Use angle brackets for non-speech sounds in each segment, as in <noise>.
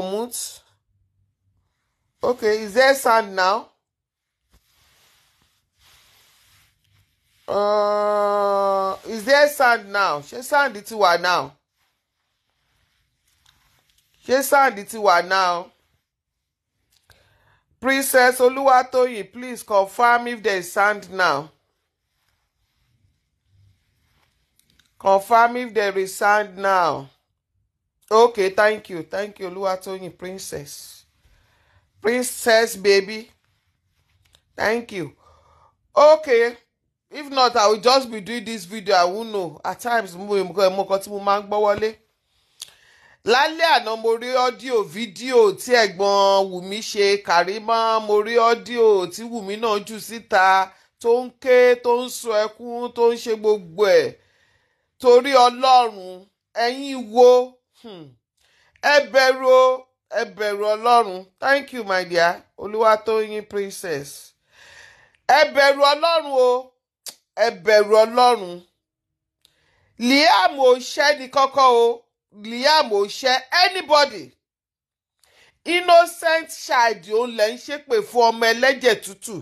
Mute. Okay, is there sand now? Uh, is there sand now? Ṣé sound ti wà now? Ṣé sound ti wà now? Princess Oluwatoyin, please confirm if there is sand now. Confirm if there is sand now okay thank you thank you olúwatóyìn princess princess baby thank you okay if not i will just be doing this video i won't know at times mo mọ kan tí mo máa ń gbọ́ wọlé lálẹ́ àná mo rí ọ́díò fídíò tí ẹ̀gbọ́n wùmí ṣe kàrímọ́ mo rí ọ́díò tí wùmí náà jù síta tó ń ké tó ń sun ẹkún tó ń ṣe gbogbo ẹ̀ torí ọlọ́run ẹ̀yin wo Hmm. ẹ bẹ̀rù o ẹ bẹ̀rù thank you my dear olúwatóyìn princess ẹ bẹ̀rù ọlọ́run o ẹ bẹ̀rù liam ò ṣẹ́ ni kọ́kọ́ o liam ò ṣẹ́ anybody innocent child òun lẹ ń ṣépè fún ọmọ ẹlẹ́jẹ̀ tútù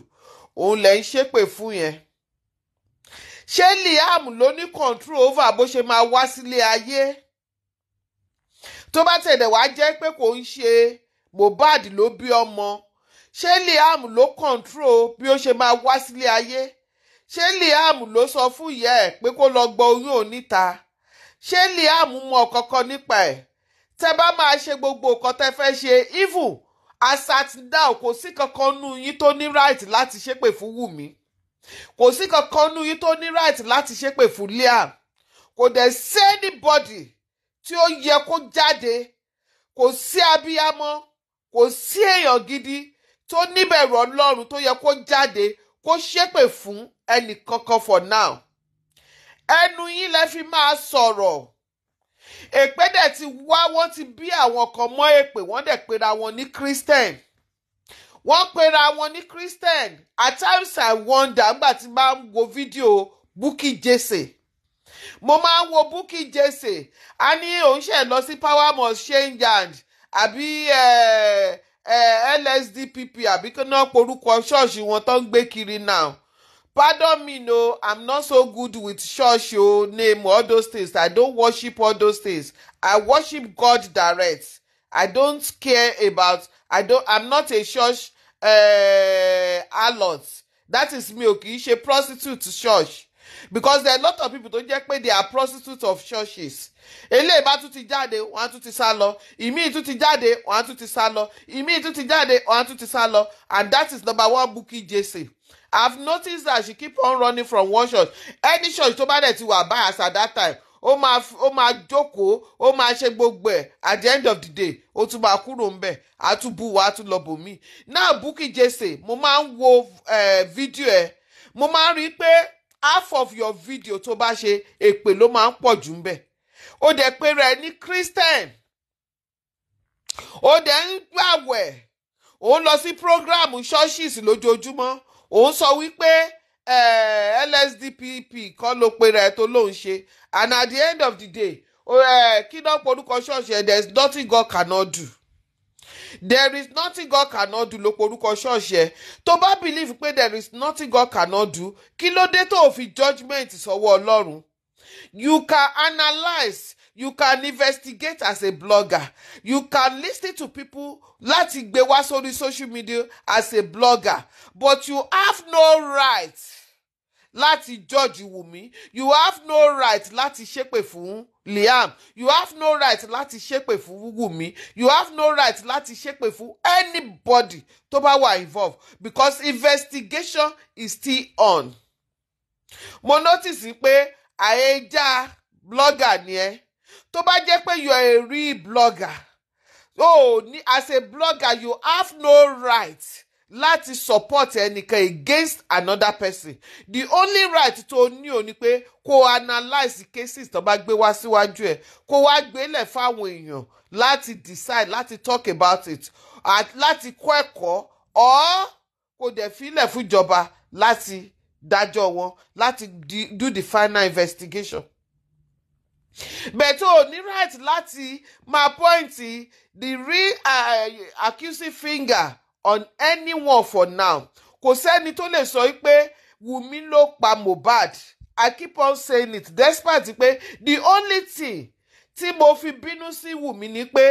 òun lẹ ń ṣépè fún yẹn ṣé liam ló ní control over bó ṣe máa wá sílé ayé tó bá tẹ̀lé wá jẹ́ pé kò ń ṣe Mohbad ló bí ọmọ ṣé Liam ló kọ̀ǹtró bí ó ṣe máa wá sílé ayé ṣé Liam ló sọ fún ìyá ẹ̀ pé kó lọ gbọ́ oyún oníta ṣé Liam mọ kankan nípa ẹ̀ tẹ́ bá máa ṣe gbogbo nǹkan tẹ́ fẹ́ ṣe even asatidao kò sí kankan nú yín tó ní right láti ṣépè fún Wùmí kò sí kankan nú yín tó ní right láti ṣépè fún Liam kò dẹ̀ sí tí ó yẹ kó jáde kò sí abiyamọ kò sí èèyàn gidi tó níbẹ̀rù ọlọ́run tó yẹ kó jáde kó ṣépè fún ẹnì kankan for now ẹnu yín lẹ fi máa sọ̀rọ̀ èpè dẹ̀ ti wá wọ́n ti bí àwọn kan mọ́ èpè wọ́n dẹ̀ pera wọn ní christian wọ́n pera wọn ní christian at times i wonder nígbà tí bá ń wo fídíò Bukky Jesse mo máa ń wo Bukky Jesse a ní òun ṣe lọ sí power must change hand àbí eh, eh, LSDPP àbí kí wọ́n porúkọ ṣọ́ọ̀ṣì wọn tó ń gbé kiri now pardon me no i'm not so good with church o name all those things i don't worship all those things i worship god direct i don't care about i don't i'm not a church uh, eh, allot that is me o kì í ṣe prostitute church because there are a lot of people tó jẹ́ pé they are prostitutes of churches eléyìí bá tún ti jáde wọ́n á tún ti sá lọ ìmíì tún ti jáde wọ́n á tún ti sá lọ ìmíì tún ti jáde wọ́n á tún ti sá lọ and that is number one Bukky JC. I've noticed that she keep on running from one church any church tó bá dẹ̀ ti wà bias at that time ó máa ó máa jókòó ó máa ṣe gbogbo ẹ̀ at the end of the day ó tún máa kúrò ń bẹ̀ á tún bú wa á tún lọ bòmí náà Bukky Jesse mo máa ń wo fídíò eh, ẹ̀ mo máa ń rí i pé half of your video tó bá ṣe èpè ló máa ń pọ̀ jù ń bẹ̀ ó dẹ̀ pé rẹ̀ ní christian ó dẹ̀ ń gbàwẹ̀ òun lọ sí program churches lójoojúmọ́ òun sọ wípé eh, LSDPP kọ́ ló pe rẹ̀ tó lóun ṣe and at the end of the day eh, kí náà porúkọ ṣọ́ọ̀ṣì there is nothing God cannot do there is nothing God cannot do ló porúkọ ṣọ́ọ̀ṣì ẹ̀ tó bá believe pé there is nothing God cannot do kí ló dé tó o fi judgement sọ́wọ́ Ọlọ́run you can analyse you can investigate as a blogger you can listen to people láti gbé wá sórí social media as a blogger but you have no right láti judge Wùmí you have no right láti ṣépè fún Liam you have no right láti ṣépè fún Wùmí you have no right láti ṣépè fún anybody tó bá wà involved because investigation is still on. mo notice pé àyèjá blogger ni ẹ́ tó bá jẹ́ pé you are a real blogger oh as a blogger you have no right láti support ẹnìkan against another person the only right tó ní o ni pé kó analyse cases tó bá gbé wá síwájú ẹ kó wá gbélẹ̀ fáwọn èèyàn láti decide láti talk about it at láti kọ́ ẹ̀kọ́ or kò dẹ̀ filẹ̀ fún ìjọba láti dájọ́ wọn láti do the final investigation bẹ̀tẹ̀ ò ní right láti máa point the real uh, accusing finger on anyone for now kò sẹ́ni tó lè sọ pé Wùmí ló pa Mohbad I keep on saying it despite pé the only thing tí mo fi bínú sí Wùmí ni pé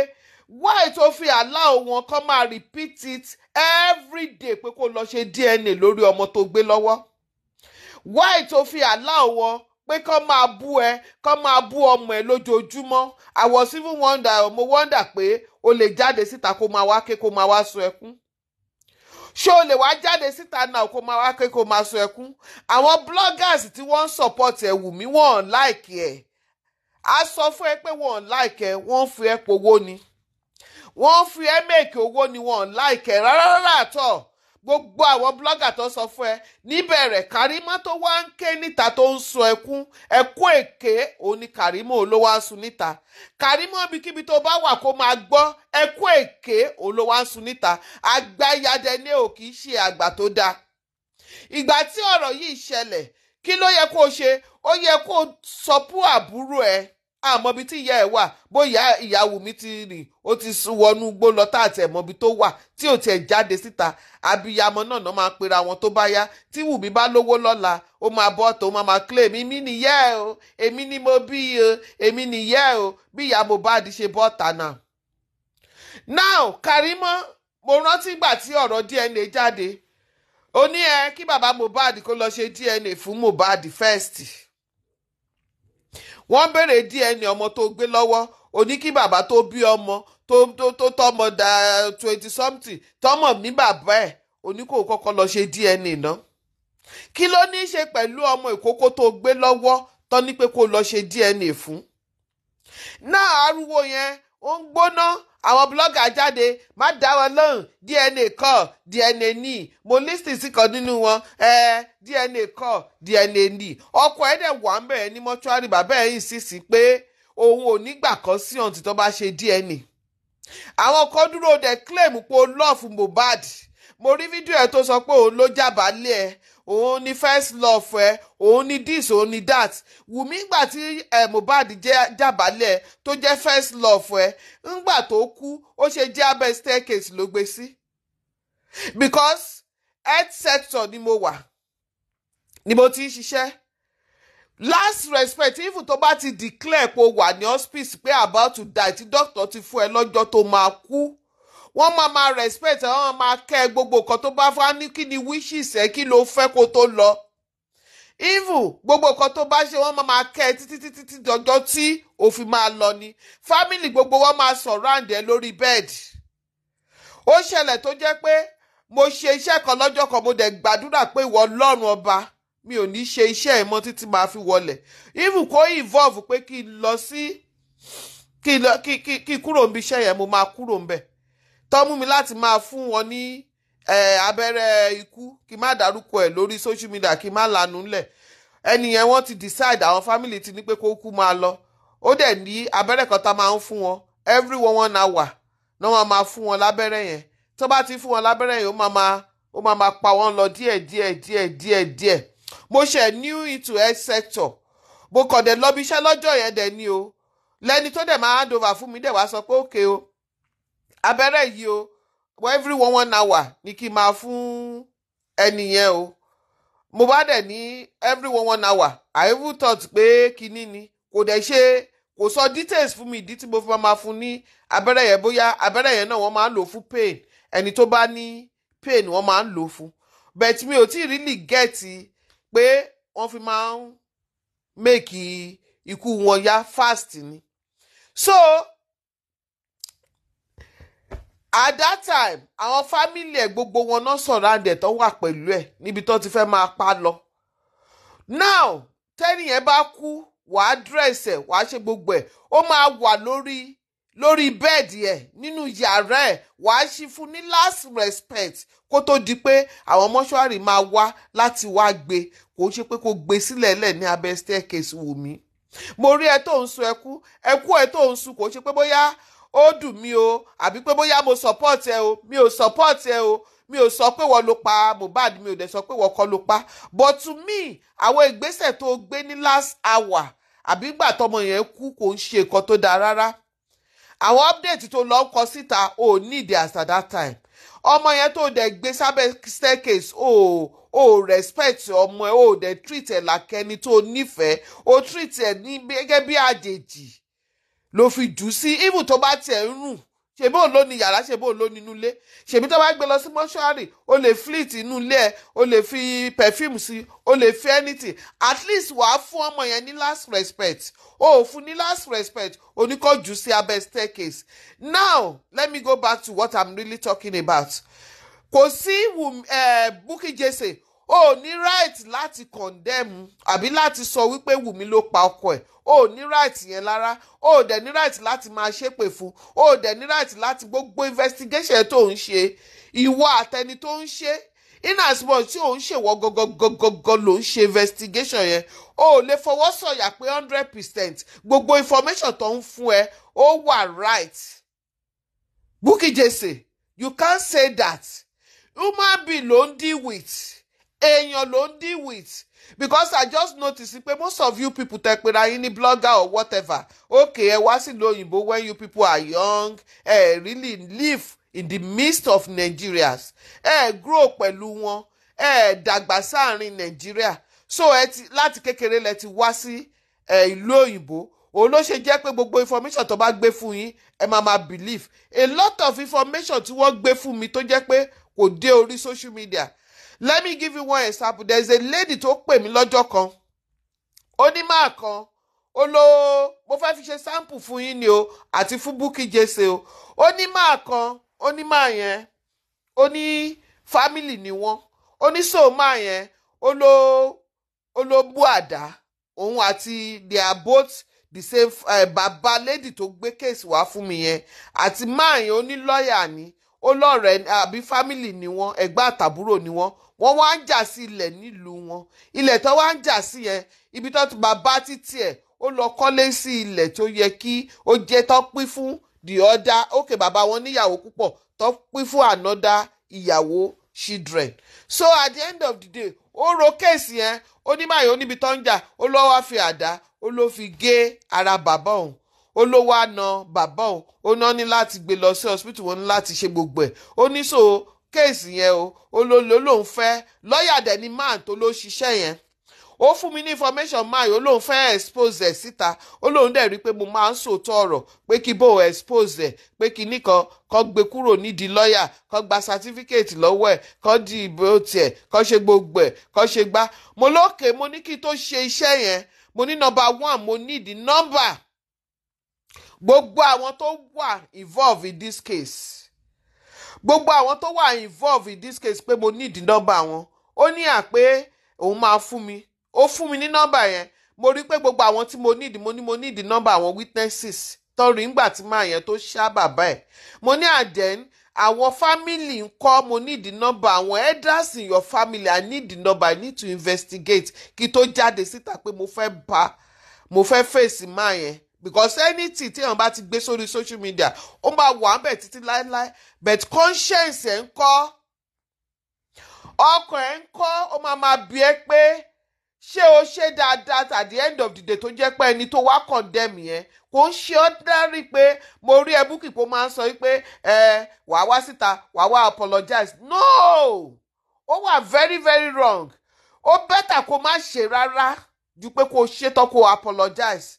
why tó fi allow wọn kó máa repeat it every day pé kó lọ ṣe DNA lórí ọmọ tó gbé lọ́wọ́ why tó fi allow wọn pé kó máa bú ẹ kó máa bú ọmọ ẹ lójoojúmọ́ I was even wonder mo wonder pé o lè jáde síta kó máa wá ké kó máa wá sun ẹkún ṣé o lè wá jáde síta náà kó máa wá pé kó máa sọ ẹkún àwọn bloggers tí wọ́n ń support ẹ̀ wù mí wọ́n láìkì ẹ̀ a sọ fún ẹ pé wọ́n láìkì ẹ̀ wọ́n fi ẹ powó ni wọ́n fi ẹ mẹ́ẹ̀kì owó ni wọ́n láìkì ẹ̀ rárá rárá àtọ̀ gbogbo àwọn blọ́gà tó sọ fún ẹ níbẹ̀rẹ̀ Karimo tó wá ń ké níta tó ń sun ẹkún ẹkún èké òun ni Karimo ló wá sun níta Karimo ibikíbi tó bá wà kó máa gbọ́ ẹkún èké òun ló wá ń sun níta àgbáyadẹ ní ò kì í ṣe àgbà tó dáa ìgbà tí ọ̀rọ̀ yìí ṣẹlẹ̀ kí ló yẹ kó ṣe ó yẹ kó sọ àbúrò ẹ̀ àmọ́bi tí ìyá ẹ̀ wà bóyá ìyàwó mi ti rìn ó ti wọnú igbó lọ tá àti ẹ̀mọ́bi tó wà tí ò tiẹ̀ jáde síta abiyamọ náà náà máa pera wọn tó bá yá tí Wùmí bá lówó lọ́la ó máa bọ́ tó máa máa kílè mí nìyẹ́ o èmi ni mo bí o èmi nìyẹ́ o bí ìyá Mohbad ṣe bọ́ ta na now Karimo mo rántí gbà tí ọ̀rọ̀ DNA jáde ó ní ẹ kí bàbá Mohbad kó lọ ṣe DNA fún Mohbad first wọ́n béèrè DNA ọmọ tó gbé lọ́wọ́ ó ní kí bàbá tó bí ọmọ tó tó tọmọ da twenty something tọmọ ní bàbá ẹ̀ ó ní kó kọ́kọ́ lọ ṣe DNA náà kí ló ní í ṣe pẹ̀lú ọmọ ìkókó tó gbé lọ́wọ́ tán ní pé kó lọ ṣe DNA fún náà ariwo yẹn ó ń gbóná àwọn blọ́gà jáde má dá wọn lóhùn dna kọ dna ní mo lísìtì sí kan nínú wọn ẹ dna kọ dna ní ọkọ ẹ̀ dẹ̀ wà ń bẹ̀rẹ̀ ní mọ́ṣúárì bàbá ẹ̀ yìí sì sí pé òun ò ní gbà kan sí ọ̀ǹtì tó bá ṣe dna àwọn kan dúró dẹ̀ claim pé o love Mohbad mo rí fídíò ẹ̀ tó sọ pé òun ló jábàálẹ̀ òun ni first love ẹ òun ni this òun ni that wùmí gbà tí Mohbad jẹ́ jàbálẹ̀ tó jẹ́ first love ẹ ńgbà tó kú ó ṣe jẹ́ abẹ́ staircase ló gbé sí because health sector ni mo wà ni mo ti ń ṣiṣẹ́ last respect even tó bá ti declare pé o wà ní hospice pé about to die tí doctor ti fún ẹ lọ́jọ́ tó máa kú wọ́n máa máa respect ẹ̀ wọ́n máa kẹ́ gbogbo nǹkan tó bá fẹ́ ní kí ni wishes ẹ̀ kí ló fẹ́ kó tó lọ even gbogbo nǹkan tó bá ṣe wọ́n máa máa kẹ́ títí títí títí dọjọ́ tí òfin máa lọ ni family gbogbo wọn máa surround ẹ lórí bed ó ṣẹlẹ̀ tó jẹ́ pé mo ṣe iṣẹ́ kan lọ́jọ́ kan mo dẹ̀ gbàdúrà pé ìwọ Ọlọ́run ọba mi ò ní ṣe iṣẹ́ ẹ̀ mọ́ títí máa fi wọlẹ̀ even kó involve pé kí n lọ sí kí kúrò níbi iṣẹ́ yẹn mo máa kúrò níbẹ̀ tó mú mi láti máa fún wọn ní abẹ́rẹ́ ikú kí má dárúkọ ẹ̀ lórí social media kí má lanu ńlẹ̀ ẹnìyẹn wọ́n ti decide àwọn family ti ní pé kó kú máa lọ ó dẹ̀ ní abẹ́rẹ́ kan tá máa ń fún wọn every one one hour náà wọ́n máa fún wọn lábẹ́rẹ́ yẹn tó bá ti fún wọn lábẹ́rẹ́ yẹn ó máa máa ó máa máa pa wọ́n lọ díẹ̀ díẹ̀ díẹ̀ díẹ̀ díẹ̀ mo ṣe new into health sector mo kàn dé lọ́bi iṣẹ́ lọ́jọ́ yẹn dẹ̀ ni o lẹ́ni tó dẹ̀ máa hand over fún mi dẹ̀ wá sọ pé ókè o abẹ́rẹ́ yìí o well every one one hour ni kí n máa fún ẹni yẹn o mo bá dẹ̀ ní every one one hour i even thought pé kinní ni kò dẹ̀ ṣe kò sọ details fún mi ìdí tí mo fi máa fún ní abẹ́rẹ́ yẹn bóyá abẹ́rẹ́ yẹn náà wọ́n máa ń lò fún pain ẹni tó bá ní pain wọ́n máa ń lò fún but mi ò tí ì really get pé wọ́n fi máa ń make ikú wọn yá fast ni so at that time àwọn family ẹ̀ gbogbo wọn náà sọ̀rọ̀ àǹdẹ̀ tó wà pẹ̀lú ẹ̀ níbi tó ti fẹ́ máa pa lọ now tẹ́nì yẹn bá kú wàá dírẹ̀sì ẹ̀ wàá ṣe gbogbo ẹ̀ ó máa wà lórí lórí bẹ́ẹ̀dì ẹ̀ nínú yàrá ẹ̀ wàá ṣí fún ní last respect kó tó di pé àwọn mọ́ṣúárì máa wá láti wá gbé kò ṣe pé kó gbé sílẹ̀ lẹ̀ ní abẹ́ staircase wò mí mo rí ẹ tó ń sun ẹkú ẹkú ẹ tó ń sun kò ṣe pé bóyá ó dùn mí o àbí pé bóyá mo support ẹ o mi ò support ẹ o mi ò sọ pé wọ́n ló pa Mohbad mi ò dẹ̀ sọ pé wọ́n kọ́ ló pa but to me àwọn ìgbésẹ̀ tó gbé ní last hour àbí gbà tọmọ yẹn kú kò ń ṣe nǹkan tó dáa rárá àwọn update tó lọ ń kọ síta ò ní ìdí as at that time ọmọ yẹn tó dẹ̀ gbé sábẹ́ staircase ò ò respect ọmọ ẹ ò dẹ̀ treat ẹ̀ làkẹ́ni tó nífẹ̀ẹ́ ò treat ẹ̀ ní gẹ́gẹ́ bí àjèjì ló fi jù ú sí even tó bá tiẹ̀ ń rùn ṣèbí òun ló ní yàrá ṣèbí òun ló ní inú ilé ṣèbí tó bá gbé lọ sí mọ́ṣúárì o lè flit inú ilé ẹ o lè fi perfume sí o lè fi anything at least wàá fún ọmọ yẹn ní last respect o ò fún ní last respect oníkọ́jú sí abẹ́ staircase now let me go back to what i'm really talking about kò sí Bukky Jesse o ò ní right láti condemn àbí láti sọ wípé Wùmí ló pa ọkọ ẹ̀ o ní right yẹn lára o dẹ̀ ní right láti máa ṣépè fún o dẹ̀ ní right láti gbogbo investigation tó ń ṣe ìwọ àtẹni tó ń ṣe in as much tí òun ṣèwọ gọgọgọgọ ló ń ṣe investigation yẹn o lè fọwọ́ sọ̀yà pé hundred percent gbogbo information tó ń fún ẹ ó wà right Bukky Jesse you can't say that human being ló ń deal with èèyàn ló ń deal with because i just notice pé most of you people tẹ pera yín ní blogger or whatever okay ẹ wá sílùú òyìnbó when you people are young ẹ eh, really live in the midst of nigerians ẹ eh, grow pẹ̀lú wọn ẹ eh, dàgbà sáàrin Nigeria. so ẹ ti láti kékeré lẹ ti wá sí ìlú òyìnbó òun ló ṣe jẹ́ pé gbogbo information tó bá gbé fún yín ẹ máa máa believe a lot of information tí wọ́n gbé fún mi tó jẹ́ pé kò dé orí social media let me give you one example there is a lady tó pè mí lọ́jọ́ kan onímọ̀ kan ó lọ mo fẹ́ fi ṣe sample fún yín ni o àti fún Bukky Jesse o onímọ̀ kan onímọ̀ yẹn ó ní family ni wọ́n oníṣòwòmọ̀ yẹn ó lọ ó lọ bú àdá òun àti they are both the same uh, eh, baba lady tó gbé case wá fún mi yẹn àti máa yẹn onílọ́yà ni ó lọ́rẹ̀ẹ́ àbí fámìlì ni wọ́n ẹ̀gbọ́n àtàbúrò ni wọ́n wọ́n wá ń jà sí ilẹ̀ nílùú wọn ilẹ̀ tó wá ń jà sí yẹn ibi tó ti bàbá títì ẹ̀ ó lọ kọ́lé sí ilẹ̀ tó yẹ kí ó jẹ́ tó pín fún the other okay bàbá wọn níyàwó púpọ̀ tó pín fún another ìyàwó children so at the end of the day ó ro kéèsì yẹn ó ní màyà ó níbi tó ń jà ó lọ́ wá fi àdá ó ló fi gé ara bàbá òun ó ló wá na bàbá òun ó ná ní láti gbé lọ sí hospital wọn ní láti ṣe gbogbo ẹ̀ ó ní so kéèsì yẹn o ó ló ló lòun fẹ́ lọ́ọ̀yà dẹ̀ ni máà tó ló ṣiṣẹ́ yẹn ó fún mi ní information máa ó lóun fẹ́ expose ẹ̀ síta ó lóun dẹ̀ rí i pé mo máa ń sòótọ́ ọ̀rọ̀ pé kí bò expose ẹ̀ pé kí nìkan kọ́ gbé kúrò nídìí lọ́ọ̀yà kọ́ gba certificate lọ́wọ́ ẹ̀ kọ́ di ìbò tiẹ̀ kọ́ ṣe gbogbo ẹ̀ kọ́ ṣe gbá mo lókè mo ní kí n tó ṣe iṣẹ́ yẹn mo ní nọ́mbà one mo nídìí number gbogbo àwọn tó wà involve in this case gbogbo àwọn tó wà involve in this case pé mo need nọ́mbà wọn ó ní à pé òun máa fún mi ó fún mi ní nọ́mbà yẹn mo rí pé gbogbo àwọn tí mo need mo ní mo need nọ́mbà àwọn witnesses tọrin ńgbà tí máa yẹn tó ṣá bàbá ẹ̀ mo ní àdẹ́n àwọn family ń kọ́ mo need nọ́mbà àwọn elders in your family i need number. i need to investigate kí tó jáde síta pé mo fẹ́ ba mo fẹ́ fèsì máa yẹn because anything tí èèyàn bá ti gbé sórí social media ó máa wà ń bẹ̀ títí láéláé but conscience ẹ̀ ń kọ́ ọkàn ẹ̀ ń kọ́ ó máa máa bí ẹ pé ṣé o ṣe dáadáa at the end of the day tó jẹ́ pé ẹni tó wá condemn yẹn kò ń ṣe ọ́ dárí pé mo rí ẹbú kìpọ̀ máa ń sọ pé ẹ wàá wá síta wàá wá apologize no ó wà very very wrong ó bẹ́tà kó má ṣe rárá ju pé kó ṣe tán kó apologize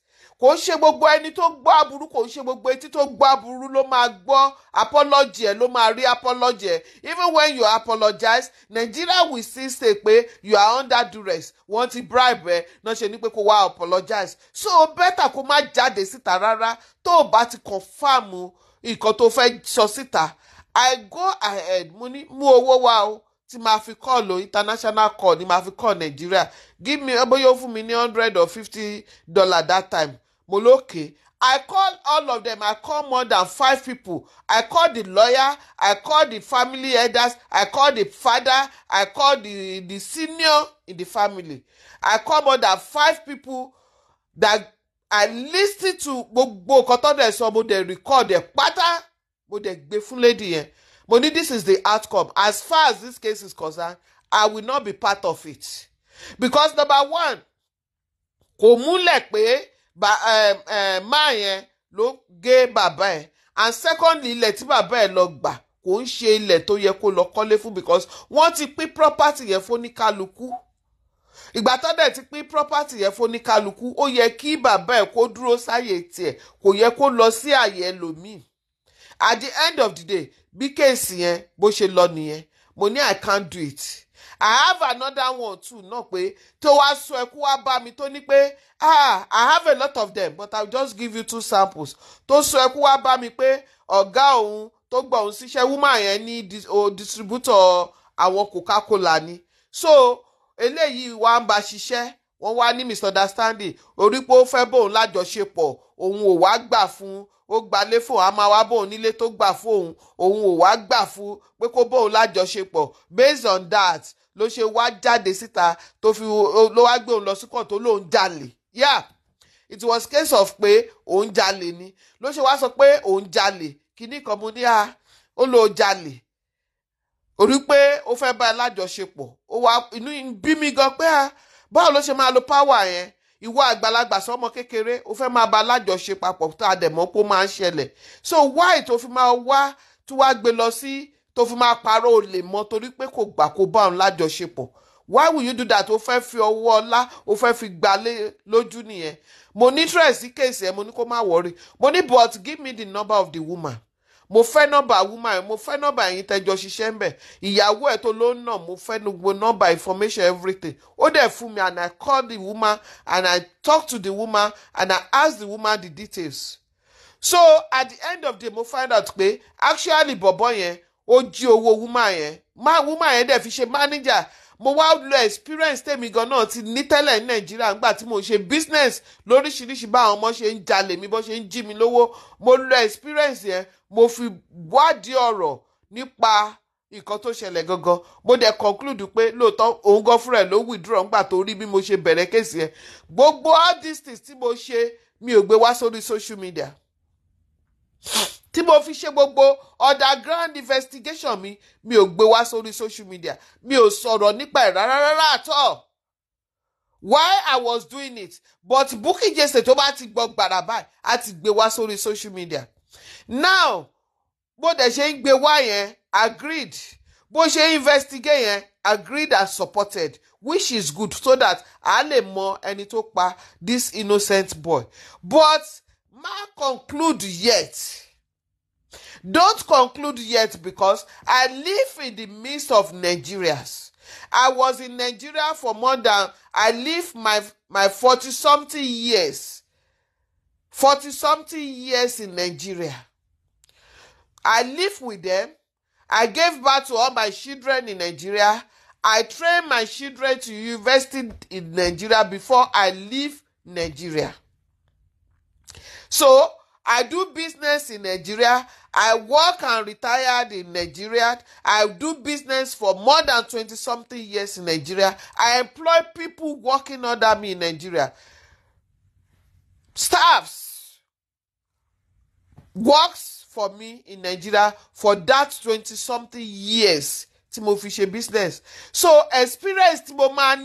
kò ń ṣe gbogbo ẹni tó gbọ́ aburú kò ń ṣe gbogbo etí tó gbọ́ aburú ló máa gbọ́ apology ẹ̀ ló máa rí apology ẹ̀ even when you apologize Nigeria will still say pé you are under duress wọ́n ti bribe ẹ̀ náà ṣe ni pé kó wá apologize so better kó má jáde síta rárá tó o bá ti confirm nǹkan tó fẹ́ sọ síta I go ahead mo ní mú owó wá o tí máa fi call o international call ni máa fi call Nigeria give me bóyá ó fún mi ní hundred or fifty dollar that time Moloke. I called all of them. I called more than five people. I called the lawyer. I called the family elders. I called the father. I called the, the senior in the family. I called more than five people that I listened to gbogbo nǹkan tó dẹ̀ sọ mo dẹ̀ record ẹ̀ pátá mo dẹ̀ gbé fún lady yẹn. Mo ní this is the outcome. As far as this case is concerned, I will not be part of it. Because number one, kò múlẹ̀ pé máa eh, eh, yẹn ló gé bàbá ẹ̀ and secondly ilẹ̀ tí bàbá ẹ̀ lọ gbà kò ń ṣe ilẹ̀ tó yẹ kó lọ kọ́lé fún because wọ́n ti pín property yẹn fóníkálukú ìgbà tó dẹ̀ ti pín property yẹn fóníkálukú ó yẹ kí bàbá ẹ̀ kó dúró sáyè tiẹ̀ kò yẹ kó lọ sí àyè ẹlòmíì at the end of the day bí kéèsì yẹn bó ṣe lọ nìyẹn mo ní I can't do it I have another one too náà pé tó wá sọ ẹkú wá bá mi tó ní pé ah I have a lot of them but I will just give you two samples tó sọ ẹkú wá bá mi pé ọ̀gá òun tó gbà òun síṣẹ́ woman yẹn ní distributor àwọn Coca-Cola ni so eléyìí wá ń bá ṣiṣẹ́ wọ́n wá ní misunderstanding orí pé ó fẹ́ bóun lájọṣepọ̀ òun ò wá gbà fún ó gbalé fún òun a máa wá bóun nílé tó gbà fún òun òun ò wá gbà fún pé kó bóun lájọṣepọ̀ based on that ló ṣe wá jáde síta tó fi ló wá gbé òun lọ sí kàn tó lóun jalè yeah it was case of pé òun jalè ni ló ṣe wá sọ pé òun jalè kíní kan mo ní a ah, ó lọ jalè orí pé ó fẹ́ bá alájọṣepọ̀ ó wá inú bí mi gan pé a ah, báwo ló ṣe máa lo power yẹn ìwọ àgbàlagbà sọmọ kékeré ó fẹ́ máa bá alájọṣe papọ̀ tá a dẹ̀ máa ń ṣẹlẹ̀ so why tó fi máa wá tó wá gbé lọ sí tó fi máa parọ́ olè mọ́ torí pé kò gbà kó bá òun lájọṣepọ̀ why will you do that o fẹ́ fi ọwọ́ ọlá o fẹ́ fi gbalé lójú nìyẹn mo ní tress kéèsì ẹ mo ní kó má wọrí mo ní but give me the number of the woman mo fẹ́ nọ́mbà woman mo fẹ́ nọ́mbà yín tẹjọ ṣiṣẹ́ ń bẹ̀ ìyàwó ẹ̀ tó ló ń nà mo fẹ́ gbogbo nọ́mbà information everything ó dẹ̀ fún mi and I call the woman and I talk to the woman and I ask the woman the details so at the end of the day mo find out pé actually bọ̀bọ̀ yẹn ó jí owó wúmà yẹn má wúmà yẹn dẹ̀ fi ṣe mánéjà mo wá lo experience tèmi gan náà ti ní tẹ́lẹ̀ ní nàìjíríà nígbà tí mo ṣe business lóríṣiríṣi báwọn ọmọ ṣe ń jalè mi bó ṣe ń jí mi lówó mo lo experience yẹn mo fi wádìí ọ̀rọ̀ nípa nǹkan tó ṣẹlẹ̀ gangan mo dẹ̀ conclude pé lóòótọ́ òun gan fúnra ẹ̀ ló withdraw ńgbà tó rí bí mo ṣe bẹ̀rẹ̀ kéèsì yẹn gbogbo all these tí mo ṣe mi ò gbé wá sórí social media tí mo fi ṣe gbogbo underground investigation mi mi ò gbé wá sórí social media mi ò sọ̀rọ̀ nípa ẹ̀ rárá rárá àtọ̀ why i was doing it but Bukky Jesse tó bá ti gbọ́ gbàrà báyìí á ti gbé wá sórí social media now bó dẹ̀ ṣe ń gbé wá yẹn agreed bó ṣe investigate yẹn agreed and supported which is good so that a lè mọ ẹni tó pa this innocent boy but má conclude yet. Don't conclude yet because I live in the midst of Nigerians. I was in Nigeria for more than I live my my 40 something years. 40 something years in Nigeria. I live with them. I gave birth to all my children in Nigeria. I trained my children to university in Nigeria before I leave Nigeria. So I do business in Nigeria. I work and retired in Nigeria. I do business for more than 20 something years in Nigeria. I employ people working under me in Nigeria. Staffs works for me in Nigeria for that 20 something years tí mo fi ṣe business. So experience tí mo máa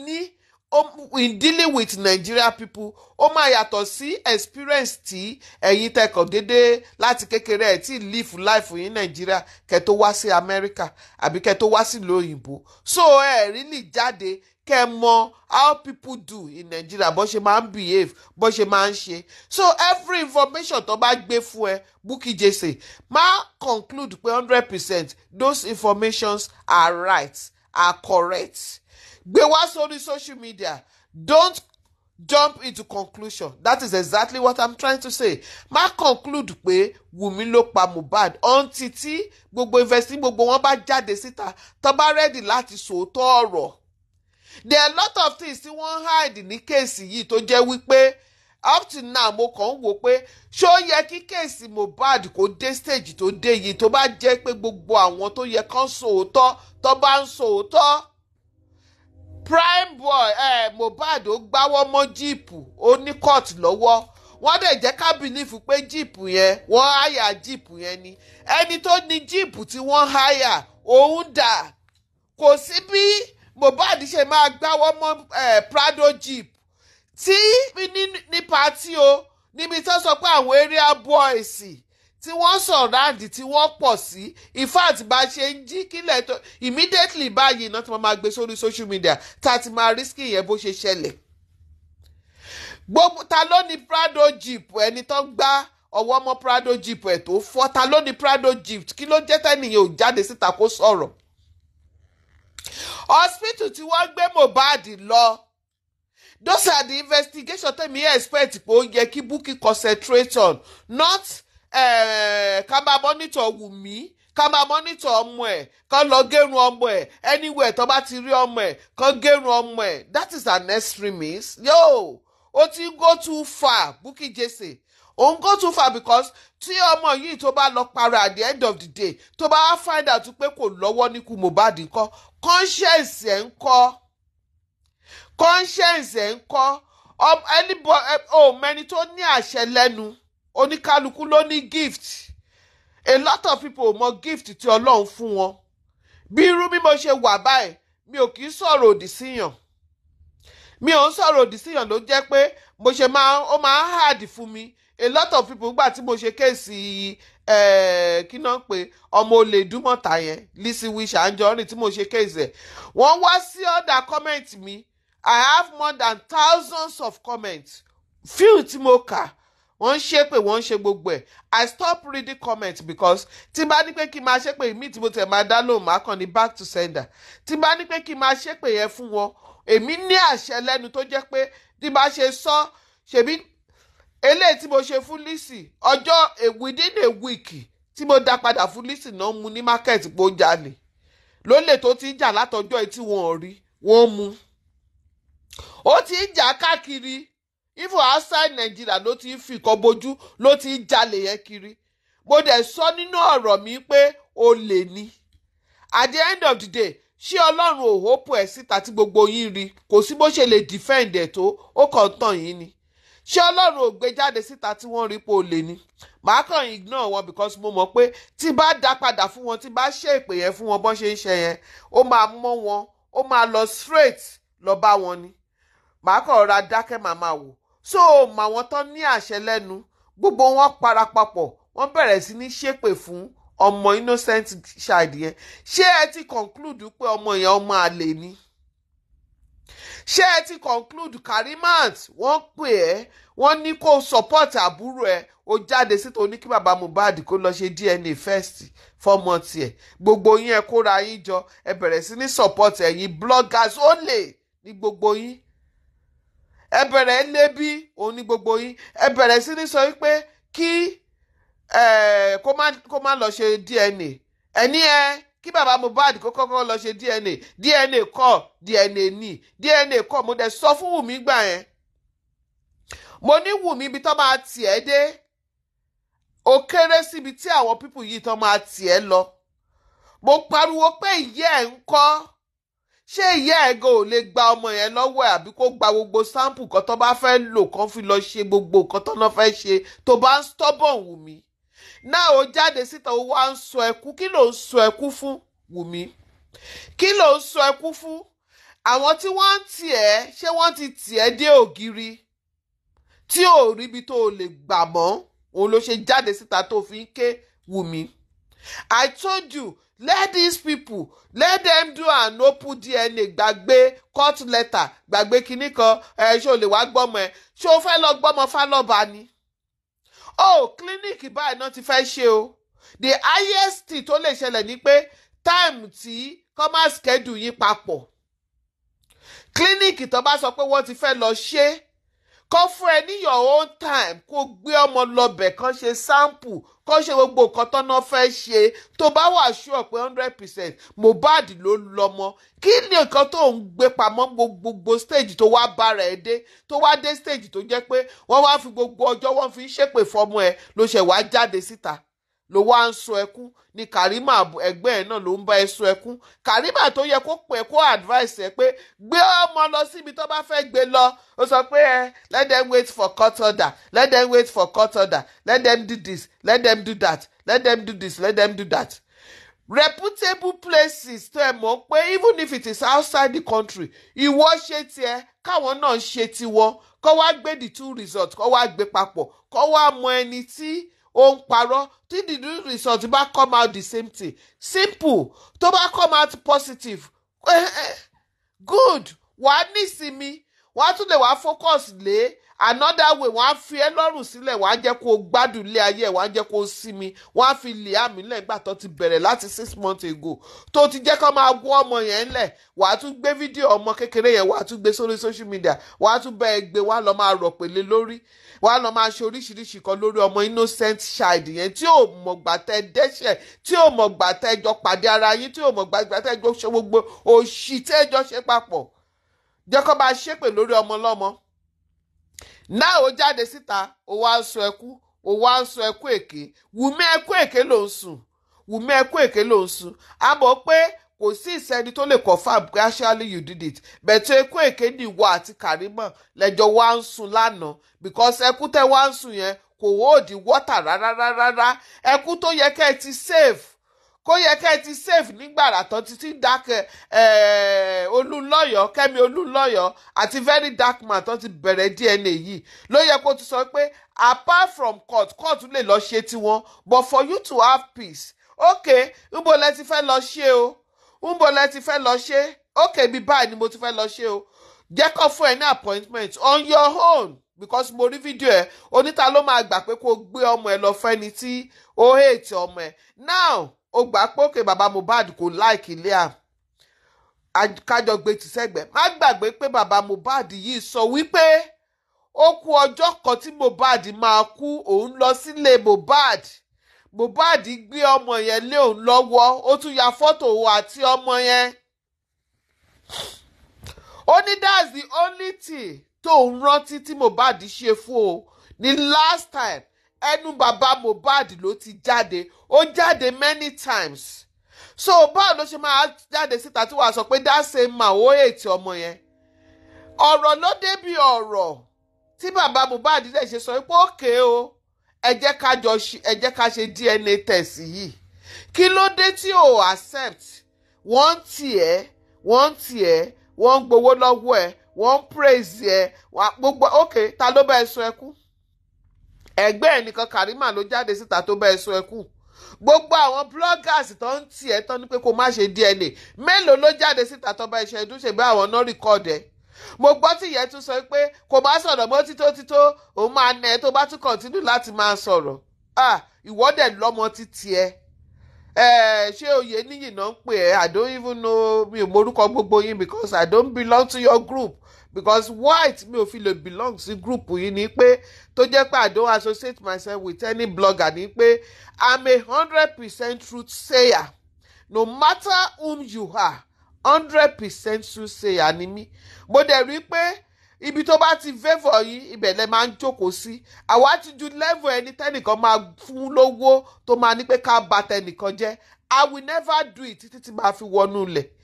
in dealing with Nigeria people ó máa yàtọ̀ sí experience tí ẹ̀yin tẹkọ̀ dédé láti kékeré ẹ̀ tí live life yín Nigeria kẹ́ tó wá sí America àbí kẹ́ tó wá sílùú òyìnbó so ẹ̀ really jáde kẹ́ mọ̀ how people do in Nigeria bó ṣe máa ń behave bó ṣe máa ń ṣe so every information tó bá gbé fún ẹ Bukky Jesse máa conclude pé hundred percent those informations are right are correct gbé wá sórí social media don't jump into conclusion that is exactly what i'm trying to say má conclude pé Wùmí ló pa Mohbad ọ̀ǹtì tí gbogbo investi gbogbo wọn bá jáde sita. tó bá rẹ́dì láti sòótọ́ ọ̀rọ̀ there are a lot of things tí wọ́n hide ní kéèsì yìí tó jẹ́ wípé up to now mo kàn ń wò pé ṣó yẹ kí kéèsì Mohbad kó dé stage tó dé yìí tó bá jẹ́ pé gbogbo àwọn tó yẹ kán sòótọ́ tó bá ń sòótọ́ prime boy eh, mohbad ó gbáwọ́ mọ́ jíìpù ó ní court lọ́wọ́ wọ́n dẹ̀ jẹ́ ká bìlífù pé jíìpù yẹn wọ́n háyà jíìpù yẹn ni ẹni tó ní jíìpù tí wọ́n háyà òun dà kò sí bí mohbad ṣe máa gbáwọ́ mọ́ eh, prado jeep tí ní pati o níbi tó sọ pé àwọn area boys. Si tí wọ́n sọ̀rọ̀ àdì tí wọ́n pọ̀ sí in fact bá ṣe ń jí kílẹ̀ tó immediately báyìí náà tí wọ́n máa gbé sórí social media tá a ti máa risk yẹn bó ṣe ṣẹlẹ̀. gbogbo ta ló ní prado jeep ẹni tó ń gbá ọwọ́ ọmọ prado jeep ẹ̀ tó fọ́ ta ló ní prado jeep kí ló jẹ́ tẹ́nìyàn ò jáde síta kó sọ̀rọ̀. hospital tí wọ́n gbé Mohbad lọ those are the investigation tẹ̀mí expect pé ó yẹ kí Bukky concentrate on not Eh, ká máa mọ́nítọ̀ Wùmí ká máa mọ́nítọ̀ ọmọ ẹ̀ kán lọ gérun ọmọ ẹ̀ anywhere tó bá ti rí ọmọ ẹ̀ kán gérun ọmọ ẹ̀ that is an extremist yo ó ti go too far Bukky Jesse ó ń go too far because tí ọmọ yìí tó bá lọ para at the end of the day tó bá find out pé kò lọ́wọ́ níkú Mohbad ńkọ́ conscience ẹ̀ ń kọ́ conscience ẹ̀ ń kọ́ ọmọ eh, ẹni bọ ọ mẹni tó ní àṣẹ lẹ́nu oníkálukú ló ní gift a lot of people mọ gift tí ọlọ́run fún wọn bí irú bí mo ṣe wà báyìí mi ò kì í sọ̀rọ̀ òdì síyàn mi ò ń sọ̀rọ̀ òdì síyàn ló jẹ́ pé mo ṣe máa ó máa hard fún mi a lot of people gbà tí mo ṣe kéèsì kí náà pé ọmọ olè dúmọ̀tà yẹn Lizzy Wich Anjorin tí mo ṣe kéèsì ẹ̀ wọ́n wá sí ọ̀dà comment mi I have more than thousands of comments few tí mo kà wọ́n ń ṣépè wọ́n ń ṣe gbogbo ẹ̀ i stop reading comments because tí bá ní pé kí n máa ṣépè èmi tí mo tẹ̀ máa dá lóhùn máa kàn ní back to sender tí bá ní pé kí n máa ṣépè yẹn fún wọn èmi ní àṣẹ lẹ́nu tó jẹ́ pé tí bá ṣe sọ ṣèbí eléyìí tí mo ṣe fún Lizzy ọjọ́ within a week tí mo dá padà fún Lizzy náà mu ní market pé ó jalè lólè tó ti ń jà látọjọ́ etí wọn ò rí wọn mú ó ti ń jà káàkiri even outside Nigeria ló ti ń fìkọ́ bojú ló ti ń jalè yẹn kiri mo dẹ̀ sọ nínú ọ̀rọ̀ mi pé olè ni at the end of the day ṣé ọlọ́run ò hópò ẹ̀ síta tí gbogbo yín rí kò sí bó ṣe lè defend ẹ̀ tó ó kàn tàn yín ni ṣé ọlọ́run ò gbé jáde síta tí wọ́n rí pé ó lè ní màá kàn ignore wọn because mo mọ̀ pé tí bá dá padà fún wọn tí bá ṣe ìpè yẹn fún wọn bọ́n ṣe ń ṣe yẹn ó máa mọ́ wọn ó máa lọ straight lọ bá wọn ni màá kàn ra dákẹ́ màá máa wò so màwọn tán ní àṣẹ lẹ́nu gbogbo wọn parapapọ̀ wọ́n bẹ̀rẹ̀ sí ní ṣépè fún ọmọ innocent child yẹn ṣé ẹ ti conclude pé ọmọ yẹn ọmọ àlè ni ṣé ẹ ti conclude Karimat wọ́n pè ẹ́ wọ́n ní kó support àbúrò ẹ̀ ó jáde síta ó ní kí bàbá Mohbad kó lọ ṣe DNA first fọmọ tiẹ̀ gbogbo yín ẹ kóra yín jọ ẹ bẹ̀rẹ̀ sí ní support ẹ̀yin bloggers ó lè ní gbogbo yín ẹ bẹ̀rẹ̀ lébi òun ní gbogbo yín ẹ bẹ̀rẹ̀ sí ní sọ wípé kí kó má lọ ṣe DNA ẹni ẹ kí bàbá Mohbad kó kọ́kọ́ lọ ṣe DNA DNA kọ́ DNA ní DNA kọ́ mo dẹ̀ sọ fún Wùmí gbà yẹn mo ní Wùmí ibi tó máa tiẹ̀ dé ó kéré síbi tí àwọn pípù yìí tó máa tiẹ̀ lọ mo pariwo pé ìyá ẹ̀ ń kọ́ ṣé ìyá ẹ̀ gan ò lè gba ọmọ yẹn lọ́wọ́ ẹ̀ àbí kó gba gbogbo sample kan tó bá fẹ́ lò kan fi lọ ṣe gbogbo nǹkan tó náà fẹ́ ṣe tó bá ń stubborn Wùmí náà ó jáde síta ó wá ń sọ ẹkú kí ló ń sọ ẹkú fún Wùmí kí ló ń sọ ẹkú fún àwọn tí wọ́n ń tì ẹ́ ṣé wọ́n ti tì ẹ́ dé ògiri tí ò ríbi tó o lè gbà mọ́ òun ló ṣe jáde síta tó fi ń ké Wùmí I told you let these people let them do an open dna gbàgbé court letter gbàgbé kinní kan ẹ ṣé o lè wá gbọ́mọ ẹ ṣé o fẹ́ lọ gbọ́mọ fálọ́ba ni. o kílíníìkì báyìí náà ti fẹ́ ṣe o the highest tó lè ṣẹlẹ̀ ni pé time tí kọ́ máa schedule yín papọ̀ kílíníìkì tó bá sọ pé wọ́n ti fẹ́ lọ ṣe kọ́ fún ẹ ní your own time kó gbé ọmọ lọ́bẹ̀ kan ṣe sample kọ́ ṣe gbogbo nǹkan tọ́nà fẹ́ ṣe tó bá wà sure pé hundred percent Mohbad ló lọ́mọ kí ni nǹkan tó ń gbé pamọ́ gbogbo stage tó wá bára ẹ dé tó wá dé stage tó jẹ́ pé wọ́n wá fi gbogbo ọjọ́ wọ́n fi ń ṣépè fọ́mọ ẹ ló ṣẹ̀ wá jáde síta ló wá ń sọ ẹkún ni Karima ẹgbẹ́ ẹ̀ náà ló ń bá ẹ sọ ẹkún Karima tó yẹ kó pè kó advice ẹ pé gbé ọmọ lọ síbi tó bá fẹ́ gbé lọ ó sọ pé ẹ let them wait for court order let them wait for court order let them do this let them do that let them do this let them do that reputable places tó ẹ mọ̀ pé even if it is outside the country ìwọ ṣe tiẹ̀ káwọn náà ṣe tiwọn kó wá gbé the two results kó wá gbé papọ̀ kó wá mọ ẹni tí ó ń parọ́ tí the new result bá come out the same thing simple tó bá come out positive eh, eh, good wàá nísinmi wàá tún lè wàá focus lé another way wọ́n á fi ẹ́ lọ́rùn sílẹ̀ wọ́n á jẹ́ kó o gbádùn ilé ayé ẹ̀ wọ́n á jẹ́ kó o sinmi wọ́n á fi lè àmì lẹ́gbà tó ti bẹ̀rẹ̀ láti six months ago tó ti jẹ́ kó máa wọ́ ọmọ yẹn ńlẹ̀ wàá tún gbé fídíò ọmọ kékeré yẹn wàá tún gbé sórí social media wàá tún bẹ́ẹ̀ gbé wàá lọ máa rọ̀ pèlè lórí wàá lọ máa ṣe oríṣiríṣi kan lórí ọmọ innocent child yẹn tí ò mọ̀ gbà tẹ́ dẹ́ṣẹ̀ tí ò mọ̀ gbà tẹ́ jọ pàdé ara yín tí ò mọ̀ gbà tẹ́ jọ ṣe gbogbo òṣì tẹ́ jọ ṣe papọ̀ jẹ́ bá ṣépè lórí ọmọ lọ́mọ náà ó jáde síta ó wá ń sun ẹkú ó wá ń sun ẹkú èké wùmí ẹkú èké ló ń kò sí tó lè confam pé you did it èké ni ìwọ àti Karimo lẹjọ wá ń sùn lánàá because ẹkú tẹ́ wá ń yẹn kò wọ́ọ̀dì wọ́tà ti save kó yẹ kẹ́ ẹ ti save nígbàrà tán títí dark olúlọ́yọ̀ kẹ́mi olúlọ́yọ̀ àti very dark man tán ti bẹ̀rẹ̀ DNA yìí ló yẹ kó ti sọ pé apart from court court lè lọ ṣe tiwọn but for you to have peace ok nbo lẹ ti fẹ́ lọ ṣe o nbo lẹ ti fẹ́ lọ ṣe ok bí báyìí ni mo ti fẹ́ lọ ṣe o jẹ́ kó fún ẹ ní appointment on your own because mo rí fídíò ẹ oníta ló máa gbà pé kó gbé ọmọ ẹ lọ fẹ́ni tí ó hate ọmọ ẹ now ó gbà pé òkè bàbá Mohbad kò láìkì ilé à kájọ gbé ti sẹ́gbẹ̀ má gbàgbé pé bàbá Mohbad yìí sọ wípé ó kú ọjọ́ kan tí Mohbad máa kú òun lọ sílé Mohbad Mohbad gbé ọmọ yẹn lé òun lọ́wọ́ ó tún ya fọ́tò òun àti ọmọ yẹn ó ní that's the only thing tó ń rántí tí Mohbad ṣe fún o ní last time ẹnu bàbá Mohbad ló ti jáde ó jáde many times so báwo ló ṣe máa jáde síta tí wàá sọ pé that same man ó ètò ọmọ yẹn ọ̀rọ̀ ló débi ọ̀rọ̀ tí bàbá Mohbad dẹ̀ ṣe sọ pé òkè o ẹ jẹ́ ká jọ ẹ ṣe DNA test yìí kí ló dé tí o accept wọ́n tiẹ̀ wọ́n tiẹ̀ wọ́n gbowó lọ́wọ́ ẹ̀ wọ́n praise ẹ̀ gbogbo ok ta ló bá ẹ sun ẹkún ẹgbẹ́ ẹ̀ Karima ló jáde síta tó bá ẹ sọ gbogbo àwọn bloggers tó ń tiẹ̀ tán ni pé kó má ṣe DNA mélòó ló jáde síta tó bá iṣẹ́ ìdúnṣe bí àwọn náà rìkọ́ọ̀dù mo gbọ́ tí ìyẹn tún sọ pé kò má sọ̀rọ̀ mọ́ tító tító òun máa nà ẹ́ tó bá tún kọ̀ntínú láti máa sọ̀rọ̀ ìwọ́dẹ̀ lọ́mọ títí ẹ ṣé oyè níyì náà ń pè ẹ́ I don't even know mi ò mọ gbogbo yín because I don't belong to your group because white mi ò fi lè belong sí group yìí ni pé tó jẹ́ pé I don't associate myself with any blogger ni pé I'm a hundred percent truth sayer no matter whom you are hundred percent truth sayer ni mí mo dẹ̀ rí pé ibi tó bá ti favour yìí ibẹ̀ lẹ máa ń jókòó sí àwa ti ju level ẹni tẹ́nìkan máa fún lówó tó máa ní pé ká bà tẹnìkan jẹ́ I will never do it títí tí máa fi wọnú ilẹ̀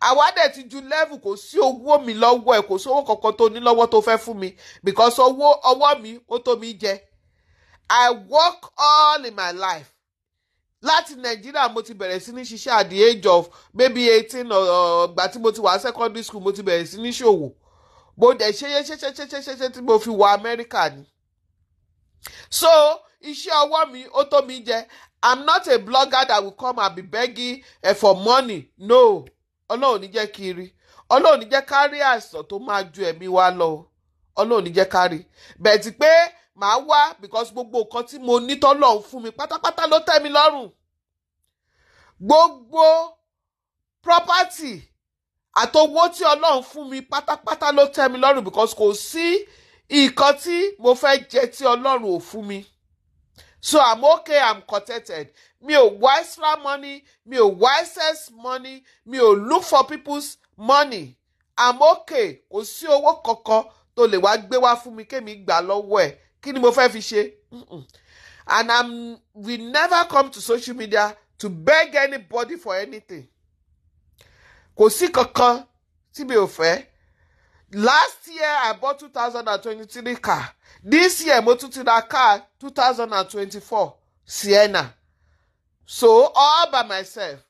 àwa dẹ̀ ti ju level kò sí owó mi lọ́wọ́ ẹ̀ kò sí owó kankan tó ní lọ́wọ́ tó fẹ́ fún mi because owó ọwọ́ mi ó tó mi jẹ I work all in my life láti nàìjíríà mo ti bẹ̀rẹ̀ sí ní ṣiṣẹ́ at the age of maybe eighteen ọ̀gbà tí mo ti wà secondary school mo ti bẹ̀rẹ̀ sí ní ṣòwò mo dẹ̀ ṣe ṣe ṣe ṣe ṣe ṣe tí mo fi wọ amẹ́ríkà ni. so iṣẹ́ ọwọ́ mi ó tó mi jẹ I'm not a blogger that will come and be begging eh, for money no ọlọ́run ní jẹ́ kí rí ọlọ́run ní jẹ́ ká rí àìsàn tó máa ju ẹ̀mí wa lọ ọlọ́run ní jẹ́ ká rí bẹ́ẹ̀ pé màá wá because gbogbo nǹkan tí mo ní tọ́lọ́run fún mi pátápátá ló tẹ́ mi lọ́rùn gbogbo property àtowó tí ọlọ́run fún mi pátápátá ló tẹ́ mi lọ́rùn because kò sí nǹkan tí mo fẹ́ jẹ tí ọlọ́run ò fún mi so i'm okay i'm contented Me o wá extra money Me o wisest money Me o look for people's money i'm okay kò sí owó kankan tó lè wá gbé wá fún mi kémi gbà lọ́wọ́ ẹ̀ kí ni mo fẹ́ fi ṣe and i'm we never come to social media to beg anybody for anything kò sí kankan tí mi ò fẹ́ last year i bought 2023 car this year mo tún ti ra car 2024 sienna so all by myself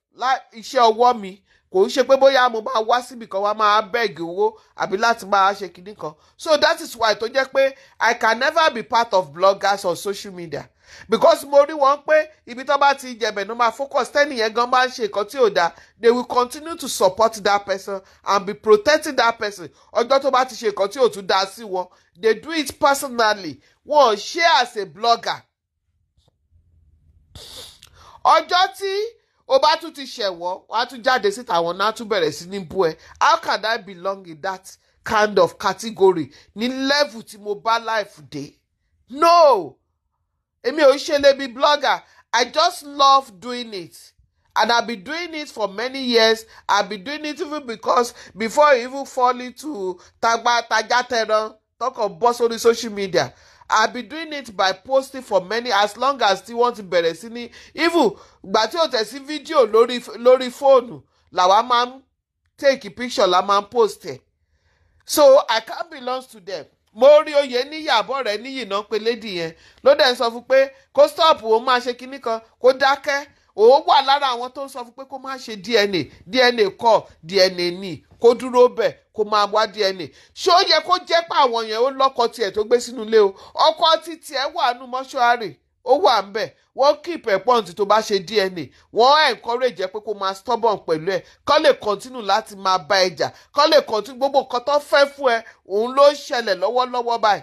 iṣẹ́ ọwọ́ mi kò ń ṣe pé bóyá mo máa wá síbi kan wá máa bẹ́ẹ̀gì owó àbí láti máa ṣe kinní kan so that is why tó jẹ́ pé i can never be part of bloggers or social media because mo rí wọn pé ibi tó bá ti jẹ̀bẹ̀ ló máa focus tẹ́nì yẹn gan máa ń ṣe nǹkan tí ò dáa they will continue to support that person and be protecting that person ọjọ́ tó bá ti ṣe nǹkan tí ò tún dáa sí wọn they do it personally wọn ṣe as a blogger ọjọ́ tí o bá tún ti ṣẹ̀wọ́ wàá tún jáde síta àwọn náà tún bẹ̀rẹ̀ sí ní bú ẹ how can I belong in that kind of category ní level tí mo bá life dé no èmi ò ṣe lè blogger I just love doing it and I've been doing it for many years I've been doing it even because before you even fall into tagba-taja tẹran talk of on the social media I've been doing it by posting for many as long as they want ti bẹ̀rẹ̀ sí even but you o tẹ̀ sí fídíò lórí la fóònù làwa take picture la man post it. so I can't belong to them mo rí oyè níyàbọ̀ rẹ̀ níyì náà pé lédi yẹn ló dẹ̀ ń sọ fún pé kó stọ́ọ̀pù òun máa ṣe kinní kan kó dákẹ́ òun wà lára àwọn tó ń sọ fún pé kó máa ṣe DNA DNA kọ DNA ni kó dúró bẹ̀ kó máa wá DNA ṣé ó yẹ kó jẹ́ pé àwọn yẹn ó lọ́kọ tiẹ̀ tó gbé sínú ilé o ọkọ ti tiẹ̀ wà nù mọ́ṣúárì ó wà ń bẹ̀ wọ́n keep ẹ̀ pọ́n tí tó bá ṣe DNA wọ́n encourage ẹ pé kó máa stubborn pẹ̀lú ẹ̀ kó lè continue láti máa bá ẹ jà kó lè continue gbogbo nǹkan tó fẹ́ fún ẹ òun ló ń ṣẹlẹ̀ lọ́wọ́lọ́wọ́ báyìí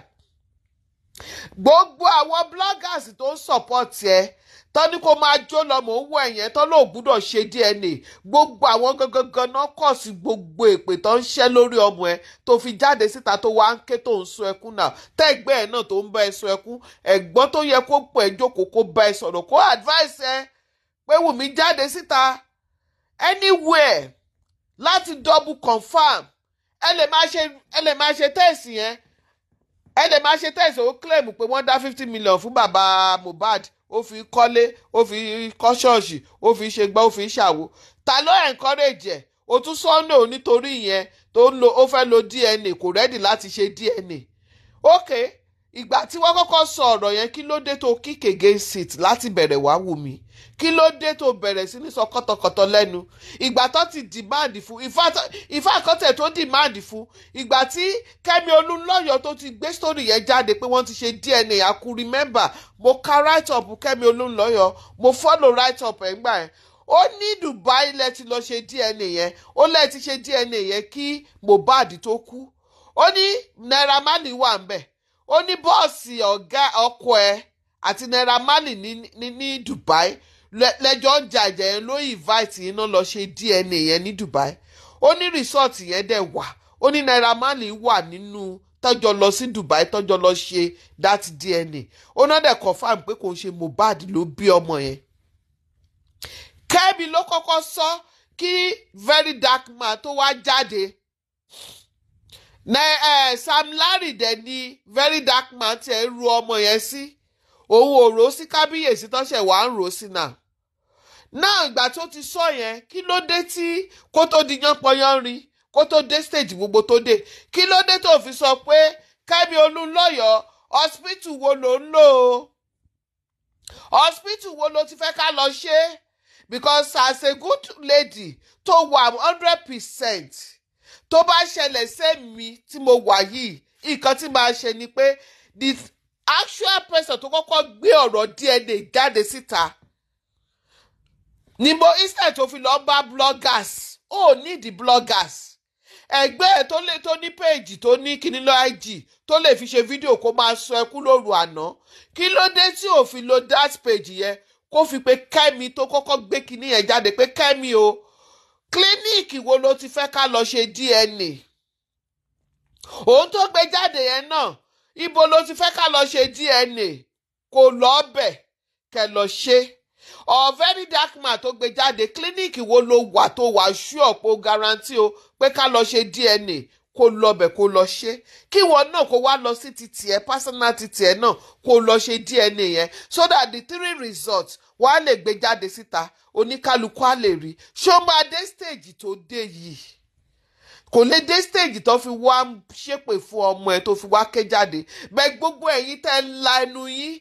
gbogbo àwọn bloggers tó ń support ẹ tọ́ni kó máa jó lọ mò ń wọ ẹ̀yẹn tọ́ ló gbúdọ̀ ṣe DNA gbogbo àwọn gangan náà kọ̀ sí gbogbo èpè tó ń ṣẹ́ lórí ọmọ ẹ tó fi jáde síta tó wá ń ké tó ń sun ẹkún náà tẹ́gbẹ́ ẹ̀ náà tó ń bá ẹ sun ẹkún ẹ̀gbọ́n tó yẹ kó pọ̀ ẹ́ jókòó kó bá ẹ sọ̀rọ̀ kó advice ẹ pé Wùmí jáde síta anywhere láti double confirm ẹ lè máa ṣe ẹ lè máa ṣe tẹ́ẹ̀sì yẹn ẹ lè máa ṣe tẹ́ẹ̀sì ó claim pé wọ́n dá fifty million fún bàbá Mohbad ó fi kọ́lé ó fi kọ́ ṣọ́ọ̀ṣì ó fi ṣe gbọ́ ó fi ṣàwo ta ló encourage ẹ̀ o tún sọ́nà nítorí ìyẹn tó ń lo ó fẹ́ lo DNA kò rẹ́dì láti ṣe DNA okay ìgbà tí wọ́n kọ́kọ́ sọ ọ̀rọ̀ yẹn kí ló dé tó kick against it láti bẹ̀rẹ̀ wá wù mí kí ló dé tó bẹ̀rẹ̀ sí ní sọ kọ́tọ̀kọ́tọ̀ lẹ́nu ìgbà tó ti demand fún ìfá àkọ́tẹ̀ tó demand fún ìgbà tí Kẹ́mi Olúnlọ́yọ̀ tó ti gbé story yẹn jáde pé wọ́n ti ṣe DNA aku remember mo ka write up Kẹ́mi Olúnlọ́yọ̀ mo follow write up ẹ̀ ń gbà yẹn ó ní Dubai lẹ ti lọ ṣe DNA yẹn ó lẹ ti ṣe DNA yẹn kí Mohbad tó kú ó ní Naira Marley wà ń bẹ̀ ó ní bọ́ọ̀sì ọ̀gá ọkọ ẹ̀ àti naira marley ní ní ní dubai lẹ́jọ́ ń jàjà yẹn ló invite yín náà lọ ṣe dna yẹn ní dubai ó ní resort yẹn dẹ̀ wà ó ní naira marley wà nínú tọ́jọ́ lọ sí dubai tọ́jọ́ lọ ṣe that dna ó náà dẹ̀ confam pé kò ń ṣe mohbad ló bí ọmọ yẹn kẹ́mi ló kọ́kọ́ sọ kí very dark man tó wá jáde ẹ Sam Larry dẹ̀ ni very dark man tiẹ̀ ń ru ọmọ yẹn sí òun ò rò ó sí kábíyèsí tọ́sẹ̀ wàá ń rò ó sí náà náà ìgbà tó ti sọ yẹn kí ló dé tí kó tó di yánpọnyánrin kó tó dé stage gbogbo tó dé kí ló dé tó fi sọ pé Kẹ́mi Olúnlọ́yọ̀ hospital wo ló ń lò ó hospital wo ló ti fẹ́ ká lọ ṣe because as a good lady tó wà one hundred percent tó bá ṣẹlẹ̀ sẹ́mi tí mo wà yìí nǹkan tí màá ṣe ni pé the actual person tó kọ́kọ́ gbé ọ̀rọ̀ DNA jáde síta ni mo instead tó fi lọ́ọ́ bá bloggers ó oh, ní the bloggers ẹgbẹ́ ẹ̀ tó lè tó ní péèjì tó ní kíní lọ IG tó lè fi ṣe fídíò kó máa sọ ẹkú lóru àná kí ló dé tí ò fi lo that page yẹn kó fi pé kẹ́mi tó kọ́kọ́ gbé kíní yẹn jáde pé kẹ́mi o. Oh, kílíníìkì wo ló ti fẹ́ ká lọ ṣe DNA òun tó gbé jáde yẹn náà ibo ló ti fẹ́ ká lọ ṣe DNA kò lọ́ọ̀bẹ̀ kẹ lọ ṣe or very dark man tó gbé jáde kílíníìkì wo ló wà tó wà ṣúọ̀ pé ó garanti o pé ká lọ ṣe DNA kó lọbẹ̀ kó lọ ṣe kí wọn náà kó wá lọ sí ti tiẹ̀ personal ti tiẹ̀ náà kó lọ ṣe DNA yẹn so that the three results wọ́n á lè gbé jáde síta oníkálukú á lè rí ṣé ó máa dé stage tó dé yìí kò lè dé stage tó fi wá ṣépè fún ọmọ ẹ tó fi wá ké jáde bẹ́ẹ̀ gbogbo ẹ̀yin tẹ́ ń la ẹnu yín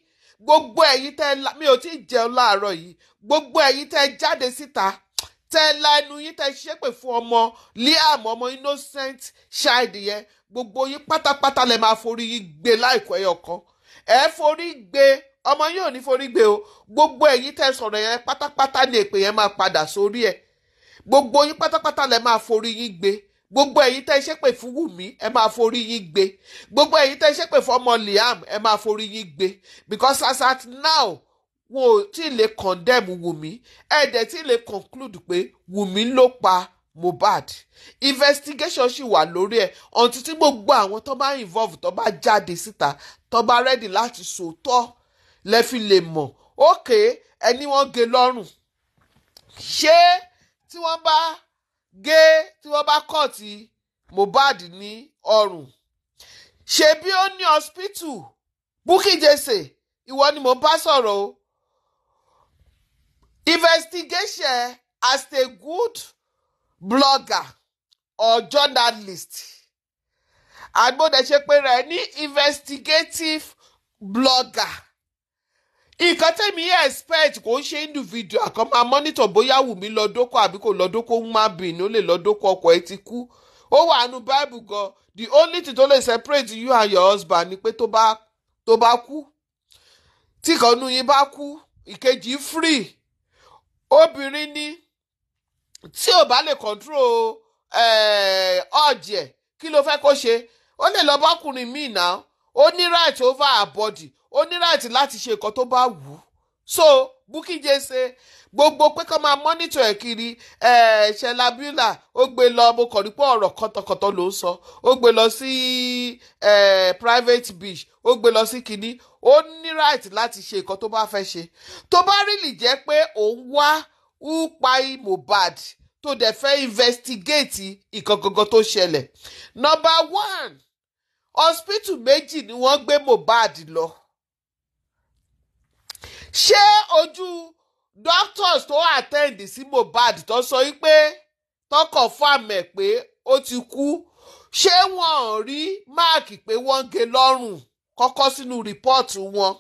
gbogbo ẹ̀yin tẹ́ ń la mi ò tí ì jẹun láàárọ̀ yìí gbogbo ẹ̀yin tẹ́ jáde síta tẹ́ la ẹnu yín tẹ́ ṣépè fún ọmọ Liam ọmọ innocent child yẹn gbogbo yín pátápátá lẹ máa forí yín gbé láìkọ ẹyọ kan ẹ forí gbé ọmọ yín ò ní forí gbé o gbogbo ẹ̀yin tẹ́ sọ̀rọ̀ yẹn pátápátá ni èpè yẹn máa padà sórí ẹ̀ gbogbo yín pátápátá lẹ máa forí yín gbé gbogbo ẹ̀yin tẹ́ ṣépè fún Wùmí ẹ máa forí yín gbé gbogbo ẹ̀yin tẹ́ ṣépè fún ọmọ Liam ẹ máa forí yín gbé because as at now wọn ò tí ì lè condemn Wùmí ẹ dẹ̀ tí ì lè conclude pé Wùmí ló pa Mohbad investigation ṣì wà lórí ẹ̀ ọ̀n títí gbogbo àwọn tó bá involve tó bá jáde síta tó bá ready láti sòótọ́ lẹ fi lè mọ̀ ókè ẹni wọ́n gé lọ́rùn ṣé tí wọ́n bá gé tí wọ́n bá kọ́ọ̀tì Mohbad ní ọrùn ṣe bí ó ní hospital Bukky Jesse ìwọ ni mo bá sọ̀rọ̀ o investigation as a good blogger or journalist àgbọ̀dẹ̀ ṣe pé rẹ̀ ní investigative blogger nǹkan tẹ̀mí expect kò ń ṣe individual kan máa monitor bóyá Wùmí lọ dóko àbí kò lọ dóko ń má bìn ó lè lọ dóko ọkọ ẹ ti kú ó wà nù Bible gan the only thing tó lè separate you and your husband ni pé tó bá tó bá kú tí kan nu yín bá kú ìkejì free obìnrin ni tí ò bá lè control ọ̀jẹ̀ eh, kí ló fẹ́ kó ṣe ó lè lọ bákùnrin míì náà ó ní right over her body ó ní láti láti ṣe nǹkan tó bá wù ú so Bukky Jesse gbogbo pé kó máa mọ́nítọ̀ ẹ̀ kiri ṣẹlábílà ó gbé lọ mo kàn rí pé ọ̀rọ̀ kọ́tọ̀kọ́tọ̀ ló ń sọ ó gbé lọ sí private beach ó gbé lọ sí kinní ó ní right láti ṣe nǹkan tó bá fẹ́ ṣe tó bá rìlì jẹ́ pé òun wá upai Mohbad tó dẹ̀ fẹ́ investigate nǹkan gangan tó ṣẹlẹ̀ number one hospital méjì ni wọ́n gbé Mohbad lọ ṣé ojú doctors tó attend sí Mohbad tó sọ wípé tọkọ fàmẹ pé ó ti kú ṣé wọn ò rí máàkì pé wọ́n ń gé lọ́rùn kọ́kọ́ sínú rìpọ́ọ̀tù wọn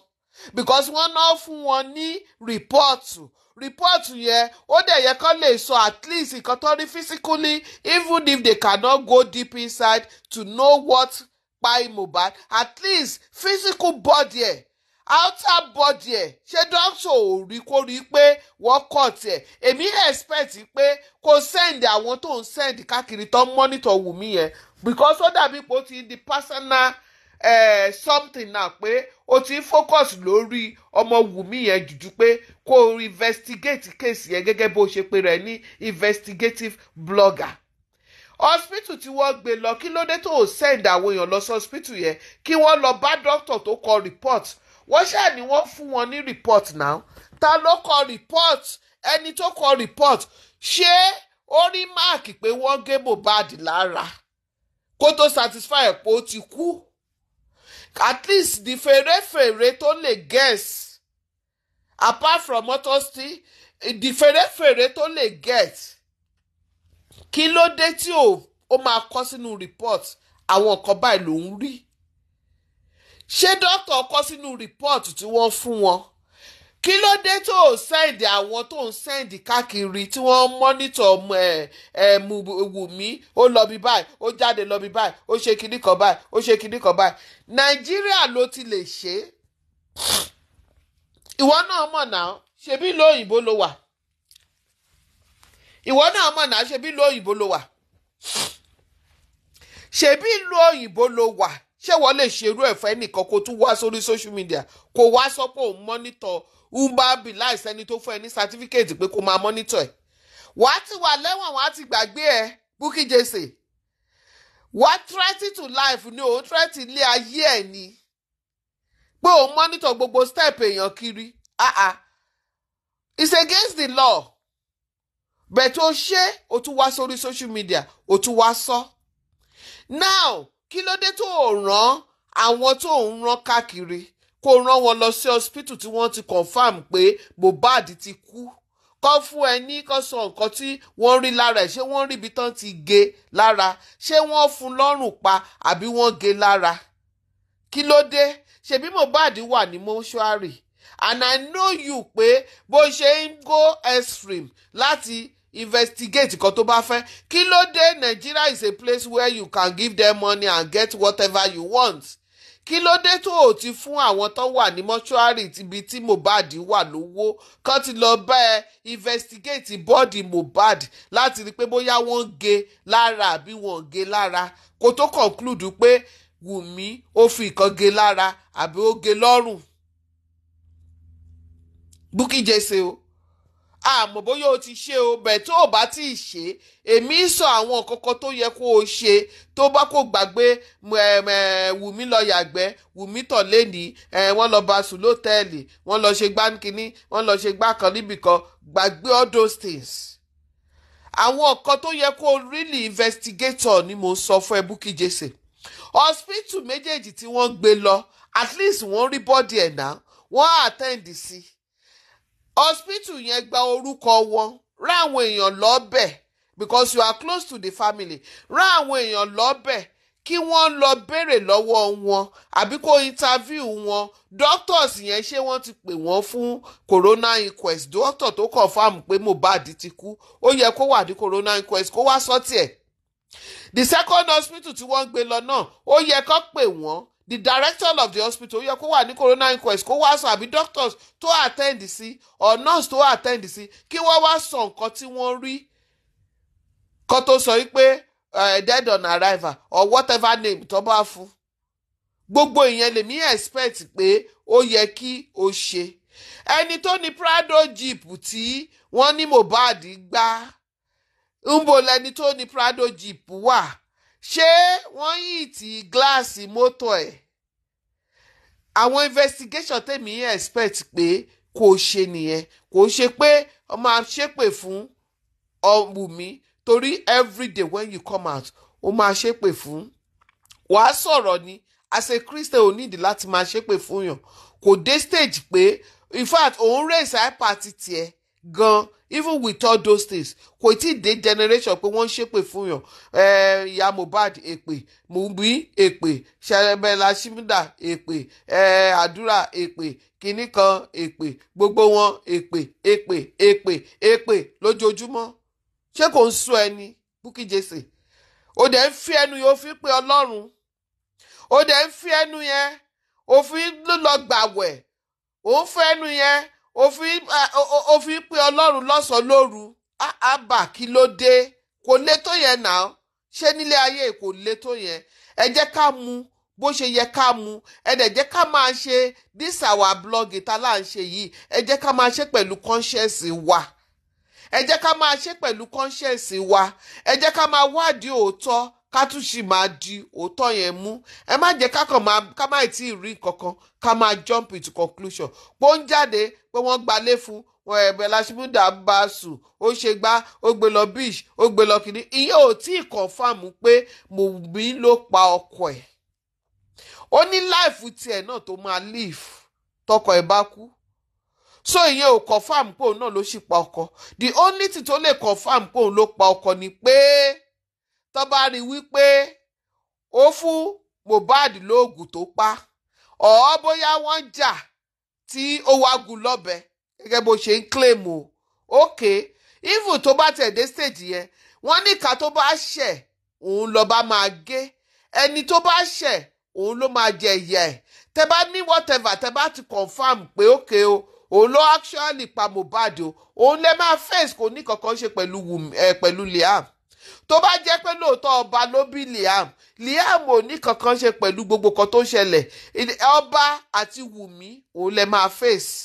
because wọ́n náà fún wọn ní rìpọ́ọ̀tù rìpọ́ọ̀tù yẹn ó dẹ̀ yẹ kán lè sọ at least nǹkan tó rí physically even if they cannot go deep inside to know what pa Mohbad at least physical body ẹ̀ outer body ẹ̀ ṣé dókítà ò rí kó rí pé wọ́n kọ̀ tiẹ̀ èmi expect pé kó send àwọn tó ń send káàkiri tó ń monitor Wùmí yẹn because ó dàbí pé ó ti di personal eh, something náà pé ó ti focus lórí ọmọ Wùmí yẹn jùjú pé kó investigate case yẹn gẹ́gẹ́ bó ṣe pé rẹ̀ ní investigative blogger hospital tí wọ́n gbé lọ kí ló tó send àwọn èèyàn lọ sí hospital yẹn kí wọ́n lọ bá doctor tó kọ report wọ́n ṣáà ni wọ́n fún wọn ní report now ta ló kọ report ẹni tó kọ report ṣé ó rí máàkì pé wọ́n gé Mohbad lára kó tó satisfy ẹ̀ pé ó ti kú at least di fèrèfèrè tó lè guess apart from motorsti di fèrèfèrè tó lè get kí ló dé tí ó máa kọ sínú report àwọn nǹkan báyìí ló rí ṣé dókítà kọ sínú rìpọ́ọ̀tù tí wọ́n fún wọn kí ló dé tó o sẹ́ǹdì àwọn tó ń sẹ́ǹdì káàkiri tí wọ́n mọ́nítọ̀ Wùmí ó lọ bí báyìí ó jáde lọ bí báyìí ó ṣe kinní kan báyìí ó ṣe kinní kan báyìí Nàìjíríà ló ti lè ṣe é ìwọ náà mọ̀ náà ṣebí lóyìnbó ló wà ìwọ náà mọ̀ náà ṣebí lóyìnbó ló wà ṣebí lóyìnbó ló wà ṣé wọ́n lè ṣerú ẹ̀ fẹ́ nìkan kó tún wá sórí social media kó wá sọ pé òun mọ́nítọ̀ uber bill tó fún ẹ ní certificate pé kó máa mọ́nítọ̀ ẹ̀ wà á ti wà lẹ́wọ̀n wà á ti gbàgbé ẹ Bukky Jesse wà á threaten to life ni òun threaten ilé ayé ẹ̀ ni pé òun mọ́nítọ̀ gbogbo step èèyàn kiri ah ah it's against the law bẹ̀ẹ̀ tó ṣe o tún wá sórí social media o tún wá sọ now kí ló dé tó o rán àwọn tó ń rán káàkiri kó rán wọn lọ sí hospital tí wọ́n ti confam pé Mohbad ti kú kọ́ fún ẹ ní kọ́ sọ nǹkan tí wọ́n rí lára ẹ̀ ṣé wọ́n rí ibi tán ti gé lára ṣé wọ́n fún lọ́rùn pa àbí wọ́n gé lára kí ló dé ṣebí Mohbad wà ní mọ́ṣúárì and I know you pé bó ṣe ń go extreme láti investigate kan tó bá fẹ́ kí ló dé Nigeria is a place where you can give them money and get whatever you want kí ló dé tó o ti fún àwọn tó wà ní mọ́ṣúárì ibi tí Mohbad wà lówó kán ti lọ bá ẹ investigate bọ́ọ̀dì Mohbad láti rí i pé bóyá wọ́n ń gé lára àbí wọ́n ń gé lára kó tó conclude pé Wùmí ó fi nǹkan gé lára àbí ó gé lọ́rùn Bukky Jesse o àmọ́ bóyá o ti ṣe o bẹ̀ tó o bá ti ṣe èmi sọ àwọn kọ̀ọ̀kan tó yẹ kó o ṣe tó bá kò gbàgbé wùmí lọ yàgbẹ́ wùmí tọ̀ lẹ́ni wọ́n lọ bá sùn lọ́tẹ́ẹ̀lì wọ́n lọ ṣe gbáǹkínní wọ́n lọ ṣe gbákan níbìkan gbàgbé all those things. àwọn nǹkan tó yẹ kó o really investigator ni mo sọ fún ẹ Bukky Jesse hospital méjèèjì tí wọ́n gbé lọ at least wọ́n rí bọ́ọ̀dì ẹ̀ náà wọ́n attend sí i hospital yẹn gba orúkọ wọn rán àwọn èèyàn lọ́bẹ̀ because you are close to the family rán àwọn èèyàn lọ́bẹ̀ kí wọ́n lọ béèrè lọ́wọ́ wọn àbí kó interview wọn doctors yẹn ṣé wọ́n ti pè wọ́n fún corona inquest doctor tó confirm pé Mohbad ti kú ó yẹ kó wà ní corona inquest kó wá sọ́tì ẹ̀ the second hospital tí wọ́n gbé lọ náà ó yẹ kó pè wọ́n the director of the hospital ó yẹ kó wà ní corona inquest kó wá sọ àbí doctors tó attend sí or nurse tó attend sí kí wọ́n wá sọ nǹkan tí wọ́n rí kan tó sọ wípé eh, dead on arrival or whatever name tó bá fún gbogbo ìyẹn lèmi expect pé ó yẹ kí o ṣe ẹni tó ní prado jeep tí wọ́n ní Mohbad gbá ń bo lẹni tó ní prado jeep wà ṣé wọ́n yìí ti gíláàsì mọ́tò ẹ̀ àwọn investigation tèmi expect pé kò ṣe nìyẹn kò ṣe pé ọmọ àṣepè fún Wùmí torí everyday when you come out ó máa ṣépè fún wàá sọ̀rọ̀ ni as a Christian ò nídìí láti máa ṣépè fún yàn kò dé stage pé in fact òun raise hyper party tiẹ̀ gan even with all those things kò tí ì dé generation pé wọ́n ń ṣépè fún yàn eh, ìyá Mohbad èpè Mùbí èpè Ṣẹ̀rẹ̀bẹ̀là Ṣímídà èpè àdúrà eh, èpè kìnnì kan èpè gbogbo wọn èpè èpè èpè èpè lójoojúmọ́ ṣé kò ń sún ẹni Bukky Jesse ó dẹ̀ ń fi ẹnu yẹn ó fi pé Ọlọ́run ó dẹ̀ ń fi ẹnu yẹn ó fi lọ gbàwẹ̀ ó ń fẹ́ ẹnu yẹn ó fi pé ọlọ́run lọ́sàn-án lóru àbá ah, kí ló dé kò lé tó yẹn náà ṣé nílé ayé kò lé tó yẹn ẹ jẹ́ ká mu bó ṣe yẹ ká mu ẹ dẹ̀ jẹ́ ká máa ṣe this our blog tá là ń ṣe yìí ẹ jẹ́ ká máa ṣe pẹ̀lú conscience wa ẹ jẹ́ ká máa ṣe pẹ̀lú conscience wa ẹ jẹ́ ká máa wádìí òótọ́ ká tún sì máa di òótọ́ yẹn mú ẹ má jẹ́ kákan máa ká má tí ì rí kankan ká máa jump into conclusion pé ó ń jáde pé wọ́n gbalé fún wọn ẹ̀bẹ̀ lásìmúdà bá sùn ó ṣe gbá ó gbé lọ beach ó gbé lọ kìnní ìyẹn ò tí ì confam pé Wùnmí ló pa ọkọ ẹ̀ ó ní láìfù tiẹ̀ náà tó máa live tọkọ ẹ̀ bá kú so ìyẹn ò confam pé òun náà ló sì pa ọkọ the only thing tó lè confam pé òun ló pa ọkọ ni pé. Pe tó bá rí wípé ó fún Mohbad lóògùn tó pa ọ̀ọ́ bóyá wọ́n jà tí ó wagun lọ́bẹ gẹ́gẹ́ bó ṣe ń claim o okay even tó bá tẹ̀ dé stage yẹn wọ́n ní ìka tó bá ṣẹ̀ òun lọ́ba máa gé ẹni tó bá ṣẹ̀ òun ló máa jẹ ìyà ẹ̀ tẹ bá ní whatever tẹ bá ti confam pé okay o òun ló actually pa Mohbad o òun lè máa face kò ní kankan ṣe pẹ̀lú Liam tó bá jẹ́ pé lóòótọ́ ọba ló bí Liam Liam ò ní kankan ṣe pẹ̀lú gbogbo kan tó ṣẹlẹ̀ ọba àti Wùmí òun lè máa fèsì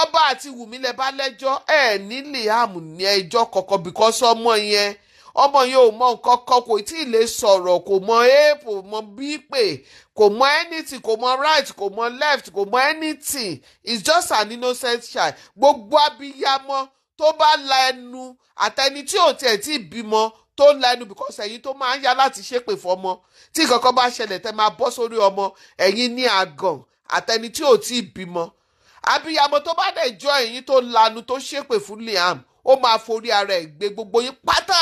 ọba àti Wùmí lè bá lẹ́jọ́ ẹ̀ ní Liam ní ẹjọ́ kankan bìkọ́sí ọmọ yẹn ọmọ yẹn ò mọ nǹkan kan kò tí ì lè sọ̀rọ̀ kò mọ a mọ b kò mọ anything kò mọ right kò mọ left kò mọ anything it's just an innocent child gbogbo abiyamọ tó bá la ẹnu àtẹni tí ò tiẹ̀ tí bímọ tó ń la ẹnu because ẹ̀yin tó máa ń ya láti ṣépè fọmọ tí kankan bá ṣẹlẹ̀ tẹ́ máa bọ́ sórí ọmọ ẹ̀yin ní àgàn àtẹni tí ò tí ì bímọ abiyamọ tó bá dẹ̀ jọ ẹ̀yin tó lanu tó ṣépè fún Liam ó máa forí ara ẹ̀ gbé gbogbo yín pátá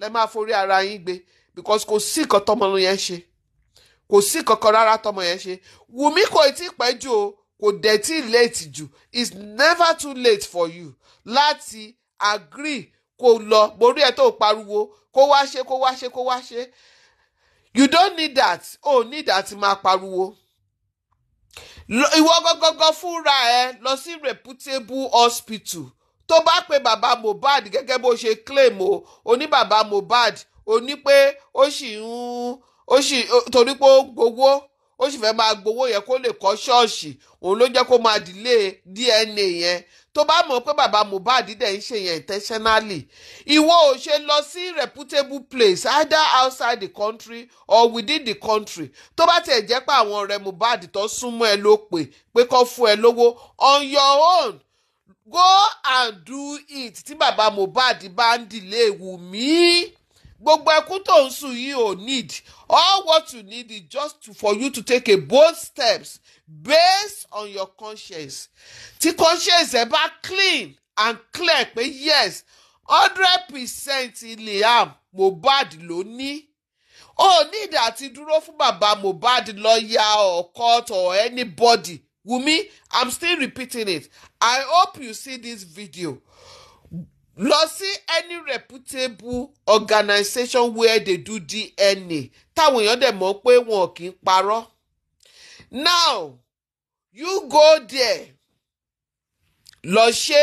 lẹ́ máa forí ara yín gbé because kò sí nǹkan tọmọ yẹn ṣe kò sí kankan rárá tọmọ yẹn ṣe Wùmí kò tí pẹ́ jù o kò dẹ̀ tí late jù it's never too late for you láti agree kó lọ borí ẹ̀ tó pariwo kó wá ṣe kó wá ṣe kó wá ṣe you don't need that o oh, need that máa pariwo ìwọ gọgọgọ fúnra ẹ lọ sí reputable hospital tó bá pe bàbá Mohbad gẹ́gẹ́ bó ṣe claim o oní bàbá Mohbad oní pé ó sì ń ó sì torí pé ó gbowó ó sì fẹ́ máa gbowó yẹn kó lè kọ́ ṣọ́ọ̀ṣì òun ló jẹ́ kó máa dìlé DNA yẹn tó bá mọ̀ pé bàbá Mohbad dẹ̀ ń ṣe yẹn intentionally ìwọ ò ṣe lọ sí reputable place either outside the country or within the country tó bá tiẹ̀ jẹ́ pé àwọn ọ̀rẹ́ Mohbad tó súnmọ́ ẹ ló pè pé kó fún ẹ lówó on your own go and do it tí bàbá Mohbad bá ń dìlé Wùmí gbogbo ẹkún tó ń sùn yìí ò need all what you need is just for you to take a bold steps based on your conscience tí conscience ẹ bá clean and clear pé yes hundred percent Liam Mohbad ló ní o need àti dúró fún bàbá Mohbad lọ́ọ̀yà or court or anybody Wumi I'm still repeating it I hope you see this video lọ sí any reputable organization where they do DNA táwọn èèyàn dẹ̀ mọ̀ pé wọn kì í parọ́ now you go there lọ ṣe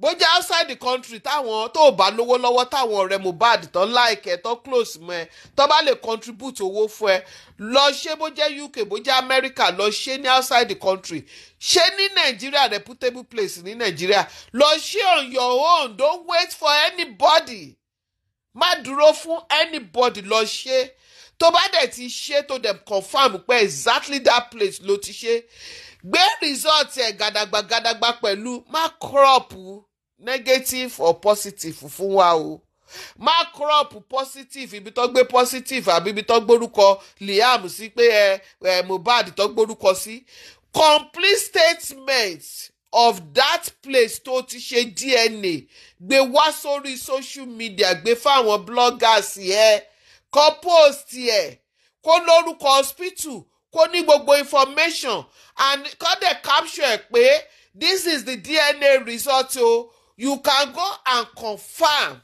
bójá outside the country táwọn tó bá lówó lọ́wọ́ táwọn ọ̀rẹ́ Mohbad tán láìkẹ́ tán close mọ́ ẹ tán bá lè contribute owó fún ẹ lọ ṣe bójá UK bójá America lọ ṣe ní outside the country ṣe ní Nàìjíríà reputable place ní Nigeria. lọ ṣe on your own don't wait for anybody má dúró fún anybody lọ ṣe tó bá dẹ̀ ti ṣe tó dẹ̀ confirm pé exactly that place ló ti ṣe gbé result ẹ̀ gàdàgbà gàdàgbà pẹ̀lú má crop negative or positive fún wa o má crop positive ibi tó gbé positive àbí ibi tó gbórúkọ Liam sí pé ẹ ẹ Mohbad tó gbórúkọ sí complete statement of that place tó ti ṣe DNA gbé wá sórí social media gbé fáwọn bloggers ẹ kó post ẹ kó lórúkọ hospital kó ní gbogbo information and kó dẹ̀ capture ẹ pé this is the DNA result o. Oh you can go and confirm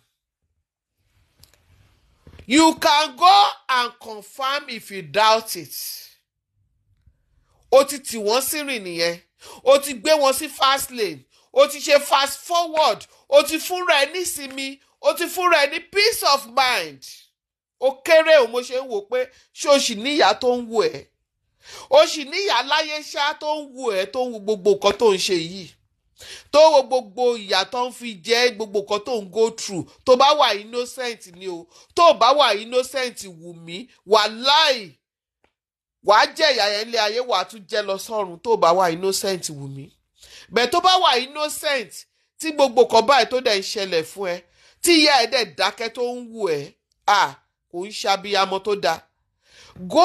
you can go and confirm if you doubt it o ti tì wọ́n sí rìn nìyẹn o ti gbé wọn sí fast lane o ti ṣe fast forward o ti fúnra ẹ nísinmi o ti fúnra ẹ ní peace of mind ó kéré o mo ṣe ń wò pé ṣé o sì níyà tó ń wù ẹ́ o sì níyà láyé ṣá tó ń wù ẹ́ tó ń wù gbogbo nǹkan tó ń ṣe yìí tó wo gbogbo ìyà tó ń fi jẹ́ gbogbo nǹkan tó ń go through tó bá wà innocent ni o tó bá wà innocent wù mí wà láì wàá jẹ ìyà yẹn lé ayé wàá tún jẹ lọ sọ́run tó bá wà innocent wù mí bẹ́ẹ̀ tó bá wà innocent tí gbogbo kan báyìí tó dẹ̀ ń ṣẹlẹ̀ fún ẹ tí ìyá ẹ dẹ̀ dákẹ́ tó ń wù ẹ́ à kò ń ṣàbíyamọ tó dáa go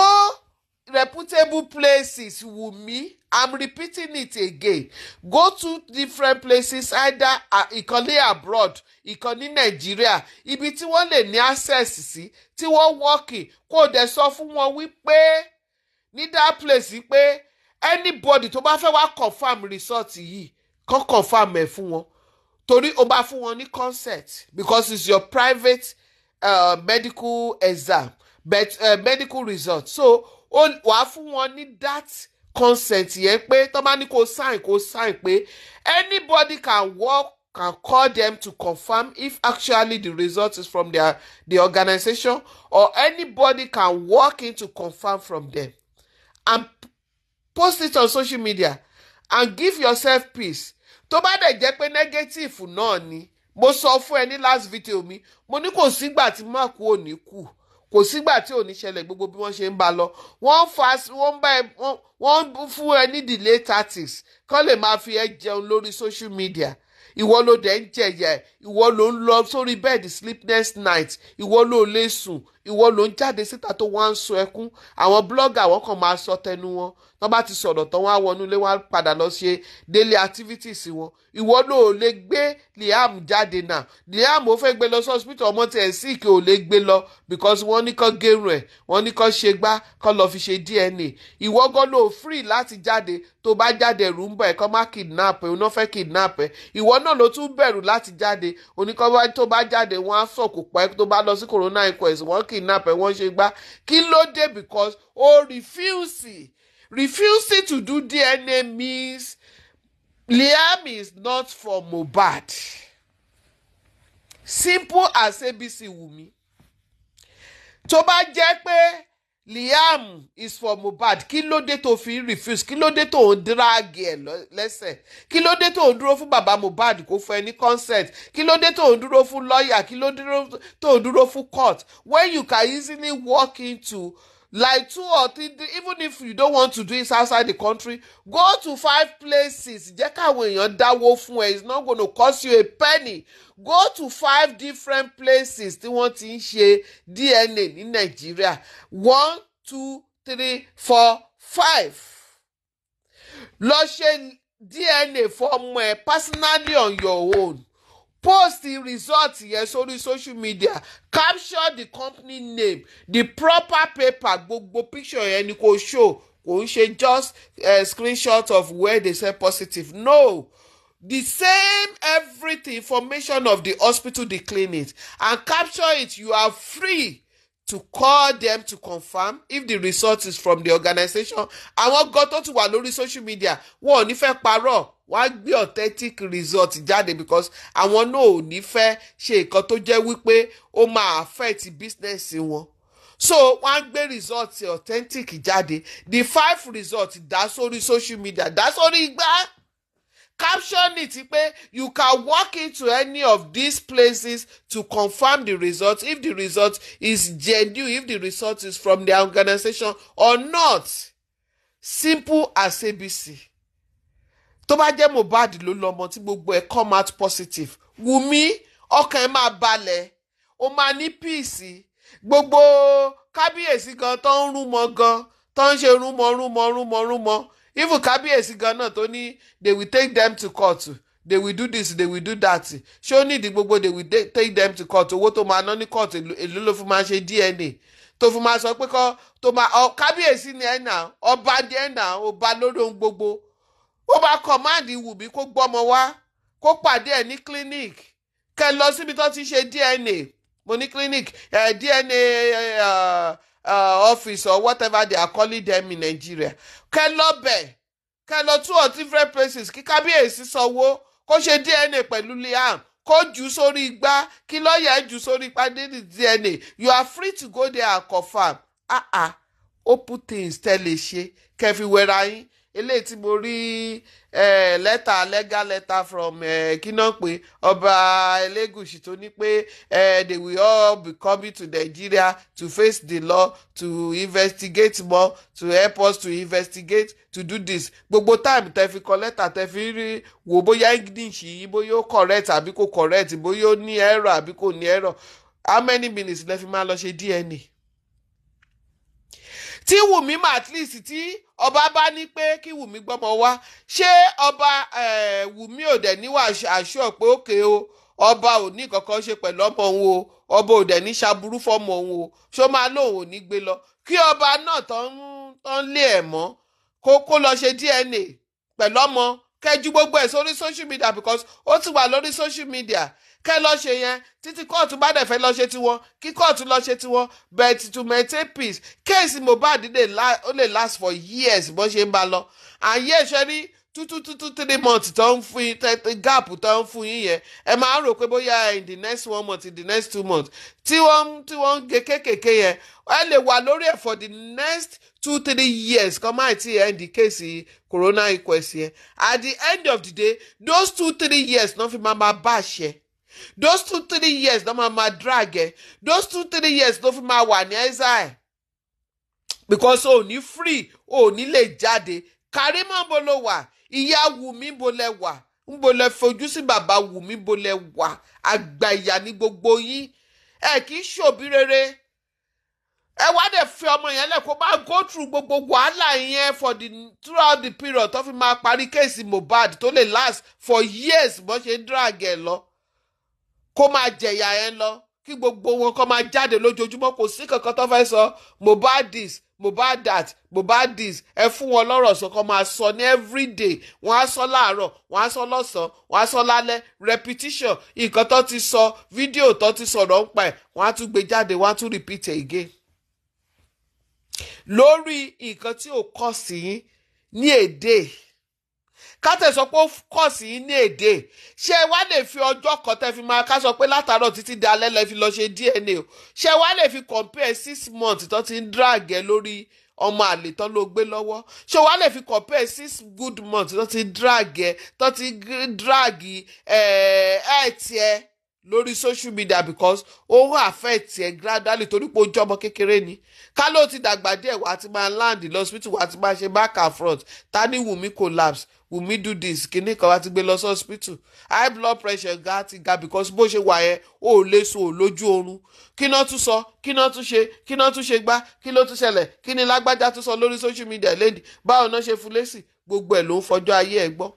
reputable places wùmí i'm repeating it again go to different places either uh, ìkànnì abroad ìkànnì Nigeria. ibi tí wọ́n lè ní access sí tí wọ́n wọ́ọ̀kì kó o dẹ̀ sọ fún wọn wípé ní that place pé anybody tó bá fẹ́ wá confam result yìí kàn confam ẹ̀ fún wọn torí o bá fún wọn ní consent because it's your private uh, medical exam but uh, medical result so wàá fún wọn ní that consent yẹn pé tó bá ní kó sign kó sign pé anybody can work can call them to confirm if actually the result is from their the organization or anybody can walk in to confirm from them and post it on social media and give yourself peace tó bá dẹ̀ jẹ́ pé negative náà ni mo sọ fún ẹ ní last video mi mo ní kò sígbà tí mark kú ò ní kú kò sígbà tí ò ní ṣẹlẹ̀ gbogbo bí wọ́n ṣe ń bá lọ wọ́n fa wọ́n bá wọ́n fún ẹ ní delay tactics kán lè máa fi ẹ jẹun lórí social media ìwọ ló dẹ̀ ń jẹ̀yà ẹ̀ ìwọ ló ń lọ sórí bẹ́ẹ̀dì sleepless night ìwọ ló lè sùn ìwọ ló ń jáde síta tó wá ń sun ẹkún àwọn blogger wọn kàn máa sọ tẹnu wọn tó bá ti sọ̀rọ̀ tán wá wọnú lé wọn padà lọ ṣe daily activities wọn ìwọ ló ò lè gbé Liam jáde náà Liam ó fẹ́ gbé lọ hospital ọmọ tiẹ̀ sí ìkẹ́ ò lè gbé lọ because wọ́n ní kán gẹrun ẹ̀ wọ́n ní kán ṣe gbá kán lọ́ọ́ fi ṣe DNA ìwọ gan ló free láti jáde tó bá jáde ẹ̀rù ń bọ̀ ẹ̀ kán má kidnap ẹ̀ oná fẹ́ kidnap ẹ̀ ìwọ náà ló tún bẹ̀rù láti jáde oníkan tó bá jáde wọ́n á sọ̀kò pa ẹ̀ tó bá lọ sí corona inquest wọ́n kidnap ẹ̀ wọ́n ṣe gbá kí ló dé because ó refusing refusing to do DNA means Liam is not for Mohbad simple as ABC Wumi tó bá jẹ́ pé liam is for mohbad kí ló dé tó fi refuse kí ló dé tó ń dírágì ẹ lẹ́sẹ̀ kí ló dé tó ń dúró fún bàbá mohbad kó fún ẹ ní consent kí ló dé tó ń dúró fún lawyer kí ló dé tó ń dúró fún court when you can easily walk into like two or three even if you don't want to do it outside the country go to five places jẹ́ káwọn èèyàn dáwó fún ẹ it's not gonna cost you a penny go to five different places tí wọ́n ti ń ṣe DNA ní Nigeria. one two three four five lọ ṣe DNA fún ọmọ ẹ personally on your own post the result yẹn sórí social media capture the company name the proper paper gbogbo picture yẹn ni kò show kò ń ṣe just uh, screenshot of where they say positive no the same everything information of the hospital the clinic and capture it you are free to call them to confirm if the result is from the organization àwọn gan tó ti wà lórí social media wọn ò ní fẹ́ parọ́ wọ́n á gbé authentic result jáde because àwọn náà ò ní fẹ́ ṣe nǹkan tó jẹ́ wípé ó máa affect business wọn so wọ́n á gbé result authentic jáde the five result dá sórí social media dá sórí igbá caption it pé you can walk into any of these places to confirm the result if the result is genuine if the result is from the organization or not simple as abc tó bá jẹ́ Mohbad ló lọ́mọ tí gbogbo ẹ̀ come out positive Wùmí ọkàn ẹ̀ máa balẹ̀ ó máa ní píìsì gbogbo kábíyèsí gan tó ń rúmọ gan tó ń ṣe rúmọ rúmọ rúmọ rúmọ even kábíyèsí gan náà tó ní they will take them to court they will do this they will do that ṣé ó nídìí gbogbo they will take them to court owó tó máa ná ní court èló ló fi máa ṣe DNA tó fi máa sọ pé kọ́ tó máa ọ kábíyèsí ni ẹ̀ nà ọba ni ẹ̀ nà ọba lórí ohun gbogbo ó bá kọ̀máàdì Wùmí kó gbọ́mọ wá kó pàdé ẹ̀ ní clinic kẹ́ lọ síbi tó ti ṣe DNA mo ní clinic DNA uh, uh, office or whatever they are calling them in Nigeria kẹ lọ bẹ̀ kẹ lọ two or different places kí kábíyèsí sanwó kó ṣe DNA pẹ̀lú Liam kó jù sórí igbá kí lọ́ọ̀yà jù sórí pàdédì DNA you are free to go there and confirm ah ah open things tẹ́ lè ṣe kẹ́ fi wẹra yín eléyìí tí mo rí lẹ́tà legal letter from kíná pé ọba elégùsì tó ní pé they will all be coming to Nigeria to face the law to investigate more to help us to investigate to do this gbogbo time tẹ fi kọ lẹ́tà tẹ fi rí wò bóyá english yìí bóyá ó correct àbí kò correct bóyá ó ní error àbí kò ní error how many minutes lẹ fi máa lọ ṣe DNA tí wùmí mà at least tí ọba bá ní pé kí wùmí gbọ́mọ wá ṣé ọba eh, wùmí ò dẹ̀ níwà àṣọ pé òkè o ọba ò ní kankan ṣe pẹ̀lú ọmọ òun o ọba ò dẹ̀ ní ṣàbúrú fọmọ òun o ṣó máa lóun ò ní gbé lọ kí ọba náà tán lé ẹ̀ mọ́ kó kó lọ ṣe DNA pẹ̀lú ọmọ kẹjú gbogbo ẹ̀ sórí social media because ó ti wà lórí social media kẹ́ lọ ṣe yẹn títí kóòtù bá dẹ̀ fẹ́ lọ ṣe tiwọn kí kóòtù lọ ṣe tiwọn but to maintain peace kéèsì Mohbad lè last for years bó ṣe ń bá lọ àyè two tútútútú three months tó ń fún yín gap tó ń fún yín yẹn ẹ máa rò pé bóyá in the next one month in the next two months tí wọ́n tí wọ́n ń gé kékèké yẹn ẹ lè wà lórí ẹ̀ for the next two three years kan máa ti ẹ̀ ń di kéèsì corona inquest yẹn at the end of the day those two three years náà fi máa máa bá a ṣe those two three years ló máa máa drag ẹ those two three years ló fi máa wà ní exile because o ní free o ní lè jáde Karimo bo ló wà ìyá Wùmí bo lẹ wà ń bo lẹ fojú sí bàbá Wùmí bo lẹ wà àgbà ìyá ní gbogbo yín ẹ kì í ṣòbí rere ẹ wá dẹ̀ fi ọmọ yẹn lẹ̀ kó máa go through gbogbo wàhálà yẹn for the throughout the period tó fi máa parí kéèsì Mohbad tó lè last for years bó ṣe ń drag ẹ lọ kó máa jẹ̀yà ẹ̀ lọ kí gbogbo wọn kó máa jáde lójoojúmọ́ kò sí kankan tó fẹ́ sọ Mohbad this Mohbad that Mohbad this ẹ fún wọn lọ́rọ̀ sọ kó máa sọ ní everyday wọ́n á sọ láàárọ̀ wọ́n á sọ lọ́sàn-án wọ́n á sọ lálẹ́ repetition nǹkan tó ti sọ fídíò tó ti sọ̀rọ̀ ń pa ẹ̀ wọ́n á tún gbé jáde wọ́n á tún repeat ẹ̀ again. lórí nǹkan tí ò kọ́ sí yín ní èdè kátẹ sọ pé ó kọ̀ sí ní èdè ṣé wá lè fi ọjọ́ kan tẹ́ fi máa ká sọ pé látàárọ̀ títí di alẹ́ lẹ́ fi lọ ṣe DNA ṣé wá lè fi compare six months tó ti ń drag ẹ lórí ọmọ àlè tán ló gbé lọ́wọ́ ṣé wá lè fi compare six good months tó ti drag ẹ tó ti drag ẹ eh, ẹ lórí social media because ó affect ẹ gradually torí pé ojú ọmọ kékeré ni ká ló ti dàgbà díẹ̀ wà ti máa land lọ́sibítù wà á ti máa ṣe back and front ta ni Wùmí collapse me do this kíní kan wá ti gbé lọ sí hospital high blood pressure ga ti ga because bó ṣe wà yẹn ó lè so lójú oorun kí náà tún sọ kí náà tún ṣe kí náà tún ṣe gbá kí ló tún ṣẹlẹ̀ kí ni lágbájá tún sọ lórí social media lady. báwo náà ṣe fún lẹ́sì gbogbo ẹ̀ ló ń fọjọ́ ayé ẹ̀ gbọ́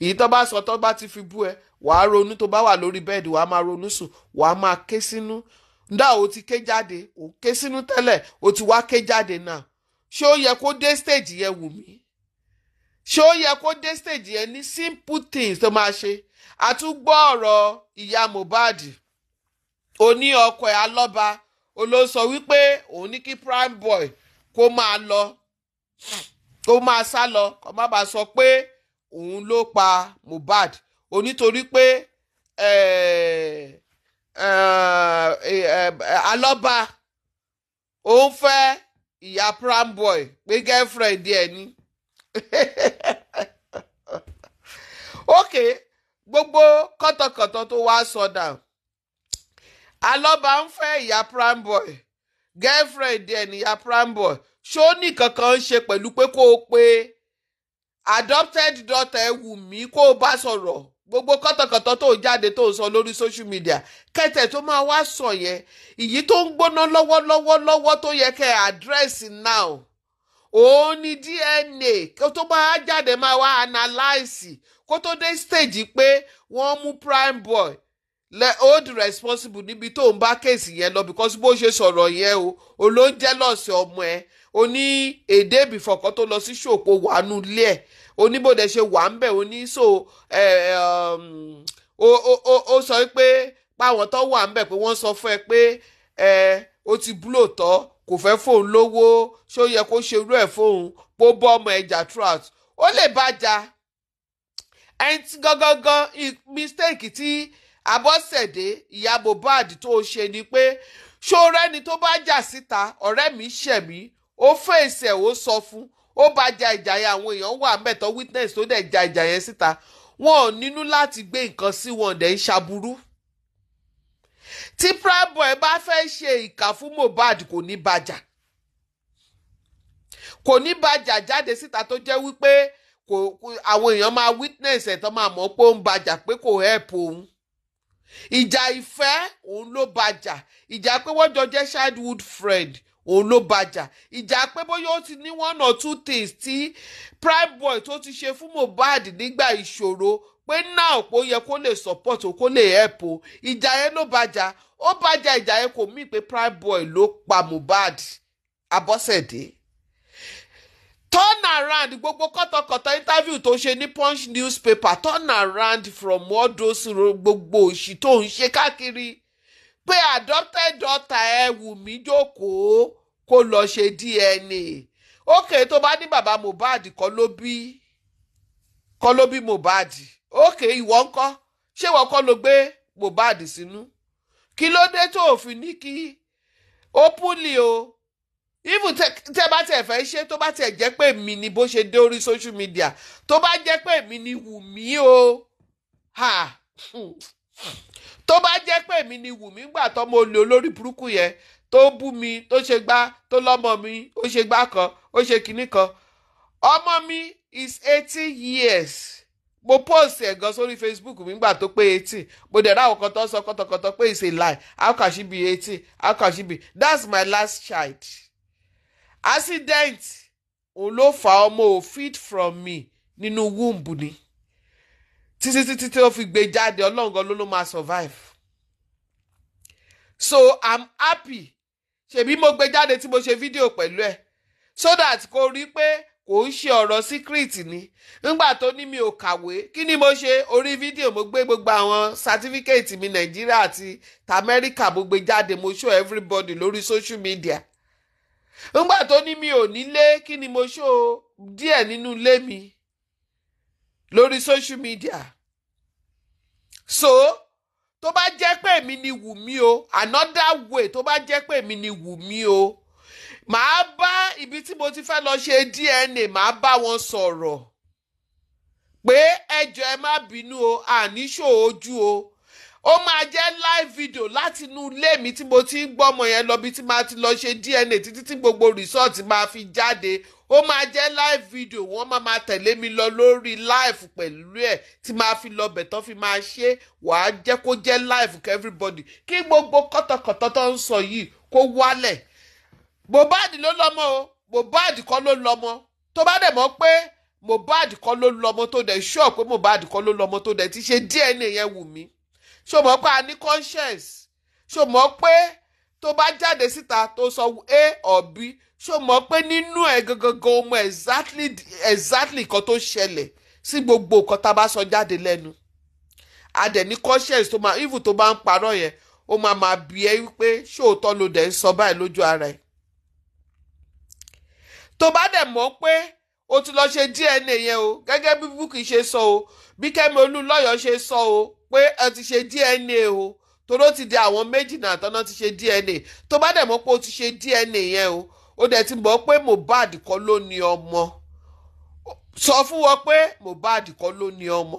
èyí tó bá sọ tó bá ti fi bú ẹ wàá ronú tó bá wà lórí bẹ́ẹ̀dì wàá máa ronú sùn wàá máa ké sínú ndá o ti ké jáde o ké sínú tẹ́lẹ̀ o ti wá ké jáde náà ṣé ó yẹ kó dé stage yẹn wù mí ṣé ó yẹ kó dé stage yẹn ní simple things tó máa ṣe àtúgbọ́ ọ̀rọ̀ ìyá Mohbad oní ọkọ ẹ̀ alọ́ba olóńsọ wípé òun ní kí prime boy kó máa lọ kó máa sá lọ kó má bàa sọ pé òun ló pa Mohbad onítorí pé alọ́ba òun fẹ́ ìyá prime boy pé girlfriend ẹ̀ ni. <laughs> oke gbogbo kọtọkọtọ tó wá sọdà alọba ń fẹ́ ìyá primeboy girlfriend ẹ̀ níyà primeboy ṣó nìkan kankan ṣe pẹ̀lú pé kó o pe adopted daughter ẹ wù mí kó o bá sọ̀rọ̀ gbogbo kọtọkọtọ tó jáde tó sọ lórí social media kẹtẹ tó máa wá sọ yẹn ìyí tó ń gbóná lọ́wọ́lọ́wọ́ lọ́wọ́ tó yẹ kẹ́ àdírẹ́sì now òun ni DNA kó tó bá jáde máa wá analyse kó tó dé stage pé wọ́n mú prime boy le hold responsible níbi tó ń bá kéèsì yẹn lọ because bó ṣe sọ̀rọ̀ yẹn o olóúnjẹ lọ́sẹ̀ ọmọ ẹ̀ o ní èdè bìfọ̀kọ́ tó lọ sí ṣòpó wàánu ilé ẹ̀ o ní bó dẹ̀ ṣe wà ń bẹ̀ o ní so um, o sọ pé páwọn tó wà ń bẹ̀ pé wọ́n sọ fún ẹ pé o ti búlò tọ́ kò fẹ́ fóun lówó ṣó yẹ kó ṣe irú ẹ̀ fóun bó bọ́ ọmọ ẹja trout ó lè bá jà ẹni tí gangan mistake ti abọ́sẹ̀dé ìyá Mohbad tó ṣe ni pé ṣó rẹ́ni tó bá jà síta ọ̀rẹ́ mi ṣẹ̀ mí ó fèsì ẹ̀ ó sọ fún ó bá ja ìjà yẹn àwọn èèyàn wà mẹ́tọ́ witness tó dẹ̀ ja ìjà yẹn síta wọn ò nínú láti gbé nǹkan sí wọn dẹ̀ ń ṣaburú tí Prime Boy bá fẹ́ ṣe ìkà fún Mohbad kò ní bàjà kò ní bàjà jáde síta tó jẹ́ wípé àwọn èèyàn máa witness ẹ̀ tó máa mọ̀ pé ó ń bàjà pé kò help òun ìjà ìfẹ́ òun ló bàjà ìjà pé wọ́n jọ jẹ́ childhood friend òun ló bàjà ìjà pé bóyá ó ti ní one or two things tí Prime Boy tó ti ṣe fún Mohbad nígbà ìṣòro pé now pé ó yẹ kó lè support o kó lè help o ìjà yẹn ló bàjá ó bàjá ìjà yẹn kò mí pé boy ló pa Mohbad Abọ́sẹ̀dé turn around gbogbo kọ́tọ̀kọ́tọ̀ interview tó ṣe ní punch newspaper turn around from all those gbogbo òṣì tó ń ṣe káàkiri pé adopted daughter ẹ Wùmí jókòó kó lọ ṣe DNA ókè tó bá ní bàbá Mohbad kọ́ ló bí kọ́ ló bí Mohbad ókè ìwọ ńkọ́ ṣé wọ́n kọ́ ló gbé Mohbad sínú kí ló dé tó òfin ní kí ó púlì o even tẹ bá tẹ fẹ́ ṣe tó bá tẹ jẹ́ pé mi ni bó ṣe dé orí social media tó bá jẹ́ pé mi ni Wùmí o ha tó bá jẹ́ pé mi ni Wùmí gbà tọ́mọ olè olórí burúkú yẹn tó bú mi tó ṣe gbá tó lọ́mọ mi ó ṣe gbá kan ó ṣe kinní kan ọmọ mi is eighteen years mo post ẹ̀ gan sórí facebook mi gbà tó pé eighteen mo dẹ̀ ráwọ̀ kan tó sọ kọ́tọ̀kọ́tọ̀ pé it's a lie how can she be eighteen how can she be that's my last child accident òun ló fa ọmọ ò fit from me nínú womb ni títí títí tí ó fi gbé jáde ọlọ́run ló ló máa survive so i'm happy ṣèbí mo gbé jáde tí mo ṣe fídíò pẹ̀lú ẹ̀ so that kò rí pé kò ń ṣe ọ̀rọ̀ síkírìtì ni nígbà tó ní mi ò kàwé kí ni mo ṣe orí fídíò mo gbé gbogbo àwọn sátífíkẹ́ẹ̀tì mi nàìjíríà àti tamẹ́ríkà mo gbé jáde mo show everybody lórí social media nígbà tó ní mi ò nílé kí ni mo show díẹ̀ nínú ilé mi lórí social media so tó bá jẹ́ pé èmi ni wù mí o another way tó bá jẹ́ pé èmi ni wù mí o màá bá ibi tí mo ti fẹ́ lọ ṣe DNA màá bá wọn sọ̀rọ̀ pé ẹjọ́ ẹ má bínú o àníṣò ojú o ó máa jẹ́ live video láti inú ilé mi tí mo ti ń gbọ́mọ yẹn lọ bí tí màá ti lọ ṣe DNA títí tí gbogbo result máa fi jáde ó máa jẹ́ live video wọ́n máa máa tẹ̀lé mi lọ lórí live pẹ̀lú ẹ̀ tí màá fi lọ bẹ̀ fi máa ṣe wàá jẹ́ kó jẹ́ live kẹ́ everybody kí gbogbo kọ́tọ̀kọ́tọ̀ tó ń sọ yìí kó wálẹ̀ Mohbad ló lọ́mọ o Mohbad kọ́ ló lọ́mọ tó bá dẹ̀ mọ̀ pé Mohbad kọ́ ló lọ́mọ tó dẹ̀ sure pé Mohbad kọ́ ló lọ́mọ tó dẹ̀ ti ṣe DNA yẹn wù mí ṣó mọ̀ pé a ní conscience ṣó mọ̀ pé tó bá jáde síta tó sọ a or b ṣó mọ̀ pé nínú ẹ̀ gangan ọmọ exactly exactly kan tó ṣẹlẹ̀ sí gbogbo nǹkan tá a bá sọ jáde lẹ́nu a dẹ̀ ní conscience tó máa even tó bá ń parọ́ yẹn ó máa máa bí ẹ wípé ṣóòótọ́ ló dẹ̀ ń sọ báyìí lójú ara ẹ̀ tó bá dẹ̀ mọ̀ pé o ti lọ ṣe DNA yẹn o gẹ́gẹ́ bí Bukky ṣe sọ o bí Kẹ́mi Olúnlọ́yọ̀ ṣe sọ o pé ẹ ti ṣe DNA o torí ó ti di àwọn méjì náà tọ́nà ti ṣe DNA tó bá dẹ̀ mọ̀ pé o ti ṣe DNA yẹn o ó dẹ̀ ti mọ̀ pé Mohbad kọ́ ló ní ọmọ sọ fún wọn pé Mohbad kọ́ ló ní ọmọ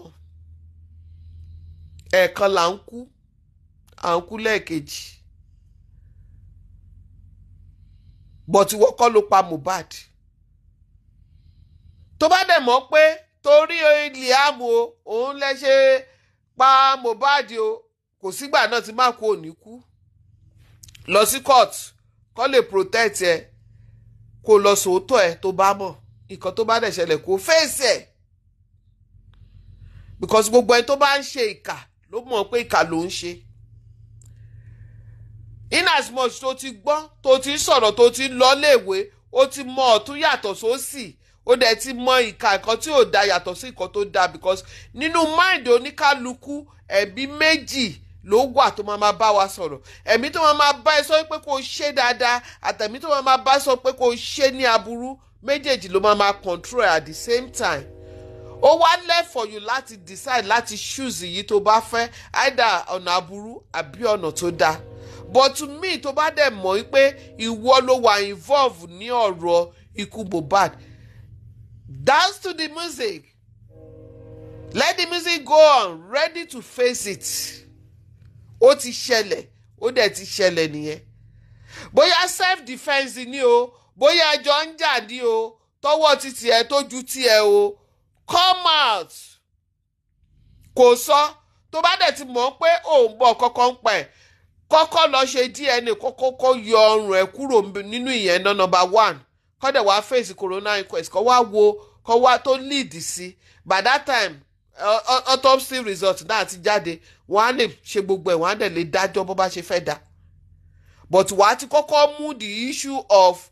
ẹ̀ẹ̀kan là ń kú à ń kú lẹ́ẹ̀kejì bọ̀tí ló pa Mohbad tó bá dẹ̀ mọ̀ pé torí Liam o òun lẹ ṣe pa Mohbad o kò sígbà náà ti má kú òní kú lọ sí court kó lè protect ẹ kó lọ sòótọ́ ẹ tó bá mọ̀ nǹkan tó bá dẹ̀ ṣẹlẹ̀ kó fèsì ẹ̀ because gbogbo ẹni tó bá ń ṣe ìkà ló mọ̀ pé ìkà ló ń ṣe in as much tó ti gbọ́ tó ti sọ̀rọ̀ tó ti lọ léèwé ó ti mọ ọ̀tún yàtọ̀ sósì ó dẹ̀ ti mọ ìka nǹkan tí ò da yàtọ̀ sí nǹkan tó da because nínú mind oníkálukú ẹ̀bí méjì ló wà tó máa máa bá wa sọ̀rọ̀ ẹ̀mí tó máa máa bá ẹ sọ pé kó o ṣe dáadáa àtẹ̀mí tó máa máa bá sọ pé kó o ṣe ní aburú méjèèjì ló máa máa control at the same time ó wá left for you láti decide láti choose èyí tó bá fẹ́ either ọ̀nà aburú àbí ọ̀nà tó dáa but to me tó bá dẹ̀ mọ̀ pé ìwọ ló wà involve ní ọ̀rọ̀ ikú Mohbad Dance to the music. Let the music go on, ready to face it. Ó ti ṣẹlẹ̀, ó dẹ̀ ti ṣẹlẹ̀ nìyẹn. Bóyá self defence ni o, bóyá ẹjọ́ ń jà ní o, tọwọ́ ti tiẹ̀ tó ju tiẹ̀ o. Come out. Kò sọ, tó bá dẹ̀ ti mọ̀ pé òun bọ̀ kankan pa ẹ̀ kọ́kọ́ lọ ṣe DNA kókó kó yọ ọrùn ẹ̀ kúrò nínú ìyẹn náà number one kọ́dẹ̀ wá face corona inquest kọ́ wá wo kó wá tó lead sí by that time autopsy result náà ti jáde wọ́n á lè ṣe gbogbo ẹ̀ wọ́n á dẹ̀ lè dájọ́ bó bá ṣe fẹ́ dá but wàá ti kọ́kọ́ mú the issue of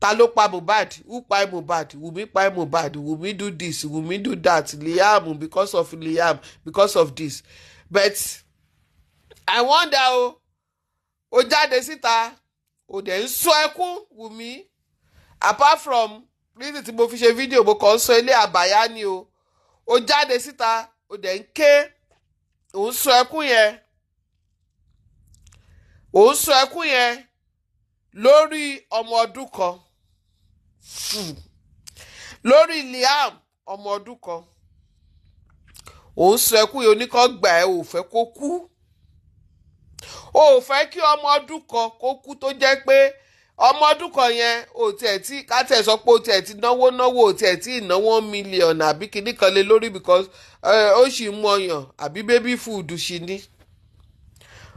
ta ló pa Mohbad who pa Mohbad Wunmi pa Mohbad Wunmi do this Wunmi do that Liam because of Liam because of this but I wonder o ó jáde síta ó dẹ̀ ń sọ ẹkún Wunmi apart from reason tí mo fi ṣe fídíò mo kàn ń sọ ilé àbáyá ni o ó jáde síta ó dẹ̀ ń ké òun sọ ẹkún yẹn òun sọ ẹkún yẹn lórí ọmọ ọdún kan lórí Liam ọmọ ọdún kan òun sọ ẹkún yẹn oníkan gbà ẹ ò fẹ́ kó kú ò fẹ́ kí ọmọ ọdún kan kó kú tó jẹ́ pé ọmọ ọdún kan yẹn ò tiẹ̀ tí kátẹ̀ sọ pé ó tiẹ̀ ti náwó náwó ò tiẹ̀ tí ìnáwó mílíọ̀nù àbí kinní kan lé lórí because eh, ó sì mú ọyàn àbí bébí fúdù sí ni.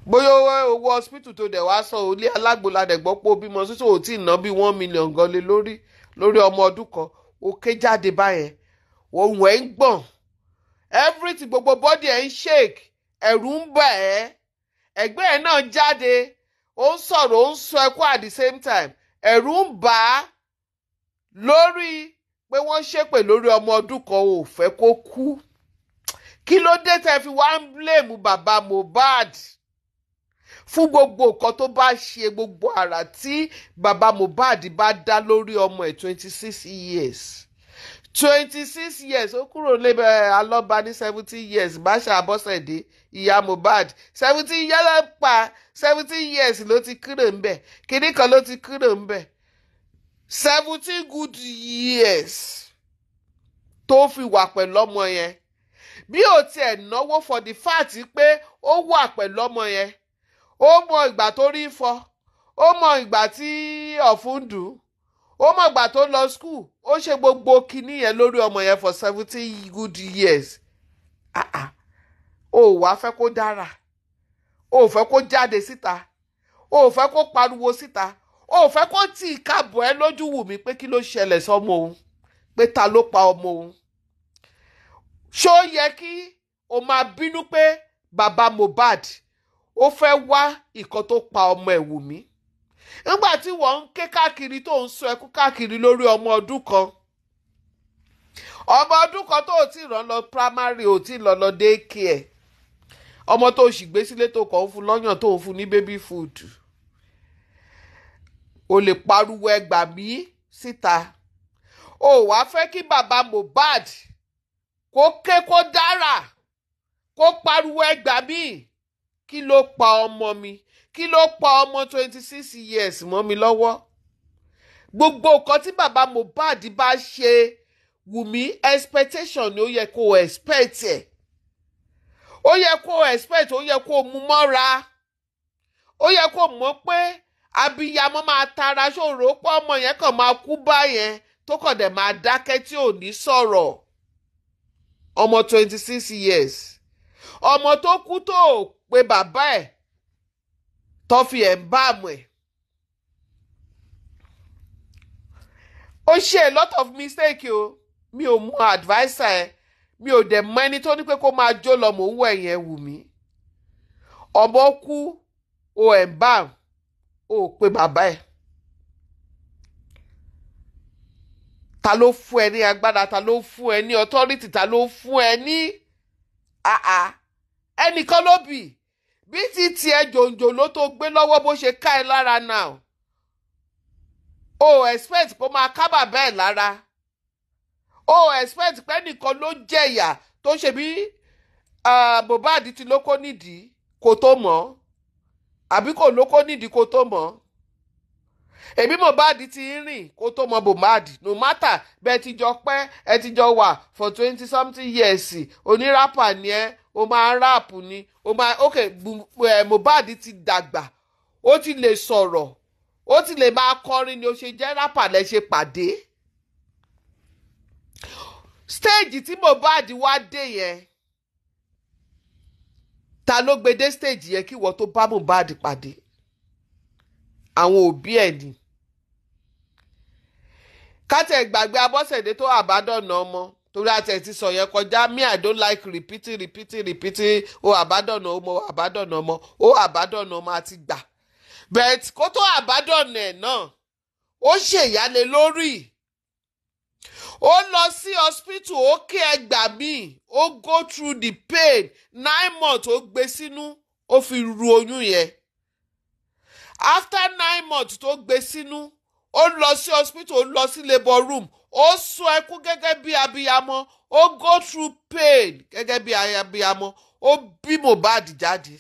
bóyá owó hospital tó dẹ̀ wá san olé alágbòladẹ̀gbọ́ pé obìmọ sísò ò tí ì ná bí one million gan lé lórí lórí ọmọ ọdún kan ó ké jáde báyẹn òun ẹ̀ ń gbọ̀n everything gbogbo body ẹ̀ ń shake ẹ̀rù ń bà ẹ́ ẹ̀gbẹ́ ẹ̀ náà jáde ó ń sọ̀rọ̀ ó ń sọ ẹkún at the same time ẹ̀rù ń bà á lórí pé wọ́n ṣépè lórí ọmọ ọdún kan ò fẹ́ kó kú kí ló dé tẹ́ fi wá ń blame bàbá Mohbad fún gbogbo nǹkan tó bá ṣe gbogbo àrà tí bàbá Mohbad bá dá lórí ọmọ ẹ̀ twenty six years twenty six years ó kúrò lébẹ̀ alọ́ba ní seventeen years Basha Abọ́sẹ̀dé ìyá Mohbad seventeen yálà pa seventeen years ló ti kúrò ńbẹ̀ kínní kan ló ti kúrò ńbẹ̀ seventeen good years tó fi wà pẹ̀lú ọmọ yẹn bí ó tiẹ̀ náwó for the fact pé ó wà pẹ̀lú ọmọ yẹn ó mọ ìgbà tó rí fọ ó mọ ìgbà tí ọ̀fun dùn ó mọ̀gbà tó lọ school ó ṣe gbogbo kinní yẹn lórí ọmọ yẹn for seventeen good years ah ah o wàá fẹ́ kó dára o fẹ́ kó jáde síta o fẹ́ kó pariwo síta o fẹ́ kó tì í káàbọ̀ ẹ lójú wù mí pé kí ló ṣẹlẹ̀ sọmọ òun pé ta ló pa ọmọ òun ṣó yẹ kí o máa bínú pé bàbá Mohbad ó fẹ́ wá ìkan tó pa ọmọ ẹ̀ wù mí nígbà tí wọ́n ń ké káàkiri tó ń sọ ẹkú káàkiri lórí ọmọ ọdún kan ọmọ ọdún kan tó ti rán lọ primary ò ti lọ lọ daycare ọmọ tó sì gbé sílé tó kàn ń fún lọ́yàn tó ń fún ní baby food o lè pariwo ẹgbà mí síta o wàá fẹ́ kí bàbá Mohbad kó ké kó dára kó pariwo ẹgbà mí kí ló pa ọmọ mi kí ló pa ọmọ twenty six years mọ́ mi lọ́wọ́ gbogbo nǹkan tí bàbá Mohbad bá ṣe Wùmí expectation ni ó yẹ kó expect ẹ̀ ó yẹ kó expect ó yẹ kó mú mọ́ra ó yẹ kó mọ̀ pé abiyamọ máa tara ṣòro pé ọmọ yẹn kàn máa kú báyẹn tó kàn dẹ̀ máa dákẹ́ tí ò ní sọ̀rọ̀ ọmọ twenty six years ọmọ tó kú tó pé bàbá ẹ̀ tọ́fì ẹ̀ ń bá àmọ̀ ẹ̀. ó ṣe a lot of mistake o mi ò mọ adviser ẹ mi ò dẹ̀ mọ ẹni tó ní pé kó máa jó lọ mò ń wọ ẹ̀yẹn wù mí ọmọ kú o ẹ̀ ń bá o ò pe bàbá ẹ̀. ta ló fún ẹ ní agbára ta ló fún ẹ ní authority ta ló fún ẹ ní àà ẹnìkan ló bì bí ti tiẹ̀ jòǹjòló tó gbé lọ́wọ́ bó ṣe ká ẹ lára náà o expect kó máa ká bàbá ẹ̀ lára o expect pé nìkan ló jẹ̀yà tó ṣe bí Mohbad ti lóko nídìí kó tó mọ̀ àbí kò lóko nídìí kó tó mọ̀ èmi Mohbad ti ń rìn kó tó mọ̀ Mohbad no matter bẹ́ẹ̀ ti jọ pẹ́ ẹ ti jọ wà for twenty something years oníràpà ni ẹ́ o máa ráàpù ni o máa ok eh, Mohbad ti dàgbà ó ti lè sọ̀rọ̀ ó ti lè máa kọrin ni o ṣe jẹ́ rápà lẹ́ ṣe pàdé stéèjì tí Mohbad wá dé yẹn ta ló gbé dé stéèjì yẹn kí ìwọ tó bá Mohbad pàdé àwọn òbí ẹ̀ ni kátẹ́ gbàgbé Abọ́sẹ̀dé tó àbádọ́nà ọmọ torí àti ẹ̀ ti sọ yẹn kọjá me i don't like repeating repeating repeating o àbádọ́nà ọmọ o àbádọ́nà ọmọ o àbádọ́nà ọmọ àti gbà but kó tó àbádọ́nà ẹ̀ náà ó ṣèyálé lórí ó lọ sí hospital ó ké ẹgbà míì ó go through the pain nine months ó gbé sínú ó fi ru oyún yẹn after nine months tó gbé sínú ó lọ sí hospital ó lọ sí labour room ó sun ẹkún gẹ́gẹ́ bí abiyamọ ó go through pain gẹ́gẹ́ bí abiyamọ ó bí Mohbad jáde.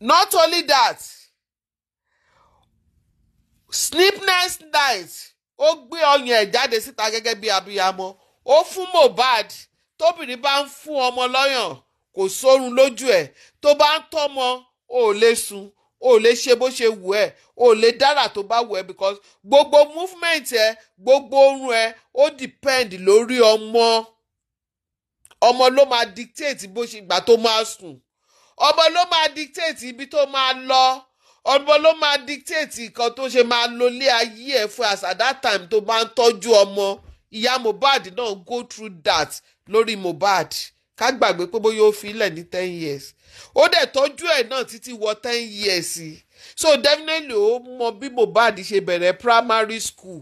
not only that sleepless night ó gbé ọyàn ẹ̀ jáde síta gẹ́gẹ́ bí abiyamọ ó fún Mohbad tóbìnrin bá ń fún ọmọ lọ́yàn kò sórun lójú ẹ̀ tó bá ń tọ́mọ ò lè sùn o lè ṣe bó ṣe wù ẹ́ o lè dára tó bá wù ẹ́ because gbogbo movement ẹ gbogbo orun ẹ ó depend lórí ọmọ ọmọ ló máa dictate bó ṣe gbà tó máa sùn ọmọ ló máa dictate ibi tó máa lọ ọmọ ló máa dictate nǹkan tó ṣe máa lo ilé ayé ẹ fún as at that time tó máa ń tọ́jú ọmọ ìyá Mohbad náà go through that lórí Mohbad ká gbàgbé pé bóyá ó fi ilẹ̀ ní ten years ó dẹ̀ tọ́jú ẹ̀ náà títí wọ ten years so definitely ó mọ bí Mohbad ṣe bẹ̀rẹ̀ primary school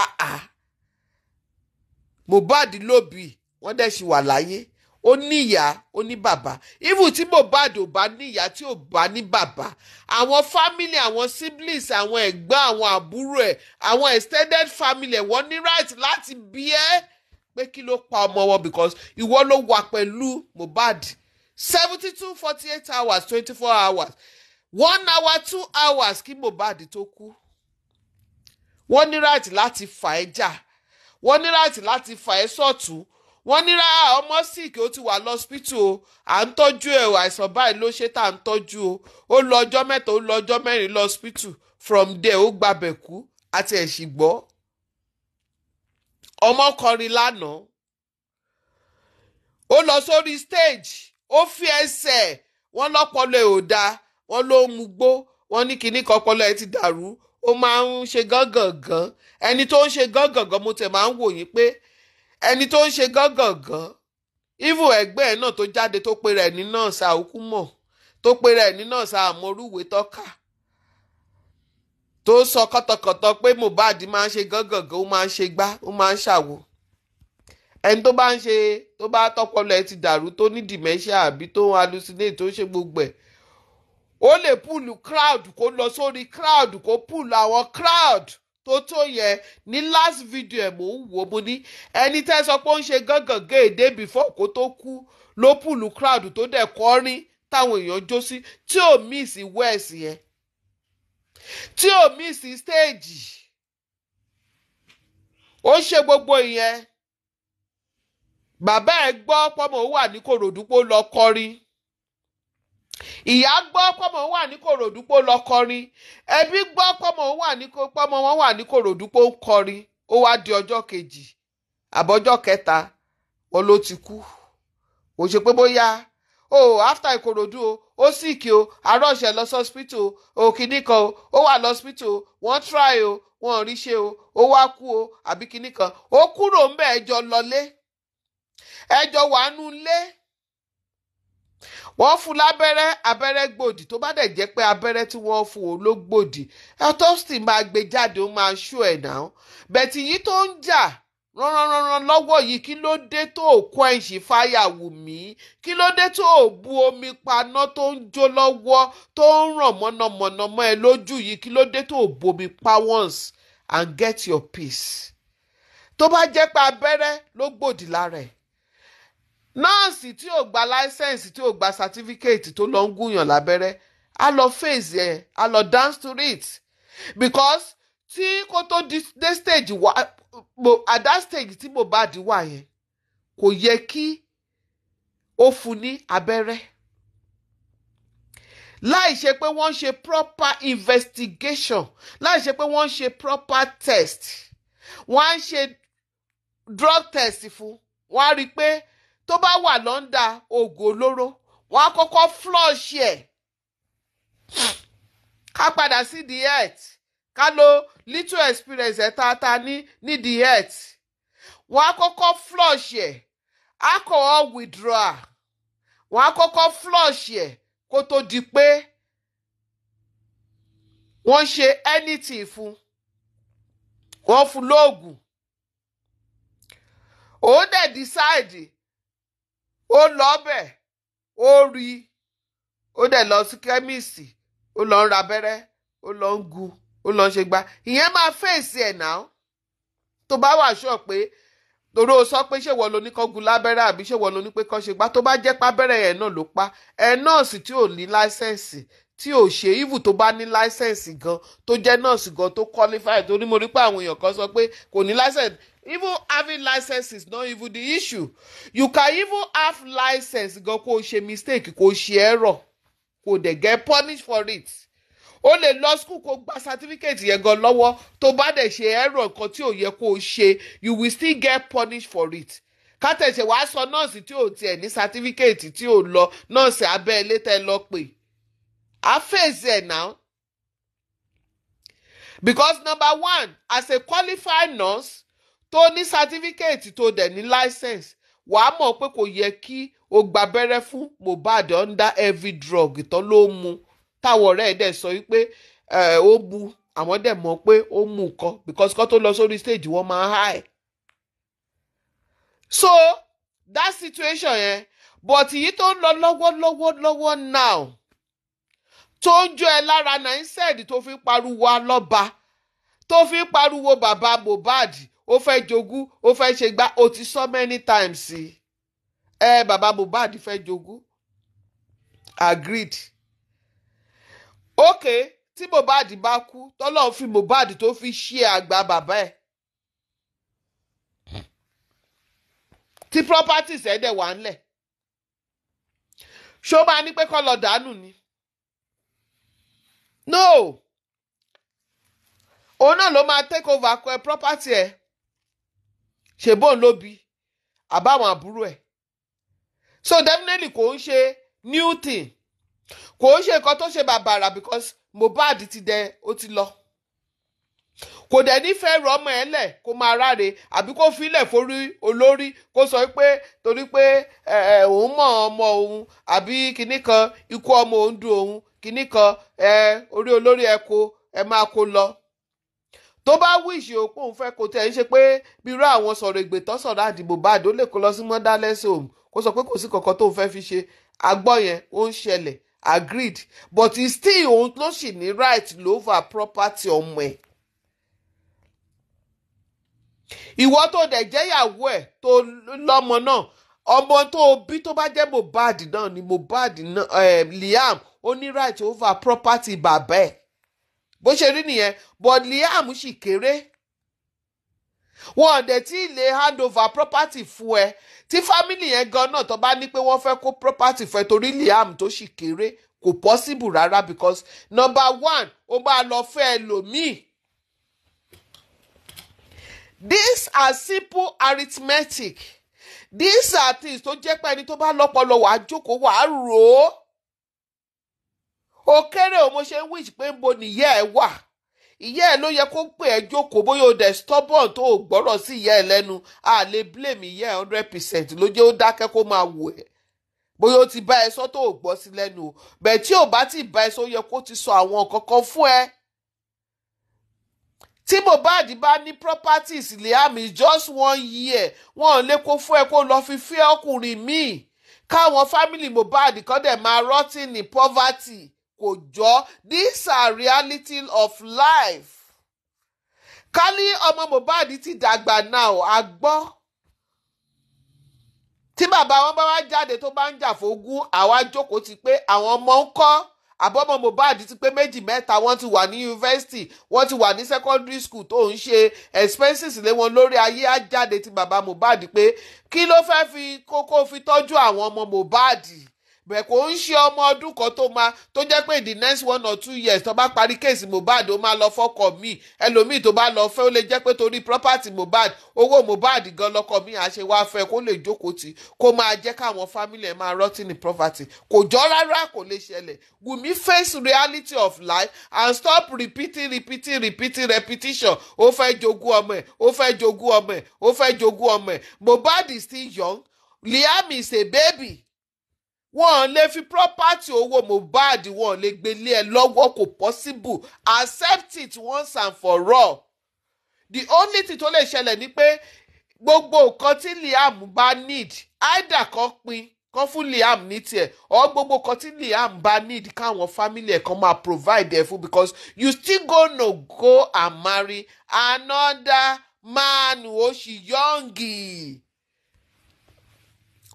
ah ah Mohbad lóbìí wọ́n dẹ̀ ṣì wà láyé ó ní ìyá ó ní bàbá even tí Mohbad ò bá ní ìyá tí ò bá ní bàbá àwọn family àwọn siblings àwọn ẹ̀gbọ́n àwọn àbúrò ẹ̀ àwọn extended family ẹ̀ wọ́n ní right láti bi ẹ́ pé kí ló pa ọmọ wọn because ìwọ ló wà pẹ̀lú Mohbad seventy-two forty-eight hours twenty-four hours one hour two hours kí Mohbad tó kú wọ́n ní right láti fà ẹ́ jà wọ́n ní right láti fà ẹ́ sọ̀tún wọ́n ní ra ọmọ síìkì ó ti wà lọ́sípítù o à ń tọ́jú ẹ̀ o àìsàn báyìí ló ṣe tá à ń tọ́jú o ó lọ ọjọ́ mẹ́ta ó lọ ọjọ́ mẹ́rin lọ́sípítù from there ó gbabẹ̀ kú àti ẹ̀sìn gbọ́ ọmọ kọrin lánàá ó lọ sórí stage ó fi ẹsẹ̀ wọn lọ́pọlọ ẹ̀ ò dáa wọn ló ń mugbó wọn ní kinní kan ọpọlọ ẹ̀ ti dàrú ó máa ń ṣe gángangan ẹni tó ń ṣe gángangan mo tẹ̀ máa ń wò yín pé ẹni tó ń ṣe gángangan ivo ẹgbẹ́ ẹ̀ náà tó jáde tó pera ẹni náà sa òkú mọ̀ tó pera ẹni náà sa àmọ́rúwé tọ́ka tó sọ kọ́tọ̀kọ́tọ̀ pé Mohbad máa ń ṣe gángangan ó máa ń ṣe gbá ó máa ń ṣàwò ẹni tó bá ń ṣe tó bá tọpọlọ ẹ ti dàrú tó ní dementia àbí tó ń hallucinate tó ń ṣe gbogbo ẹ ó lè púùlù crowd kó lọ sórí crowd kó púùlù àwọn crowd tó tó yẹ ní last video ẹ̀ mò ń wò mo ní ẹni tẹ́ sọ pé ó ń ṣe gángan géèdé before kó tó kú ló púùlù crowd tó dẹ̀ kọrin táwọn èèyàn jó sí tí ò miss west yẹn tí ò miss stage ó ṣe gbogbo ìyẹn bàbá ẹ̀ gbọ́ pọ́mọ wà ní kòròdú pó lọ kọrin ìyá gbọ́ pọ́mọ wà ní kòròdú pó lọ kọrin ẹbí gbọ́ pọ́mọ wà ní pọ́mọ wọn wà ní kòròdú pó ń kọrin ó wá di ọjọ́ kejì àbọ̀jọ́ kẹta wọn ló ti kú kò ṣe pé bóyá o after ìkòròdú o ó sì kí o arọ́ọ̀ṣẹ́ lọ sọ́spítò o kìíní kan o ó wà lọ́spítò wọ́n try o wọ́n rí ṣe o ó wá kú o àbí kìíní kan ó kúrò ń bẹ́ẹ̀ jọ lọlé ẹjọ wàánu lé wọ́n fún lábẹ́rẹ́ abẹ́rẹ́ gbòdì tó bá dẹ̀ jẹ́ pé abẹ́rẹ́ tí wọ́n fún o ló gbòdì autopsy máa gbé jáde ó máa ṣó ẹ̀ náà bẹ̀tì yìí tó ń jà ránranranran lọ́wọ́ yìí kí ló dé tó kọ́ ẹ̀yìn fáyàwó mi kí ló dé tó bu omi paná tó ń jó lọ́wọ́ tó ń ràn mọ́nàmọ́nàmọ́ ẹ lójú yìí kí ló dé tó bu omi pa once and get your peace tó bá jẹ́ pé abẹ́rẹ́ ló gbòdì lára ẹ̀ nọ́ọ̀sì tí ò gba láísẹ̀nsì tí ò gba sátífíkẹ́ẹ̀tì tó lọ ń gúnyàn lábẹ́rẹ́ á lọ fèsì ẹ̀ á lọ dance to it because tí kò tó dé stage wa at that stage tí Mohbad wà yẹn kò yẹ kí ó fún ní abẹ́rẹ́ láì ṣe pé wọ́n ṣe proper investigation láì ṣe pé wọ́n ṣe proper test wọ́n á ṣe drug test fún wọ́n á rí i pé tó bá wà lọ́ndà oògùn olóró wọ́n á kọ́kọ́ flush ẹ̀ ká padà sí the earth ká lo little experience ẹ̀ tata ní ní the earth wọ́n á kọ́kọ́ flush ẹ̀ ọ́ withdrawal wọ́n á kọ́kọ́ flush ẹ̀ kó tó di pé wọ́n ṣe anything fún wọ́n fún lóògùn òun dẹ̀ decide ó lọ bẹ̀ ó rí i ó dẹ̀ lọ sí kẹ́míìsì ó lọ ń ra abẹ́rẹ́ ó lọ ń gun ó lọ ń ṣe gbá ìyẹn máa fèsì ẹ̀ náà tó bá wà sọ pé torí o sọ pé ṣèwọ lo ní kó gun lábẹ́rẹ́ àbí ṣèwọ lo ní pé kó ṣe gbá tó bá jẹ́ pábẹ́rẹ́ ẹ̀ náà ló pa ẹ̀ nọ́ọ̀sì tí ò ní láísẹ̀nsì tí ò ṣe even tó bá ní láísẹ̀nsì gan tó jẹ́ nọ́ọ̀sì gan tó qualify torí mo rí pé àwọn èèyàn kan sọ pé kò ní láísẹ̀nsì even having license is not even the issue you can even have license go kó o mistake kó o error kó o get punished for it o lè lọ school kó gba certificate yẹn gan lọ́wọ́ to bá dẹ̀ ṣe error nǹkan tí ò yẹ kó o you will still get punished for it kátẹ̀sẹ̀ wàá sọ nọ́ọ̀sì tí ò tiẹ̀ ní certificate tí ò lọ nọ́ọ̀sì abẹ́lé tẹ́ lọ pè á fèsì ẹ̀ náà because number one as a qualified nurse tó ní sátífíkẹ́ẹ̀tì tó dẹ̀ ní license wàá mọ̀ pé kò yẹ kí o gba abẹ́rẹ́ fún Mohbad under heavy drug tán ló mu táwọn ọ̀rẹ́ ẹ̀ dẹ̀ sọ wípé ó mu àwọn dẹ̀ mọ̀ pé ó mu nǹkan because kó tó lọ sórí stage wọ́n máa há ẹ̀. so that situation yẹn but èyí tó ń lọ lọ́wọ́lọ́wọ́ lọ́wọ́ now tó ń jó ẹ lára náà ń sẹ́ẹ̀dì tó fi pariwo alọ́ba tó fi pariwo bàbá Mohbad ó fẹ́ jogún ó fẹ́ ṣe gbá ó ti sọ many times ẹ bàbá Mohbad fẹ́ jogún agreed ok tí Mohbad bá kú tọ́lọ́run fi Mohbad tó fi ṣí àgbà bàbá ẹ̀ tí properties ẹ̀ dẹ̀ wà ńlẹ̀ ṣó máa ní pé kọ́ lọ dànù ni no òun náà ló máa take over property ẹ̀ ṣèbóun ló bi àbáwọn àbúrò ẹ̀ so definitely kò ń ṣe new thing kò ń ṣe nǹkan tó ṣe bàbàrà because Mohbad ti dẹ ó ti lọ kò dẹ̀ nífẹ̀ẹ́ rọ ọmọ ẹ lẹ̀ kó máa ráre àbí kó filẹ̀ forí olórí kó sọ pé torí pé òun mọ̀ ọmọ òun àbí kinní kan ikú ọmọ òun dùn òun kinní kan orí olórí ẹ kó ẹ máa kó lọ tó bá wíṣì òpó òun fẹ́ kó tẹ̀ ẹ́ ṣe pé bírú àwọn sọ̀rọ̀ ègbè tó sọ̀rọ̀ àdìbò bá àdó lè kó lọ sí mọ́dálẹ́sì òun kó sọ pé kò sí kankan tóun fẹ́ fi ṣe agbọ́ yẹn ó ń ṣẹlẹ̀ agreed but still òun ló sì ní right over property ọmọ ẹ̀. ìwọ tó dẹ̀ jẹ́ ìyàwó ẹ̀ tó lọ́mọ náà ọmọ tó bí tó bá jẹ́ Mohbad náà ni Mohbad náà eh, Liam ó ní right over property bàbá ẹ̀ bó ṣe rí nìyẹn but Liam sì kéré wọn ò tí ì lè hand over property fún ẹ tí family yẹn gan náà tó bá ní pé wọ́n fẹ́ kó property fún ẹ torí Liam tó sì kéré kò possible rárá because number one ó máa lọ fẹ́ ẹlòmíì. these are simple arithmetic these are things tó jẹ́ pé ẹni tó bá lọ́pọlọ wàá jókòó wàá rò ó ó kéré o mo ṣe ń wíṣ pé bo nìyá ẹ wà ìyá ẹ ló yẹ kó pè ẹ jókòó bóyá o dẹ̀ stubborn tó o gbọ́rọ̀ sí ìyá ẹ lẹ́nu a lè blame ìyá ẹ hundred percent ló jẹ́ ó dákẹ́ kó máa wò ẹ́ bóyá o ti bá ẹ sọ tó o gbọ́ sí lẹ́nu o bẹ́ẹ̀ tí o bá ti bá ẹ sọ yẹ kó ti sọ àwọn kankan fún ẹ. tí Mohbad bá ní properties Liam is just one year wọn ò lè kó fún ẹ kó lọ fi fẹ́ ọkùnrin míì káwọn fámìlì Mohbad kan dẹ̀ máa rotting ní poverty kò jọ these are reality of life ká ní ọmọ Mohbad ti dàgbà náà a gbọ́ tí bàbá wọn bá wá jáde tó bá ń jà fógún àwa jókòó ti pé àwọn ọmọ ń kọ́ àbọ̀mọ̀ Mohbad ti pé méjì mẹ́ta wọ́n ti wà ní yunifásitì wọ́n ti wà ní secondary school tó ń ṣe expenses lé wọn lórí ayé àjáde ti bàbá Mohbad pé kí ló fẹ́ fi kókó fi tọ́jú àwọn ọmọ Mohbad bẹ̀ kò ń ṣe ọmọ ọdún kan tó máa tó jẹ́ pé the next one or two years tó bá parí kéèsì Mohbad ó máa lọ fọ́kọ mi ẹlòmíì tó bá lọ fẹ́ ó lè jẹ́ pé torí property Mohbad owó Mohbad gan lọ́kọ mi àṣẹ wá fẹ́ kó lè jókòó tì kó máa jẹ́ káwọn family ẹ̀ máa rọ́tì ní property kò jọ rárá kò lè ṣẹlẹ̀ Wunmi face reality of life and stop repeating repeating repeating repetition ó fẹ́ jogún ọmọ ẹ̀ ó fẹ́ jogún ọmọ ẹ̀ ó fẹ́ jogún ọmọ ẹ̀ Mohbad is still young Liam is a baby wọ́n lè fi property owó Mohbad wọ́n lè gbélé ẹ lọ́wọ́ kò possible accept it once and for all the only thing tó lè ṣẹlẹ̀ ni pé gbogbo nǹkan tí Liam bá need either kan pin kan fún Liam ní tiẹ̀ or gbogbo nǹkan tí Liam bá need káwọn family ẹ̀ kan máa provide ẹ̀ fún because you still go no go and marry another man o ṣì yọ̀ǹgì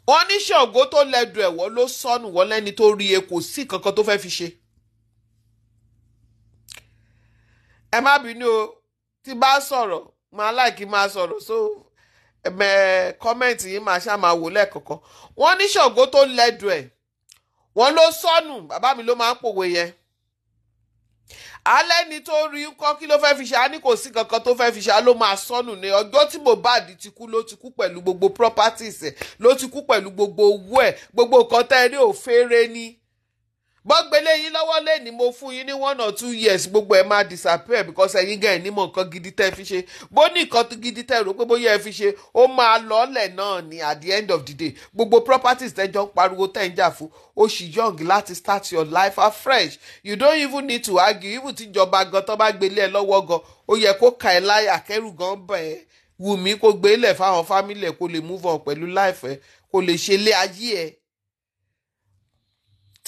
oníṣègùn tó lẹ́dù ẹ̀wọ́ ló sọnù wọ́n lẹ́ni tó rí e kò sí kankan tó fẹ́ fi ṣe. ẹ má bínú o tí bá sọ̀rọ̀ máa láìkí máa sọ̀rọ̀ so ẹ̀mẹ̀ kọ́mẹ̀ntì yìí máa ṣá máa wò lẹ́ẹ̀kọ̀kan wọ́n ní ṣògo tó lẹ́dù ẹ̀ wọ́n ló sọnù bàbá mi ló máa ń pòwe yẹn alẹ́ ni tó rí ń kọ́ kí ló fẹ́ẹ́ fi ṣe á ní kò sí kankan tó fẹ́ẹ́ fi ṣe ló máa sọnù ní ọjọ́ tí Mohbad ti kú ló ti kú pẹ̀lú gbogbo properties ẹ̀ ló ti kú pẹ̀lú gbogbo owó ẹ̀ gbogbo nǹkan tẹ́ ẹ ní òféèrè ni gbọ́gbélé yín lọ́wọ́ lẹ́ni mo fún yín ní one or two years gbogbo ẹ̀ máa disappear because ẹ̀yin gan ẹ̀ nímọ̀ nǹkan gidi tẹ́ fi ṣe bó ní nǹkan gidi tẹ́ rò pé bóyá ẹ fi ṣe ó máa lọ́ọ̀lẹ̀ náà ní at the end of the day gbogbo properties tẹ́ jọ ń pariwo tẹ́ ń jà fún ó ṣì young láti start your life afresh you don't even need to argue even tíjọba gan tó bá gbélé ẹ lọ́wọ́ gan ó yẹ kó ka ẹ láyà kẹ́rù gan bẹ̀ ẹ́ wù mí kó gbélé fáwọn fámìlì ẹ kó lè move on pẹ̀lú life ẹ kó lè ṣe ilé ayé ẹ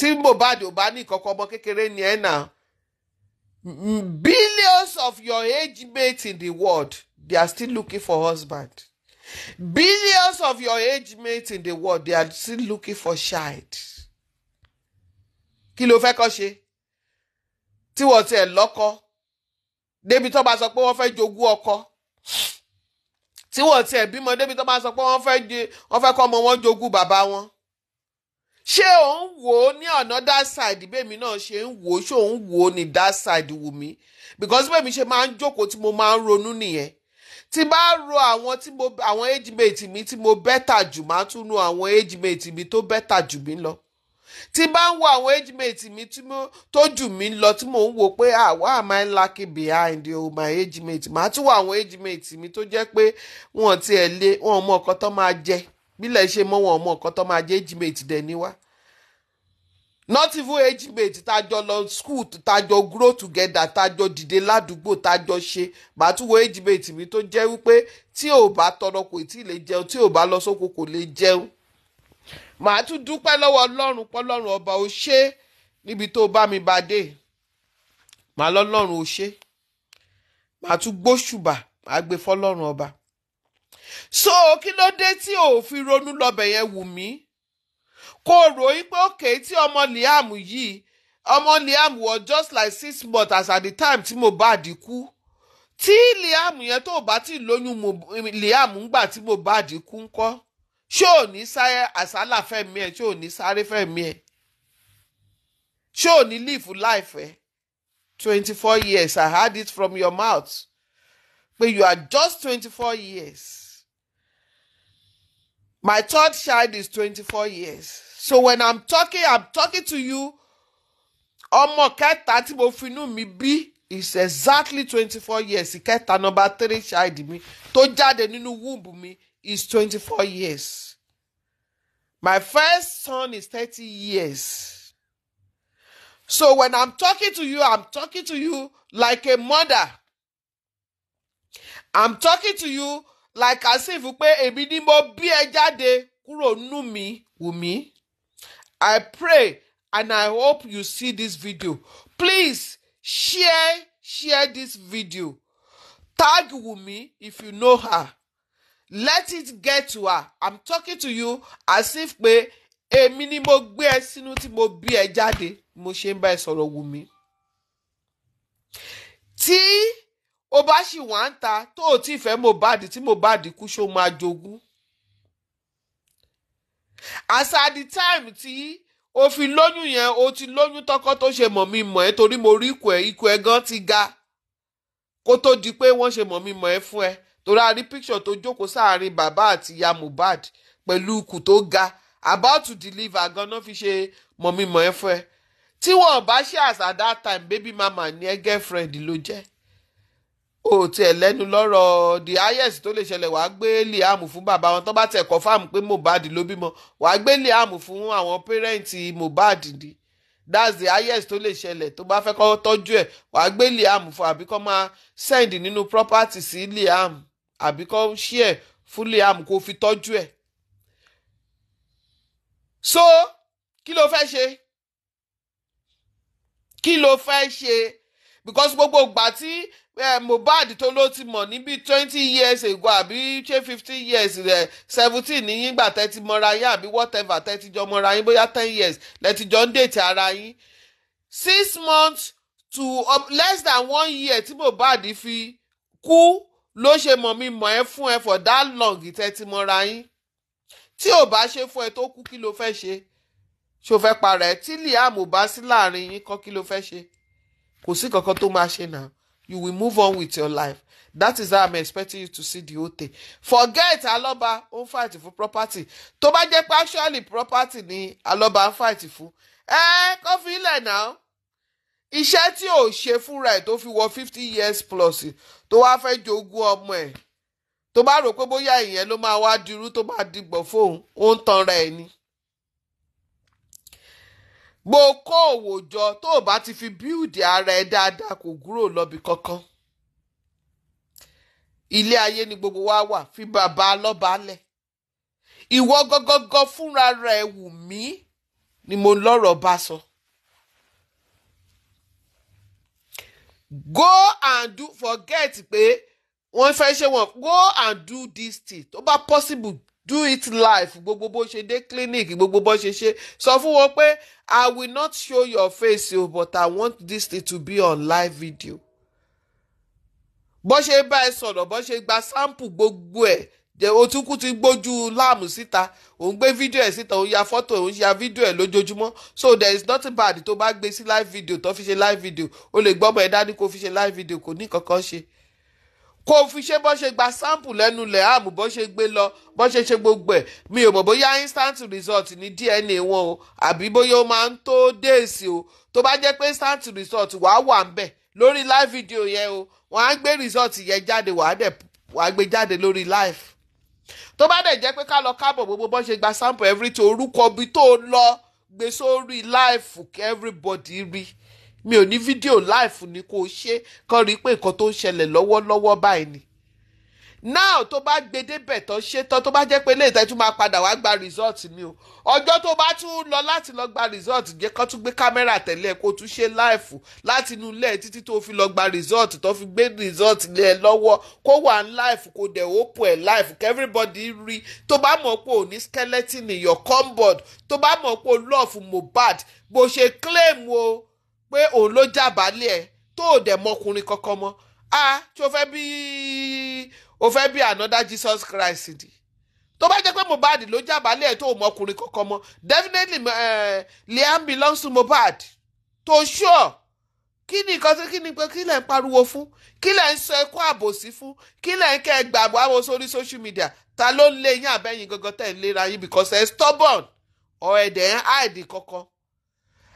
tí Mohbad ò bá ní ìkọ̀kọ̀ ọmọ kékeré ni ẹ̀ náà mm, billions of your age mates in the world they are still looking for husband billions of your age mates in the world they are still looking for child kí ló fẹ́ kọ́ ṣe tí wọ́n tiẹ̀ lọ́kọ débi tó bá sọ pé wọ́n fẹ́ jogún ọkọ tí wọ́n tiẹ̀ bímọ débi tó bá sọ pé wọ́n fẹ́ kọ́ ọmọ wọn jogún bàbá wọn ṣé òun wò ó ní ọ̀nà that side bẹ́ẹ̀mi náà ṣe ń wò ó ṣé òun wò ó ní that side wù mí because bẹ́ẹ̀mi ṣe máa ń jókòó tí mo máa ń ronú nìyẹn tí bá ro àwọn tí mo àwọn age mate mi tí mo bẹ́tà jù máa tún nu àwọn age mate mi tó bẹ́tà jù mí lọ tí bá ń wo àwọn age mate mi tó jù mí lọ tí mò ń wò pé ah why am I lucky behind you, my age mate màá tún wo àwọn age mate mi tó jẹ́ pé wọ́n ti ẹ̀ lé wọn mọ ọkọ tó máa jẹ́ bílẹ̀ ṣe mọ́ wọn ọmọ nǹkan tó máa jẹ́ ejimate dẹ̀ níwá not even ejimate tájọ lọ school tájọ grow together tájọ dìde ládùúgbò tájọ ṣe bàtúwò ejimate mi tó jẹ́ wípé tí ò bá tọrọ kò tí ì lè jẹun tí ò bá lọ sóko kò lè jẹun màá dúpẹ́ lọ́wọ́ ọlọ́run pọ́lọ́run ọba ò ṣe níbi tó bá mi bá dé màá lọ́lọ́run ò ṣe màá tún gbóṣùbà màá gbé fọ́lọ́run ọba so kí ló dé tí ò fi ronú lọbẹ̀ yẹn wù mí kó o rò yín pé òkè tí ọmọ Liam yìí ọmọ Liam was just like six months as at the time tí Mohbad kú tí Liam yẹn tó bá ti lóyún Liam ńgbà tí Mohbad kú ńkọ́ ṣé ò ní sáré àsálà fẹ̀mí ẹ̀ ṣé ò ní sáré fẹ̀mí ẹ̀ ṣé ò ní live life ẹ̀ twenty four years I heard it from your mouth pé you are just twenty four years. My third child is 24 years. So when I'm talking, I'm talking to you. ọmọ mi bí is exactly twenty four years kẹta number three child me. Toja de nínú womb me is twenty four years my first son is thirty years so when i'm talking to you i'm talking to you like a mother i'm talking to you like as if pé èmi ni mo bí ẹ jáde kúrò nú mi Wùmí I pray and I hope you see this video please share share this video tag Wumi if you know her let it get to her I'm talking to you as if pé èmi ni mo gbé ẹ sínú tí mo bí ẹ jáde mo ṣe ń bá ẹ sọ̀rọ̀ Wùmí tí ó bá sì wá ń ta tó o tí fẹ́ Mohbad tí Mohbad kú ṣó máa jogún. àṣà the time tí o fi lóyún yẹn o ti lóyún tọkọ tó ṣe mọ̀ mi mọ̀ ẹ́ torí mo rí ikùn ẹ̀ ikùn ẹ̀ gan ti ga kó tó di pé wọ́n ṣe mọ̀ mi mọ̀ ẹ́ fún ẹ torí a rí picture tó jókòó sáàrin bàbá àti ìyá Mohbad pẹ̀lú ikùn tó ga about to deliver ganan fi ṣe mọ̀mí mọ̀ ẹ́ fún ẹ tí wọ́n bá ṣe àṣà that time baby mama ni ẹ girlfriend ló jẹ́ ó tiẹ̀ lẹ́nu lọ́rọ̀ the highest tó lè ṣẹlẹ̀ wàá gbé Liam fún bàbá wọn tó bá tẹ̀ kọ́ fáàmù pé Mohbad ló bímọ wàá gbé Liam fún àwọn pẹ́rẹ́ǹtì Mohbad ni that's the highest tó lè ṣẹlẹ̀ tó bá fẹ́ kọ́ tọ́jú ẹ̀ wàá gbé Liam fún àbí kọ́ máa send nínú property sí Liam àbí kọ́ share fún Liam kó fi tọ́jú ẹ̀. so kí ló fẹ́ ṣe kí ló fẹ́ ṣe because gbogbo ìgbà tí Mohbad tó ló ti mọ̀ níbi twenty years ago àbí ṣé fifteen years seventeen ní yíngbà tẹ́tí mọ́ra yín àbí whatever tẹ́tí jọ mọ́ra yín bóyá ten years lẹ́tí jọ ń dètè ara yín six months to um, less than one year tí Mohbad fi kú ló ṣe mọ̀ mi mọ̀ ẹ́ fún ẹ for that long tẹ́tí mọ́ra yín tí ò bá ṣe fún ẹ tó kú kí ló fẹ́ ṣe ṣó fẹ́ para ẹ tí Liam ò bá sí láàrin yín kọ́ kí ló fẹ́ ṣe kò sí kankan tó máa ṣe náà you will move on with your life that is how i'm expecting you to see the whole thing forget aloba ó fight for property tó bá jẹ́ partially property ni aloba fight for. Eh, kó fi ilẹ̀ náà iṣẹ́ tí ò ṣe fúnra ẹ̀ tó fi wọ fifty years plus tó wá fẹ́ jogún ọmọ ẹ̀ tó bá rò pé bóyá ìyẹn ló máa wá dirú tó máa dìgbọ̀ fóun ó ń tanra ẹ̀ ni bó kó òwò jọ tó o bá ti fi bíúdì ara ẹ dáadáa kò kúrò lọ́bi kankan ilé ayé ni gbogbo wa wà fi bàbá lọ́ba lẹ̀ ìwọ gọ́gọ́gọ́ fúnra rẹ̀ wù mí ni mo lọ́rọ̀ bá sọ. go and do forget pé wọ́n fẹ́ ṣe wọ́n go and do this thing tó bá possible do it live gbogbo bó ṣe dé clinic gbogbo bó ṣe ṣe sọ fún wọn pé I will not show your face you. Oh, but I want this thing to be on live video. bó ṣe bá ẹ sọ̀rọ̀ bó ṣe gba sample gbogbo ẹ̀ jẹ́ otúnkú ti gbójú láàmù síta òun gbé fídíò ẹ̀ síta òun ya fọ́tò òun ya fídíò ẹ̀ lójoojúmọ́ so there is nothing bad tó bá gbé sí live video tó fi ṣe live video o lè gbọ́mọ ẹ̀ dání kó fi ṣe live video kò ní kankan ṣe kó o fi ṣe bó ṣe gba sample lẹ́nu lẹ̀ àmú bó ṣe gbé lọ bó ṣe ṣe gbogbo ẹ̀ mi ò mọ̀ bóyá instant result ní DNA wọn o àbí bóyá ó máa ń tó déèsì o tó bá jẹ́ pé instant result wàá wà ń bẹ̀ lórí live video yẹn o wọ́n á gbé result yẹn jáde wàá dẹ̀ wàá gbé jáde lórí live tó bá dẹ̀ jẹ́ pé ká lọ kábọ̀ gbogbo bó ṣe gba sample everything orúkọ bí tó lọ gbé sórí live kí everybody rí mi ò ní fídíò láìfù ni kò ṣe kàn rí pé nǹkan tó ń ṣẹlẹ̀ lọ́wọ́lọ́wọ́ báyìí ni now tó bá gbé débẹ̀ tán ṣe tán tó bá jẹ́ pé léètẹ́ tún máa padà wá gba result ni o ọjọ́ tó bá tún lọ láti lọ gba result jẹ́ kán tún gbé kámẹ́rà tẹ̀lé kó tún ṣe láìfù láti inú ilé títí tó fi lọ gba result tó fi gbé result lé ẹ lọ́wọ́ kó wà ní láìfù kó dẹ̀ open ẹ̀ láìfù kí everybody rí tó bá mọ̀ pé ò skeleton in your cupboard tó bá mọ̀ pé o love Mohbad bó ṣe claim o pé òun ló jàbálẹ̀ ẹ̀ tó o dẹ̀ mọkùnrin kankan mọ́ a tí o fẹ́ bí o fẹ́ bí another Jesus Christ di tó bá jẹ́ pé Mohbad ló jàbálẹ̀ ẹ̀ tó o mọkùnrin kankan mọ́ definitely uh, Liam belongs to Mohbad to sure kí ni nǹkan tí kí ni pé kí lẹ̀ ń pariwo fún kí lẹ̀ ń sọ ẹkọ́ àbòsí fún kí lẹ̀ ń kẹ́ ẹ gbàgbọ́ àwọn sórí social media ta ló ń lé yín àbẹ́yìn gangan tẹ̀ ń léra yín because ẹ stubborn or ẹ̀ dẹ̀ ń hide kankan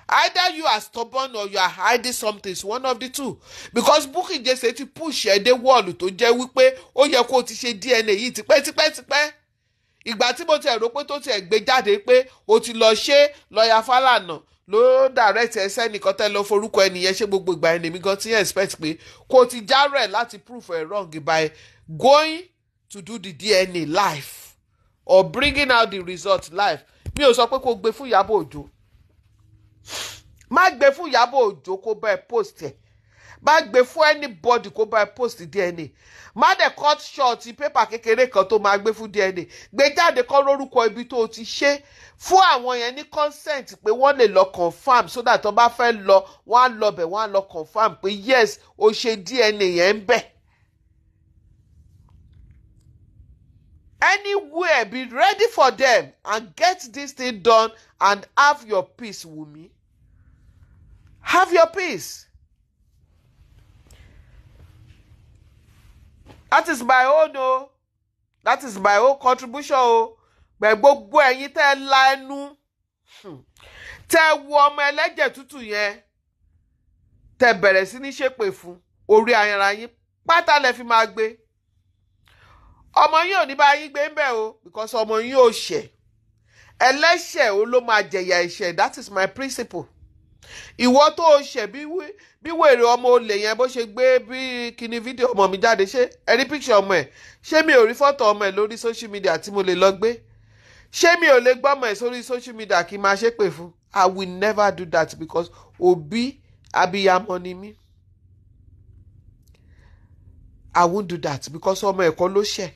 either you are stubborn or you are hiding something it's one of the two because Bukky Jesse ti push ẹ dé wọ́ọ̀lù tó jẹ́ wípé ó yẹ kó o ti ṣe DNA yìí tipẹ́tipẹ́tipẹ́ ìgbà tí mo ti rò pé tó ti ẹ̀ gbé jáde pé o ti lọ ṣe lọ́ọ̀yà Fálànà ló direct ẹsẹ nìkan tẹ lọ forúkọ ẹnìyẹn ṣé gbogbo ìgbà ẹni mi gan ti expect pé kò ti járẹ láti prove ẹ wrong by going to do the DNA live or bringing out the result live mi ò sọ pé kó gbé fún Ìyábọ̀ Òjó má gbé fún Ìyábọ̀ Òjó kó bá ẹ post ẹ̀ má gbé fún anybody kó bá ẹ post DNA má dẹ̀ cut short pépà kékeré kan tó máa gbé fún DNA gbé jáde kọ́ lórúkọ ibi tó o ti ṣe fún àwọn yẹn ní consent pé wọ́n lè lọ confam so that tó bá fẹ́ lọ wọ́n á lọ bẹ̀ wọ́n á lọ confam pé yes o ṣe DNA yẹn ń bẹ̀. anywhere be ready for them and get this thing done and have your peace Wunmi. Have your peace. That is my own Oh, That is my own contribution Oh, Gbẹ̀ gbogbo ẹ̀yin tẹ́ ẹ la ẹnu. Hmm, tẹ́ ẹ wo ọmọ ẹlẹ́jẹ̀ tútù yẹn. Tẹ́ ẹ bẹ̀rẹ̀ sí ní ṣépè fún. Orí ayẹra yín pátá lẹ fi máa gbé. Ọmọ yín ò ní bá yín gbé ń bẹ̀ o oh, because ọmọ yín ò ṣẹ̀. Ẹlẹ́ṣẹ̀ o oh, ló máa jẹ̀yà ẹ̀ṣẹ̀ that is my principle ìwọ tó o ṣẹ̀ bí wèrè ọmọ olè yẹn bó ṣe gbé bí kíní fídíò ọmọ mi jáde ṣé ẹ rí píkṣọ ọmọ ẹ ṣé mi ò rí fọ́tò ọmọ ẹ lórí social media tí mo lè lọ gbé ṣé mi ò lè gbọ́ ọmọ ẹ sórí social media kí n máa ṣépè fún I will never do that because òbí abiyamọ ni mí I won't do that because ọmọ ẹ̀kọ́ ló ṣẹ̀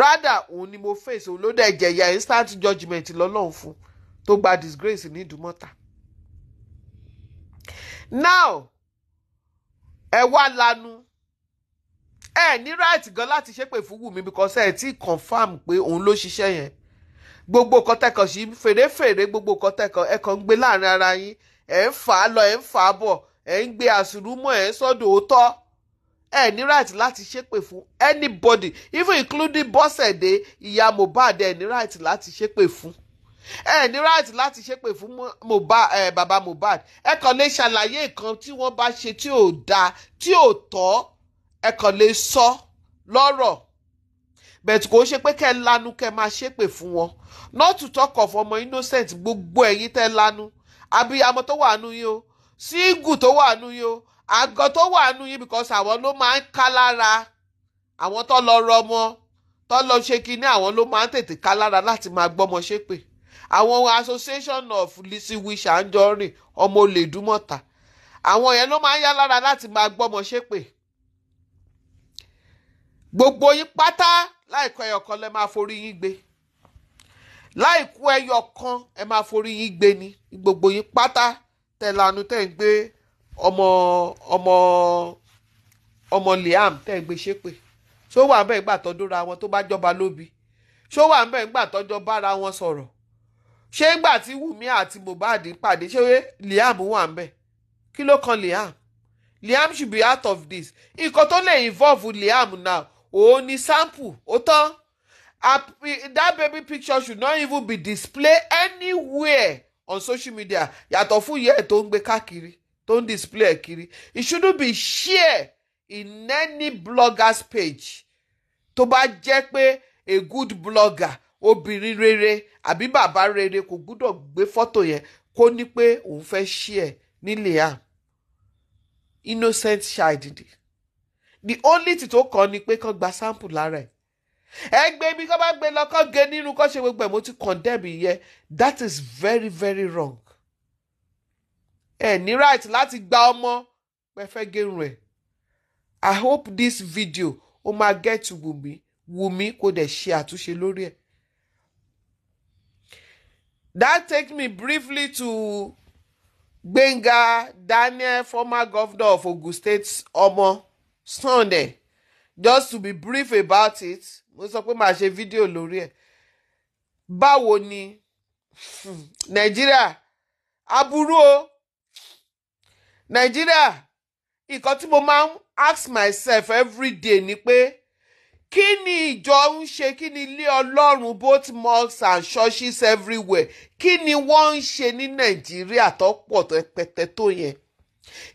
rather òun ni mo face òun ló dẹ̀ jẹ̀yà instant judgement lọ́lọ́run fún tó gba disgrace ní ìdúmọ̀ta now ẹ wá lanu ẹ ní right gan láti ṣépè fún Wùmí because ẹ ti confam pé òun ló ṣiṣẹ́ yẹn gbogbo nǹkan tẹkọ̀ sí fèrèfèrè gbogbo nǹkan tẹkọ̀ ẹ kàn ń gbé láàrin ara yín ẹ ń fà á lọ ẹ ń fà á bọ̀ ẹ ń gbé àsùnrùmọ̀ ẹ ń sọ́dọ̀ òótọ́ ẹ ní right láti ṣépè fún anybody even including Bọ́sẹ̀dé ìyá Mohbad ẹ ní right láti ṣépè fún ẹ ní right láti ṣépè fún bàbá Mohbad ẹ kàn lè ṣàlàyé nǹkan tí wọ́n bá ṣe tí ò dáa tí ò tọ́ ẹ kàn lè sọ lọ́rọ̀ bẹ̀tù kò ṣe pé kẹ́ ẹ lanu kẹ́ ẹ máa ṣépè fún wọn not to talk of ọmọ innocent gbogbo ẹ̀yin tẹ́ ẹ lanu abiyamọ tó wà nù yín o sígù tó wà nù yín o àgọ́ tó wà nù yín because àwọn ló máa ń ká lára àwọn tó lọ rọmọ tó lọ ṣe kinní àwọn ló máa ń tètè ká lára láti máa gbọ́mọ ṣépè àwọn association of Lizzy Wisher Anjorin ọmọ Olèdúmọ̀tà àwọn yẹn ló máa ń yá lára láti máa gbọ́mọ ṣépè gbogbo yín pátá láìkú ẹyọ kan lẹ máa forí yín gbé láìkú ẹyọ kan ẹ máa forí yín gbé ni gbogbo yín pátá tẹ lanu tẹ ń gbé ọmọ ọmọ ọmọ Liam tẹ ń gbé ṣépè ṣó wà ń bẹ̀ ń gbà tọ́jú ra wọn tó bá jọba lóbi ṣó wà ń bẹ̀ ń gbà tọ́jọ́ bára wọn sọ̀rọ̀ ṣé ńgbà tí Wùmí àti Mohbad pàdé ṣé Liam wà ń bẹ̀ kí ló kan Liam Liam should be out of this nǹkan tó lè involve Liam now òun ni sample ó tán that baby picture should not even be displayed anywhere on social media yàtọ̀ fún iye ẹ̀ tó ń gbé káàkiri tó ń display ẹ̀ kiri it shouldn't be shared in any blogger's page tó bá jẹ́ pé a good blogger obìnrin rere àbí bàbá rere kò gbúdọ̀ gbé fọ́tò yẹn kó ní pé òun fẹ́ ṣí ẹ̀ nílé à innocent child ni the only thing tó kàn ni pé kàn gba sample lára ẹ̀ ẹ gbé mi kọ́ bá gbé lọ kọ́ gé nínú kọ́ ṣe gbogbo ẹ̀ mo ti condemn ìyẹn that is very very wrong ẹ ní right láti gba ọmọ pé fẹ́ gẹrun ẹ̀ I hope this video ó máa get Wùmí Wùmí kó dẹ̀ ṣe àtúnṣe lórí ẹ̀ That takes me briefly to Gbenga Daniel, former governor of Ogun State, Omo Sunday. Just to be brief about it, mo sọ pé màá ṣe fídíò lórí ẹ̀. Báwo ni hmm, Nàìjíríà aburú o? Nàìjíríà nǹkan tí mo máa ń ask myself every day ni pé kí ni ìjọ ń ṣe kí ni ilé ọlọ́run both mosques and churches everywhere kí ni wọ́n ń ṣe ní nàìjíríà tó pọ̀ pẹtẹ tó yẹn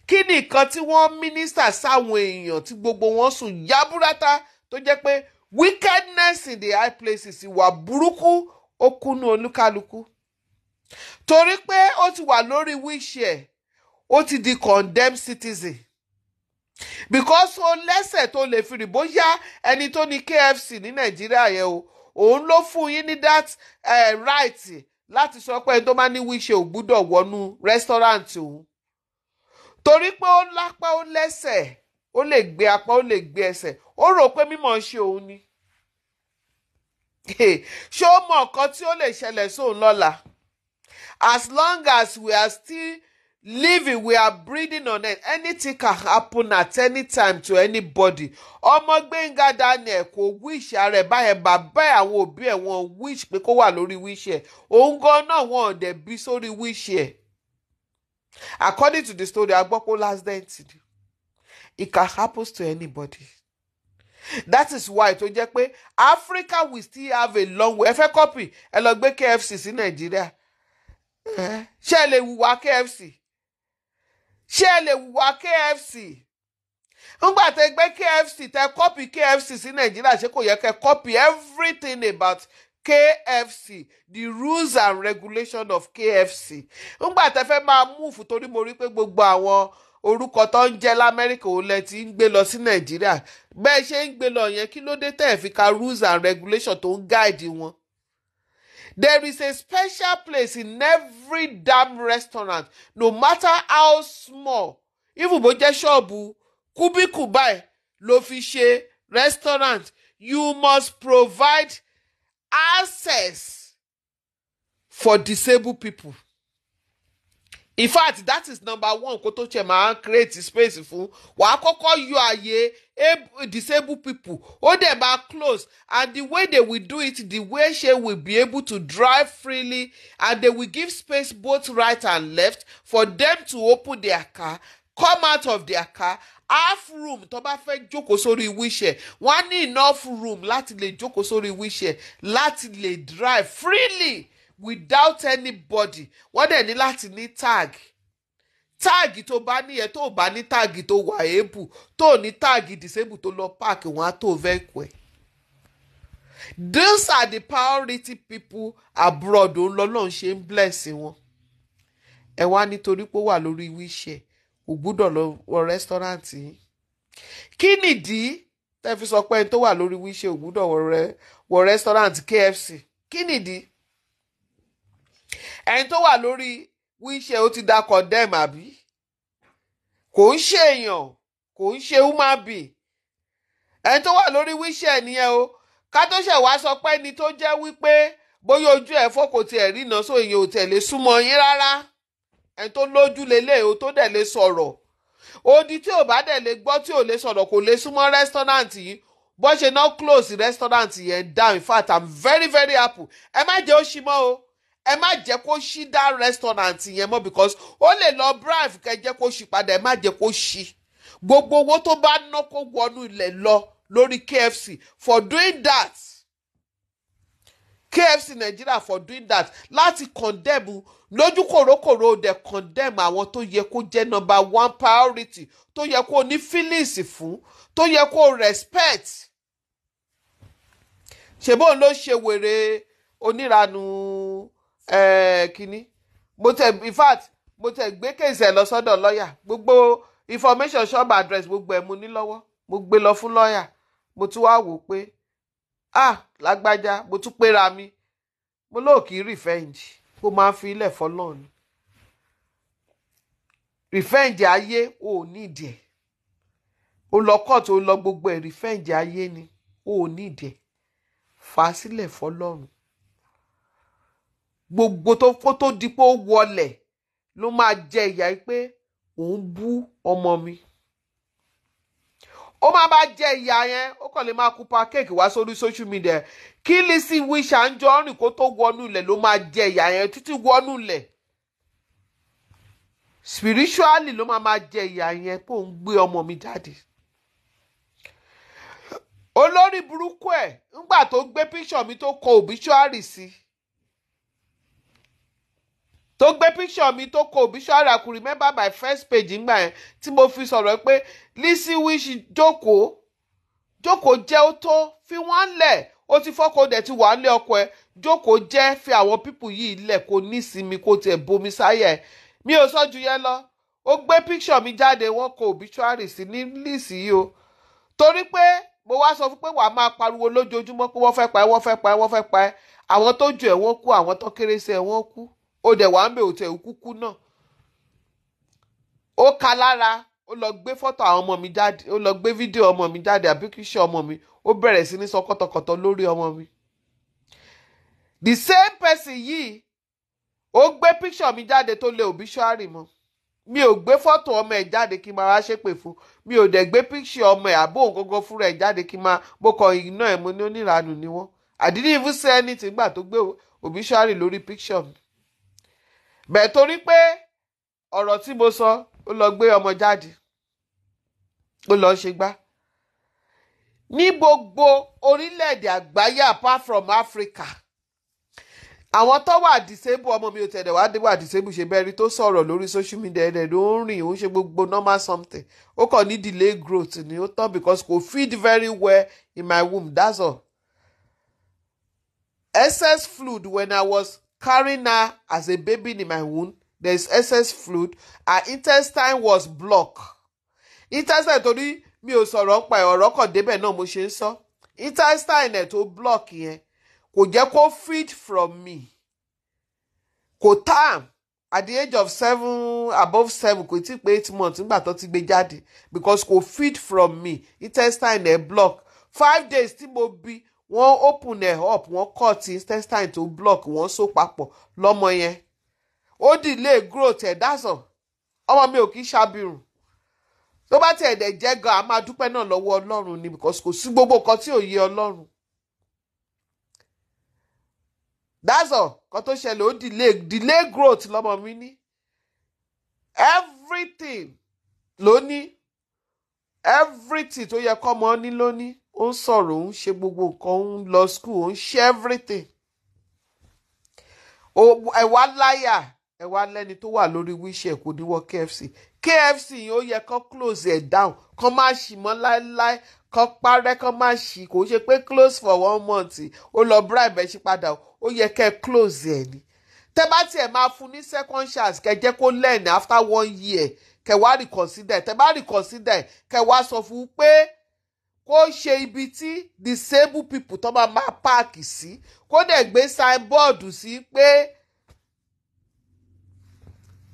kí ni nǹkan tí wọ́n mínísítà sáwọn èèyàn tí gbogbo wọn sùn yábúrátá tó jẹ́ pé wickedness in the high places ìwà burúkú ó kúnnú olúkálukú torí pé ó ti wà lórí wíṣẹ̀ ó ti di condemned citizen because ó lẹ́sẹ̀ tó lè fi rìn bóyá ẹni tó ní KFC ní Nàìjíríà yẹn o òun ló fún yín ní that uh, right láti sọ pé tó máa ní wíṣẹ ò gbúdọ̀ wọnú restaurant òun torí pé ó lápá ó lẹ́sẹ̀ ó lè gbé apá ó lè gbé ẹsẹ̀ ó rò pé mímọ̀ ṣe òun ni ṣé ó mọ nǹkan tí ó lè ṣẹlẹ̀ sóun lọ́la as long as we are still living we are breathing on it anything can happen at any time to anybody ọmọ Gbẹ́ngà Daniel kò wíṣì ara ẹ̀ báyẹn bàbá ẹ̀ àwọn òbí ẹ̀ wọ́n wíṣì pé kó wà lórí wíṣì ẹ̀ òun gan náà wọn ò dẹ̀ bí sórí wíṣì according to the story agbọ́pọ̀ last dent it can happen to anybody that is why tó jẹ́ pé Africa we still have a long way ẹ fẹ́ copy ẹ lọ gbé KFC sí Nàìjíríà ṣé ẹ lè wùwà KFC ṣé ẹ lè wá KFC ńgbà tẹ gbé KFC tẹ kọ́pì KFC sí Nàìjíríà ṣé kò yẹ kẹ kọ́pì everything about KFC the rules and regulation of KFC ńgbà tẹ fẹ́ máa múùfù torí mo rí pé gbogbo àwọn orúkọ tó ń jẹ́ l'Amẹ́ríkà òun lẹ ti ń gbé lọ sí Nàìjíríà bẹ́ẹ̀ ṣe ń gbé lọ yẹn kí ló dé tẹ̀ fi ka rules and regulation tó ń gáàdì wọn. There is a special place in every damn restaurant, no matter how small. Even bó jẹ́ ṣọ́ọ̀bù kúbíkù lofiche restaurant. You must provide access for disabled people. In fact, that is number one kó tó create space fún wàá kọ́kọ́ yọ àyè disabled people hold they back close and the way they will do it the way she will be able to drive freely and they will give space both right and left for them to open their car come out of their car half room tó bá fẹ́ jókòó sórí wheelchair wọ́n ní enough room láti lè jókòó sórí wheelchair láti lè drive freely without anybody wọ́n dẹ̀ ní láti ní tag táàgì tó bá níyẹn tó bá ní táàgì tó wà éèbù tó ní táàgì disable tó lọ páàkì wọn á tó vẹ́ẹ̀kù ẹ̀. these are the priority people abroad òun lọ́lọ́run ṣe ń bless wọn. ẹ wá nítorí pé ó wà lórí wíṣẹ̀ kò gbúdọ̀ lọ wọ rẹ́sítọ́ráǹtì yìí. kí nìdí tẹ́ fi sọ pé ẹni tó wà lórí wíṣẹ̀ kò gbúdọ̀ wọ rẹ́sítọ́ráǹtì KFC kí nìdí ẹni tó wà lórí wíṣẹ́ ó ti dá condemn àbí kò ń ṣe èèyàn kò ń ṣe human being ẹni tó wà lórí wíṣẹ́ nìyẹn o ká tó ṣẹ̀ wá sọ pé ẹni tó jẹ́ wípé bóyá ojú ẹ̀ fọ́kò tiẹ̀ rí iná sọ èèyàn ò tẹ̀lé súnmọ́ yín rárá ẹni tó lójú lélẹ̀ o tó dẹ̀ lè sọ̀rọ̀ odi tí ò bá dẹ̀ lè gbọ́ tí ò lè sọ̀rọ̀ kò lè súnmọ́ restaurant yìí bó ṣe náà close restaurant yẹn down in fact i'm very very happy ẹ má jẹ́ ó ṣí mọ́ o ẹ má jẹ́ kó ṣí dá restaurant yẹn mọ́ because ó lè lọ bribe kẹ́ jẹ́ kó ṣí padà ẹ má jẹ́ kó ṣí gbogbo owó tó bá ná kó wọnú ilẹ̀ lọ lórí KFC for doing that KFC Nigeria for doing that láti condemn lójú kòrókòró dẹ̀ condemn àwọn tó yẹ kó jẹ́ number one priority tó yẹ kó ní feelings fún tó yẹ kó respect ṣèbó ló ṣe wèrè oníranu kínní mo tẹ in fact mo tẹ gbé kéèsì ẹ lọ sọ́dọ̀ lọ́ọ̀yà gbogbo information shop address gbogbo ẹ mo ní lọ́wọ́ mo gbé lọ fún lọ́ọ̀yà mo tún wá wò ó pé ah lágbájá mo tún péra mi mo lóòkì revenge mo máa ń fi ilẹ̀ fọlọ́ọ̀ ni revenge ayé ò nídìí ẹ̀ ó lọ kóòtù ó lọ gbogbo ẹ̀ revenge ayé ni ò nídìí ẹ̀ fà á sílẹ̀ fọlọ́run gbogbo tó kó tó di pé ó wọlẹ̀ ló máa jẹ ìyà yìí pé òun bú ọmọ mi ó máa bá jẹ ìyà yẹn ó kàn lè máa kú pancake wá sórí social media kí Lizzy Wíṣà ń jọ rìn kó tó wọnú ilẹ̀ ló máa jẹ ìyà yẹn títí wọnú ilẹ̀ spiritually ló máa máa jẹ ìyà yẹn pé òun gbé ọmọ mi jáde olórí burúkú ẹ̀ ńgbà tó gbé píṣọ̀ mi tó kọ obituary sí i tó gbé picture mi tó kọ obituary I could remember my first page ńgbà yẹn tí mo fi sọ̀rọ̀ pé Lizzy Wizzy jókòó jókòó jẹ́ ó tó fi wọ́n lẹ̀ ó ti fọ́kọ dẹ̀ ti wà á lé ọkọ ẹ̀ jókòó jẹ́ fi àwọn pípù yìí lẹ̀ kó nísinmi kó tiẹ̀ bomi sáyẹ̀ mi ò sọ ju yẹn lọ ó gbé picture mi jáde wọ́n kọ obituary sí ní Lizzy yìí o torí pé mo wá sọ fún pé wàá máa pariwo lójoojúmọ́ pé wọ́n fẹ́ pa ẹ́ wọ́n fẹ́ pa ẹ́ wọ́n fẹ́ pa ẹ́ àwọn tó ju ẹ̀ wọ́n kú àwọn tó kéré sí ẹ̀ wọ́n kú ó dẹ̀ wá ń bẹ̀ òtẹ̀ òkúkú náà ó ka lára ó lọ gbé fọ́tò àwọn ọmọ mi jáde ó lọ gbé fídíò ọmọ mi jáde àbí kí ṣe ọmọ mi ó bẹ̀rẹ̀ sí ní sọ kọ́tọkọ́tọ lórí ọmọ mi the same person yìí ó gbé píṣọ̀ mi jáde tó lé òbíṣọ́árì mọ́ mi ò gbé fọ́tò ọmọ ẹ̀ jáde kí n máa wá ṣépè fún mi ò dẹ̀ gbé píṣọ̀ ọmọ ẹ̀ àbó òǹgangan fúnra ẹ̀ jáde kí n máa mo kọ iná ẹ̀ mo ní oníranù ni wọ́n àdídí ìfúnṣẹ́ ẹni tìgbà tó gbé òbíṣọ́árì lórí píṣọ̀ mi bẹ́ẹ̀ torí pé ọ̀rọ̀ tí mo sọ ó lọ gbé ọmọ jáde ó lọ ṣe gbá ní gbogbo orílẹ̀-èdè àgbáyé apart from Africa àwọn tó wà disabled ọmọ mi ò tẹ̀lé wá wà disabled ṣe bẹ́ẹ̀ rí tó sọ̀rọ̀ lórí social media ẹ̀ ló ń rìn ó ń ṣe gbogbo normal something ó kàn ní delay growth ni ó tán because kò feed very well in my womb that's all excess fluid when I was carrying her as a baby in my womb, there's excess fluid, her intestine was blocked. Intestine torí mi ò sọ̀rọ̀ ń pa ọ̀rọ̀ kan débẹ̀ náà mo ṣe so Intestine ẹ̀ tó block yẹn kò jẹ́ kó feed from me. Kò time at the age of seven above seven kò tí pé eight months nígbà tó ti gbé jáde because kò feed from me intestine ẹ̀ block. Five days tí mo bí wọ́n open ẹ̀ up wọ́n cut intestine to block wọ́n so papọ̀ lọ́mọ yẹn ó delay growth ẹ̀ dásàn ọmọ mi ò kí ṣàbírùn tó bá tiẹ̀ dẹ̀ jẹ́ gan a máa dúpẹ́ náà lọ́wọ́ ọlọ́run ni because kò sí gbogbo nǹkan tí ò yé ọlọ́run dásàn kan tó ṣẹlẹ̀ ó delay delay growth lọ́mọ mi ní everything ló everything tó yẹ kọ́mọ ní ló ó ń sọ̀rọ̀ ó ń ṣe gbogbo nǹkan ó ń lọ school ó ń ṣe everything ẹ wá láyà ẹ wá lẹ́ni tó wà lórí wheelchair kò ní wọ KFC KFC yìí ó yẹ kán close ẹ̀ down kán má ṣì mọ́ láéláé kán parẹ́ kán má ṣì kò ṣe pé close for one month ó lọ bribe ẹ̀ ṣí padà ó yẹ kẹ́ close ẹ̀ ni tẹ́ bá tiẹ̀ máa fún ní second chance kẹ́ jẹ́ kó learn after one year kẹ́ wá reconsider tẹ́ bá reconsider kẹ́ wá sọ fún un pé kó ṣe ibi tí disabled people tó máa máa páàkì sí kó dẹ̀ gbé signboard sí pé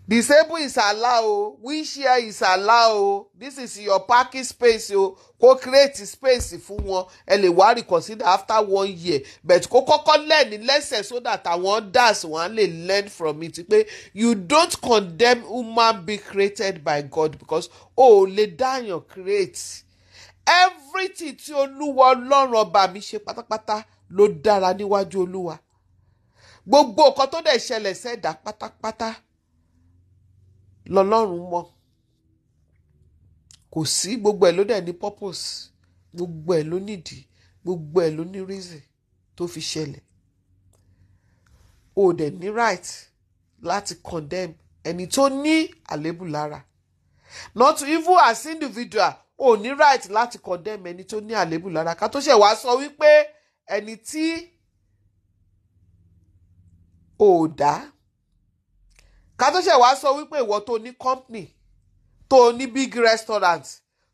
disabled is allow. o wheelchair is allow? this is your parking space o kó create space fún wọn ẹ lè wá reconsider after one year but kó kọ́kọ́ lẹ́ẹ̀ni lẹ́sẹ̀ so that àwọn das wọn á lè learn from it pé you don't condemn human being created by God because o ò lè dáyàn create everything tí olúwa ọlọ́run ọba mi ṣe pátápátá ló dára níwájú olúwa gbogbo nǹkan tó dẹ̀ ṣẹlẹ̀ sẹ́dá pátápátá lọ́lọ́run mọ̀ kò sí gbogbo ẹ̀ ló dẹ̀ ní purpose gbogbo ẹ̀ ló nídìí gbogbo ẹ̀ ló ní reason tó fi ṣẹlẹ̀ o dẹ̀ ní right láti condemn ẹni tó ní àléébù lára not even as individual ò ní right láti condemn ẹni tó ní àléébù lára ká tó ṣe wàá sọ wípé ẹni tí ò dá ká tó ṣe wàá sọ wípé ìwọ tó ní company tó ní big restaurant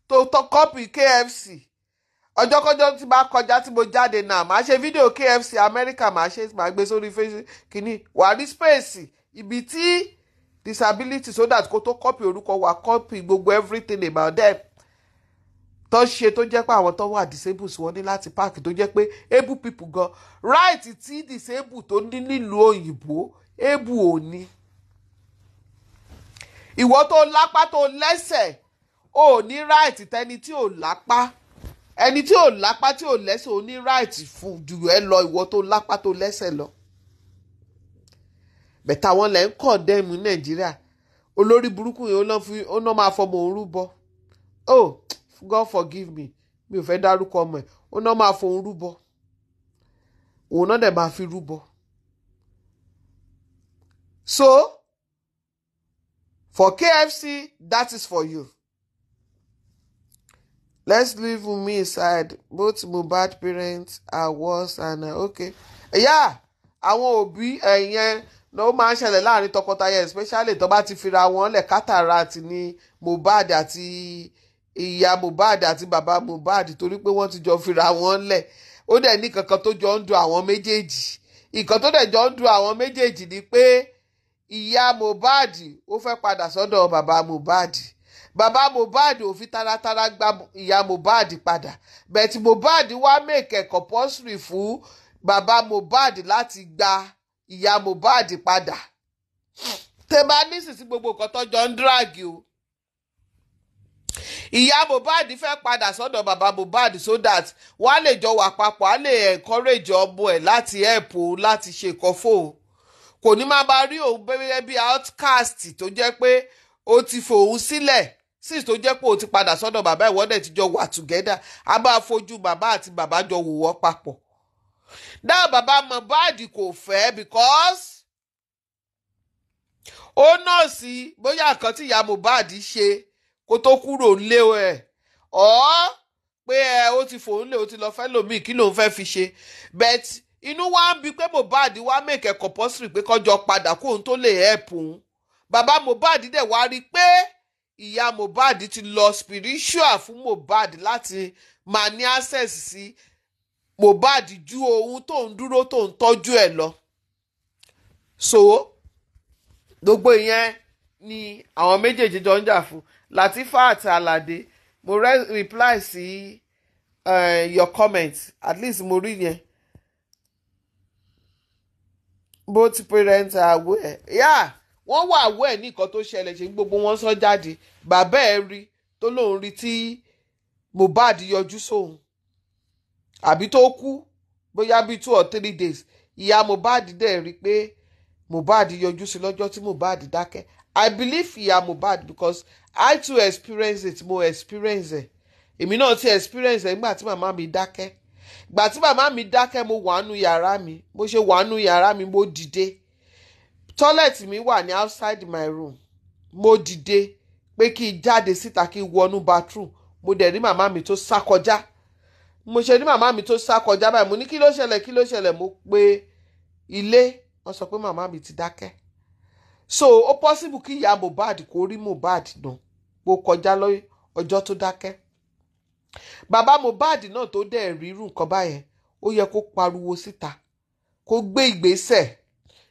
tó tọ copy KFC ọjọ́kọ́jọ́ tí bá kọjá tí mo jáde náà màá ṣe fídíò KFC Amẹ́ríkà màá ṣe màá gbé sórí Facebook kìíní wàá rí space ibi tí disability so that kó tó copy orúkọ wa copy gbogbo everything about them tó ṣe tó jẹ́ pé àwọn tó wà disabled wọ́n ní láti páàkì tó jẹ́ pé able people gan right tí disabled tó ní nílùú òyìnbó able ò ní. ìwọ tó lápá tó lẹ́sẹ̀ ò ní right tẹni tí ò lápá ẹni tí ò lápá tí ò lẹ́sẹ̀ ò ní right fún jù ẹ lọ ìwọ tó lápá tó lẹ́sẹ̀ lọ. bẹ̀tà wọn lẹ́ ń kọ̀ dẹ́mu nàìjíríà olórí burúkú yẹn ó náà máa fọmọ òun rúbọ. oh God forgive me mi ò fẹ́ dárúkọ ọmọ ẹ̀ ó náà máa fohun rúbọ òun náà dẹ̀ máa fi rúbọ. So for KFC that is for you. Let's leave me aside both my bad parents are worse and uh, okay. Yeah, àwọn òbí ẹ̀yẹn ló máa ń ṣẹlẹ̀ láàrin tọkọtaya especially tó bá ti fira wọn lẹ̀ kátàrà àti ní Mohbad àti. Uh, ìyá Mohbad àti bàbá Mohbad torí pé wọ́n ti jọ fira wọn lẹ̀ ó dẹ̀ ní kankan tó jọ ń dùn àwọn méjèèjì nǹkan tó dẹ̀ jọ ń dùn àwọn méjèèjì ni pé ìyá Mohbad ó fẹ́ padà sọ́dọ̀ bàbá Mohbad bàbá Mohbad ò fi taratara gba ìyá Mohbad padà bẹ̀tì Mohbad wá mèkè compulsory fún bàbá Mohbad láti gba ìyá Mohbad padà tẹ́ bá nísinsìnyí gbogbo nǹkan tó jọ ń o ìyá Mohbad fẹ́ padà sọ́dọ̀ bàbá Mohbad so that wọ́n á lè jọ wà papọ̀ á lè encourage ọmọ ẹ̀ láti help o láti ṣe kọ́fọ́ o kò ní máa bá rí òun bẹ́ẹ̀ bí outcast tó jẹ́ pé ó ti fòun sílẹ̀ since tó jẹ́ pé o ti padà sọ́dọ̀ bàbá ìwọ́dẹ̀ ti jọ wà together a bá fojú bàbá àti bàbá jọ wò wọ́ papọ̀ náà bàbá Mohbad kò fẹ́ because ó nọ́ọ̀sì bóyá nǹkan tí ìyá Mohbad ṣe kó tó kúrò ńlé ẹ̀ ọ́ pé ẹ ó ti fòun lé o ti lọ fẹ́ lòmíì kí lòun fẹ́ fi ṣe bet inú wa ń bi pé Mohbad wá mèkè compulsory pé kọjọ padà kóun tó lè help òun bàbá Mohbad dẹ̀ wá rí i pé ìyá Mohbad ti lọ spiritual fún Mohbad láti máa ní access sí Mohbad ju ohun tó ń dúró tó ń tọ́jú ẹ̀ lọ. so gbogbo ìyẹn ni àwọn méjèèjì jọ ń jà fún Latifa, Latifat Alade mo re reply sí uh, your comment at least mo rí yẹn both parents are aware yeah wọ́n wà aware ní nǹkan tó ṣẹlẹ̀ ṣe gbogbo wọn sọ jáde bàbá ẹ̀ rí tó lóun rí tí Mohbad yọjú sóun àbí tó kú bóyá bíi two or three days ìyá Mohbad dẹ̀ rí pé Mohbad yọjú sí lọ́jọ́ tí Mohbad dákẹ́ I believe ìyá Mohbad because i too experience it mo experience it. èmi náà ti experience ẹ̀ nígbà tí màmá mi dákẹ́ gbà tí màmá mi dákẹ́ mo wà nù yàrá mi mo ṣe wà nù yàrá mi mo dìde tọ́lẹ̀tì mi wà ní outside my room mo dìde pé kí n jáde síta kí n wọnú bathroom mo dẹ̀ rí màmá mi tó sá kọjá mo ṣe rí màmá mi tó sá kọjá báyìí mo ní kí ló ṣẹlẹ̀ kí ló ṣẹlẹ̀ mo pè ilé wọ́n sọ pé màmá mi ti dákẹ́ so ó possible kí ìyá Mohbad kò rí Mohbad náà bó kọjá lọ́yọ́ ọjọ́ tó dákẹ́ bàbá Mohbad náà tó dẹ̀ rírù nǹkan báyẹn ó yẹ kó pariwo síta kó gbé ìgbésẹ̀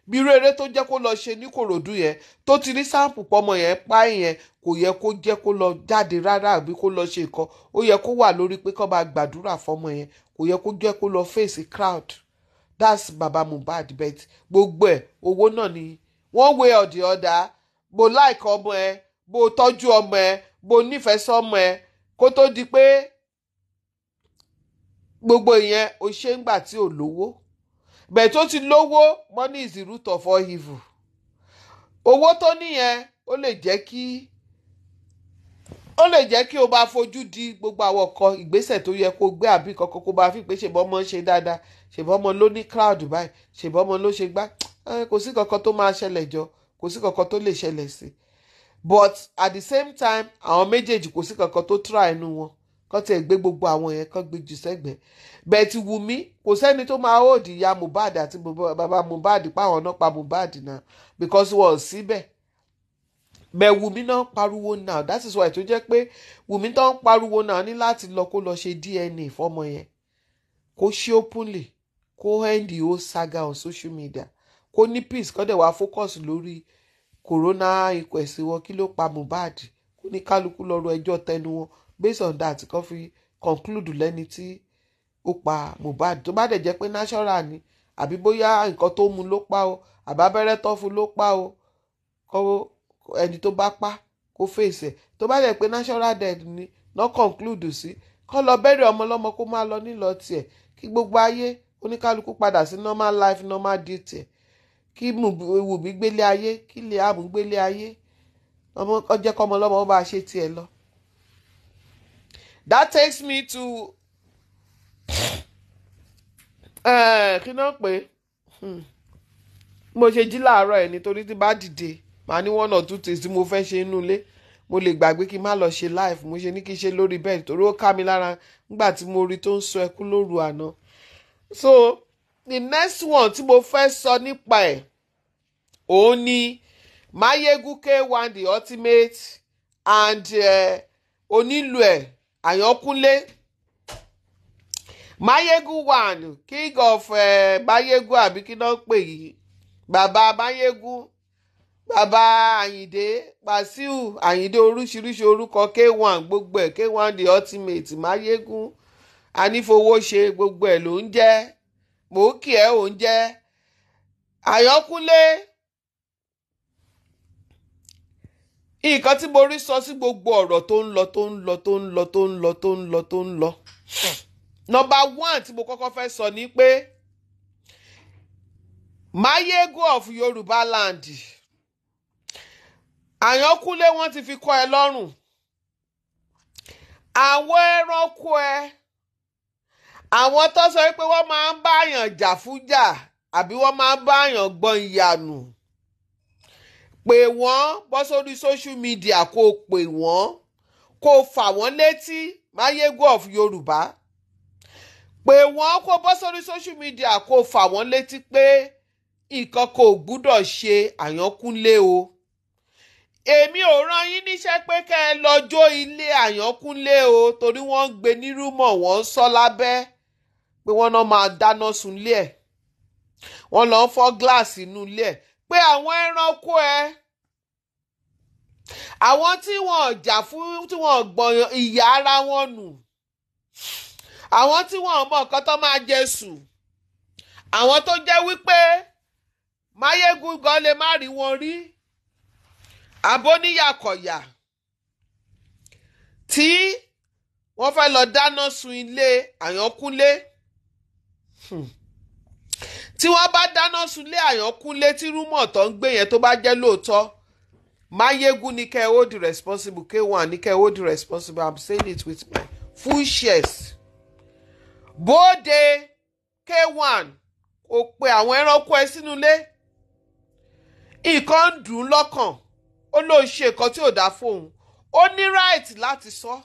bí rere tó jẹ́ kó lọ ṣe ní Kòròdú yẹn tó ti rí sáǹpù pọ́mọ yẹn pa yẹn kò yẹ kó jẹ́ kó lọ jáde rárá àbí kó lọ ṣe nǹkan ó yẹ kó wà lórí pé kó bá gbàdúrà fọ́mọ yẹn kò yẹ kó jẹ́ kó lọ face crowd that's baba Mohbad bet gbogbo ẹ̀ owó náà ni one way or the other bó like ọmọ ẹ bó tọ́jú ọmọ ẹ bó nífẹ̀ẹ́ sọ́mọ ẹ kó tó di pé gbogbo ìyẹn o ṣe ń gbà tí ò lówó bẹ́ẹ̀ tó ti lówó money is the root of all evil owó tó níyẹn ó lè jẹ́ kí ó lè jẹ́ kí o bá fojú di gbogbo àwọn ọkọ̀ ìgbésẹ̀ tó yẹ kó gbé àbí kankan kó bá fi pé ṣèbọn ọmọ ṣe dáadáa ṣèbọn ọmọ ló ní cloud báyìí ṣèbọn ọmọ ló ṣe gbá kò sí kankan tó máa ṣẹlẹ̀ jọ kò sí kankan tó lè ṣẹlẹ̀ sí but at the same time àwọn méjèèjì kò sí kankan tó tra ẹnu wọn kán tiẹ̀ gbé gbogbo àwọn yẹn kán gbé jù sẹ́gbẹ̀ẹ́ bẹ́ẹ̀tì Wùmí kò sẹ́ni tó máa hold ìyá Mohbad àti bàbá Mohbad páwọn náà pa Mohbad náà because wọn ò síbẹ̀ bẹ́ẹ̀ Wùmí náà pariwo náà that is why tó jẹ́ pé Wùmí tó ń pariwo náà ní láti lọ kó lọ ṣe DNA fọ́mọ yẹn kó ṣí openly kó end the whole saga on social media kó ní peace kó dẹ̀ wá focus lórí corona inquest wọn kí ló pa Mohbad kó ní kálukú lọ́rọ̀ ẹjọ́ tẹnu wọn based on that kó fi conclude lẹ́ni tí ó pa Mohbad tó bá dẹ̀ jẹ́ pé natural ni àbí bóyá nǹkan tó mu ló pa o àbábẹ́rẹ́ tó fún ló pa o kó ẹni tó bá pa kó fèsì ẹ̀ tó bá dẹ̀ pé natural death ni lọ́ conclude sí kó lọ bẹ̀rẹ̀ ọmọ ọlọ́mọ kó má lọ nílọ tiẹ̀ kí gbogbo ayé oníkálukú padà sí normal life normal duty ẹ̀ kí Wùmí gbélé ayé kí Liam gbélé ayé ọjẹ́ kọ́mọ lọ́mọ ó bá ṣe tiẹ̀ lọ. that takes me to eh, kí náà pé hmm. mo ṣe jí láàárọ̀ ẹ̀ nítorí tí bá dìde màá ní one or two things tí mo fẹ́ ṣe inú ilé mo lè gbàgbé kí n má lọ ṣe live mo ṣe ní kí n ṣe lórí bẹ́ẹ̀ torí ó ká mi lára nígbà tí mo rí tó ń sọ ẹkú lóru àná. so the next one tí mo fẹ́ sọ nípa ẹ̀ òun ni mayegun k the ultimate and uh, onílù ẹ̀ àyànkúnlé mayegun one king of uh, mayegun àbí kí náà pè yìí bàbá mayegun bàbá àyìndé wàsíù àyìndé oríṣiríṣi orúkọ k1 gbogbo ẹ̀ k1 the ultimate mayegun anífowóṣe gbogbo ẹ̀ ló ń jẹ́ mò ń kì ẹ́ ò ń jẹ́ nǹkan tí mo rí sọ sí gbogbo ọ̀rọ̀ tó ń lọ tó ń lọ tó ń lọ tó ń lọ tó ń lọ tó ń lọ nọ́mbà one tí mo kọ́kọ́ fẹ́ sọ ni pé Mayegun of Yorùbá land Àyànkúnlé wọ́n ti fi kọ́ ẹ lọ́rùn àwọn ẹranko ẹ àwọn tó sọ pé wọ́n máa ń báyàn jà fújà àbí wọ́n máa ń báyàn gbọ́n ìyanu pè wọ́n bọ́ sórí social media kó o pè wọ́n kó o fà wọ́n létí Mayegun of Yorùbá pè wọ́n kó o bọ́ sórí social media kó o fà wọ́n létí pé nǹkan kò gbúdọ̀ ṣe àyànkúnlé o èmi ò rán yín níṣẹ́ pé kẹ́ ẹ lọ́jọ́ ilé àyànkúnlé o torí wọ́n ń gbé nírúmọ̀ wọ́n ń sọ lábẹ́ pé wọ́n náà máa dáná sunlé ẹ̀ wọ́n lọ ń fọ́ gíláàsì inú ilé ẹ̀ pé àwọn ẹranko ẹ àwọn tí wọn jà fún tí wọn gbọ̀yàn ìyá ara wọn nù àwọn tí wọn mọ nǹkan tó máa jẹ sùn àwọn tó jẹ́ wípé máyégún gan lè má rí wọn rí abóníyàkọ̀yà tí wọ́n fẹ́ lọ dáná sun ilé àyànkúnlé. Hmm tí wọ́n bá dáná sunlé àyànkúnlé tí rúmọ̀ tó ń gbé yẹn tó bá jẹ́ lóòótọ́ mayegun ní kẹ́ ẹ hold responsible k1 ní kẹ́ ẹ hold responsible i'm saying it with my full chest. bóde k1 kò pe àwọn ẹranko ẹ sínú ilé nǹkan ń dùn ún lọ́kàn ó lóun ṣe nǹkan tí ò dáa fóun ó ní right láti sọ. So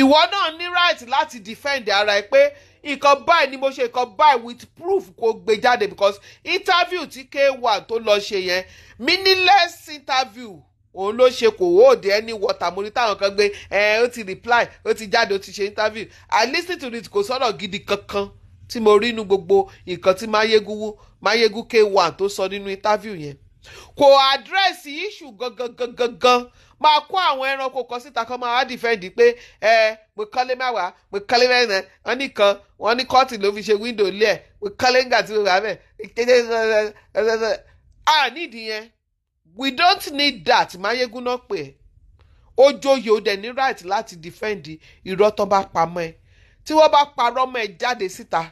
ìwọ náà ní right láti defend ara ẹ pé nǹkan báyìí ni mo ṣe nǹkan báyìí with proof kó gbé jáde because interview tí k1 tó lọ ṣe yẹn meaningless interview òun ló ṣe kò wóòdì ẹni wọta mo ní táwọn kan gbé ẹ ó ti reply ó ti jáde ó ti ṣe interview i listen to it kò sọ̀rọ̀ gidi kankan tí mo rí inú gbogbo nǹkan tí mayegun mayegun k1 tó sọ nínú interview yẹn kò àdírẹ́sì iṣu gangan máa kó àwọn ẹranko kan síta kan máa wá dìfẹ́ǹdì pé ẹ pé kọ́lé mẹ́wàá pé kọ́lé mẹ́rin wọn nìkan wọn ní kọ́ọ̀tì ló fi ṣe wíńdò ilé ẹ̀ pé kọ́lé ńgà tí mo rà bẹ̀ kéde a nídìí yẹn we don't need that mayegun náà pè é ó jóyè ó dẹ̀ ní right láti dìfẹ́ǹdì irọ́ tó bá pamọ́ ẹ tí wọ́n bá parọ́ mọ́ ẹ jáde síta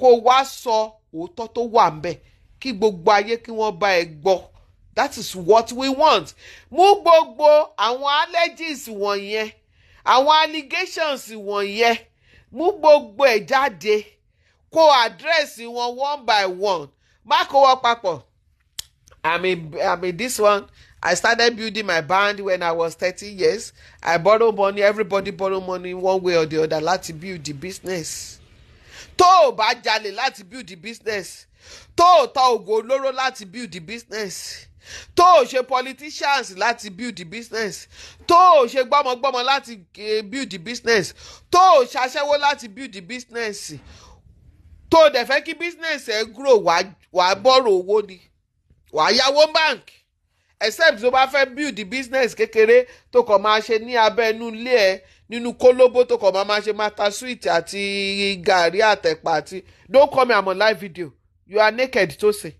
kó wá sọ òótọ́ tó wà ń kí gbogbo ayé kí wọ́n bá ẹ gbọ́ that is what we want mú gbogbo àwọn allergies wọ̀nyẹn àwọn allegations wọ̀nyẹn mú gbogbo ẹ̀ jáde kó address wọn one by one má kó wọn papọ̀ I mean, I mean this one I started building my band when I was thirty years I borrow money everybody borrow money one way or the other láti build the business tó o bá jalè láti build the business tó o ta oògùn olóró láti build the business tó o ṣe politicians láti build the business tó o ṣe gbọ́mọgbọ́mọ láti eh, build the business tó o ṣaṣẹ́wó láti build the business tó o dẹ̀ fẹ́ kí business ẹ̀ grow wàá bọ́rọ̀ owó ni wàá yáwó bank except tó bá fẹ́ build the business kékeré tó kàn máa ṣe ní abẹ́ inú ilé ẹ̀ nínú kólóbó tó kàn máa máa ṣe mata sweet àti gàrí àtẹ̀pà àti don't come here I'm on live video you are naked tó sè.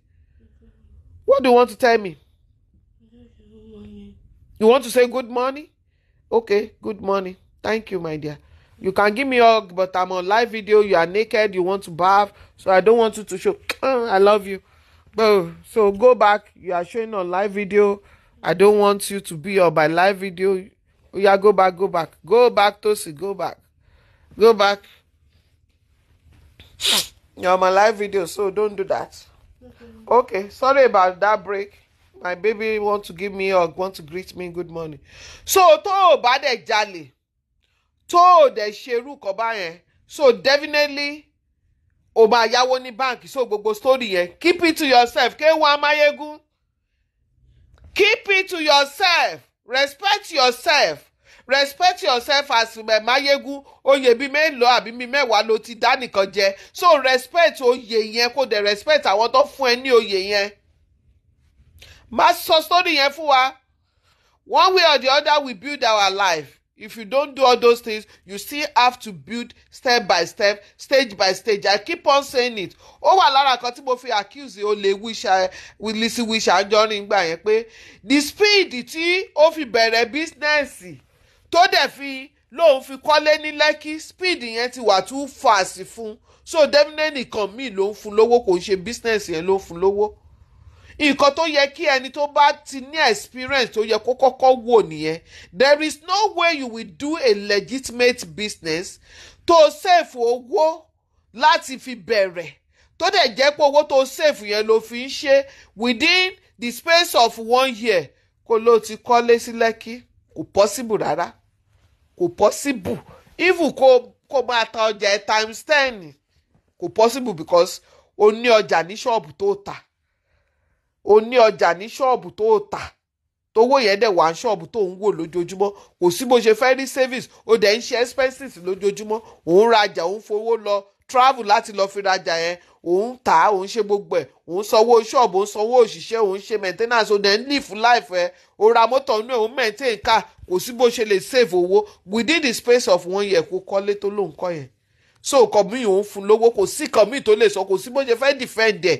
What do you want to tell me? You want to say good morning? Okay, good morning. Thank you, my dear. You can give me a hug, but I'm on live video. You are naked. You want to bath, so I don't want you to show. <clears throat> I love you. But, so go back. You are showing on live video. I don't want you to be on my live video. Yeah, go back, go back. Go back, Tosi. Go back. Go back. <sniffs> You're on my live video, so don't do that. okay sorry about that break my baby want to give me hug want to greet me good morning so tó o bá dẹ̀ jalè tó o dẹ̀ ṣerú kọ́ so definitely o máa yáwó ní báǹkì so gbogbo story yẹn keep it to yourself kéwọn amáyégún keep it to yourself respect yourself respect yourself as mayegun oyè bíi mélòó àbí bíi mẹ́wàá ló ti dá nìkan jẹ so respect oyè yẹn kó dẹ̀ respect àwọn tó fún ẹ ní oyè yẹn má sọ story yẹn fún wa one way or the other we build our life if you don't do all those things you still have to build step by step stage by stage i keep on saying it ó wà lára kan tí mo fi accuse olè wíṣà Lizzy Anjorin gbà yẹn pé the speed tí ó fi bẹ̀rẹ̀ bísínẹ́sì tó dẹ̀ fi lóun fi kọ́lé ní lẹ́kì speed yẹn ti wà too fast fún so definitely nìkan míì ló ń fún lówó kò ń ṣe business yẹn ló ń fún lówó nǹkan tó yẹ kí ẹni tó bá ti ní experience tó yẹ kó kọ́kọ́ wò nìyẹn there is no way you will do a legitimate business tó save owó láti fi bẹ̀rẹ̀ tó dẹ̀ jẹ́ pé owó tó save yẹn ló fi ń ṣe within the space of one year kó ló ti kọ́lé sí lẹ́kì kò possible rárá kò possible even kó kó máa ta ọjà ẹ times ten kò possible because o ní ọjà ní ṣọ́ọ̀bù tó tà o ní ọjà ní ṣọ́ọ̀bù tó tà tówó yẹn dẹ̀ wá ṣọ́ọ̀bù tó ń wò lójoojúmọ́ kò sí bó ṣe fẹ́ rí savings ó dẹ̀ ń ṣe expenses lójoojúmọ́ òun rajà òun fowó lọ travel láti lọ fi rajà yẹn òun tà á òun ṣe gbogbo ẹ̀ òun sanwó ṣọ́ọ̀bù òun sanwó òṣìṣẹ́ òun ṣe maintenance òun dẹ̀ ń live life ẹ̀ ó ra mọ́tò inú ẹ̀ òun maintain car kò sí bó ṣe lè save owó within the space of one year kó kọ́lé tó ló kọ́ yẹn so nǹkan míì òun fún lówó kò sí nǹkan míì tó lè sọ kò sí bó ṣe fẹ́ defend ẹ̀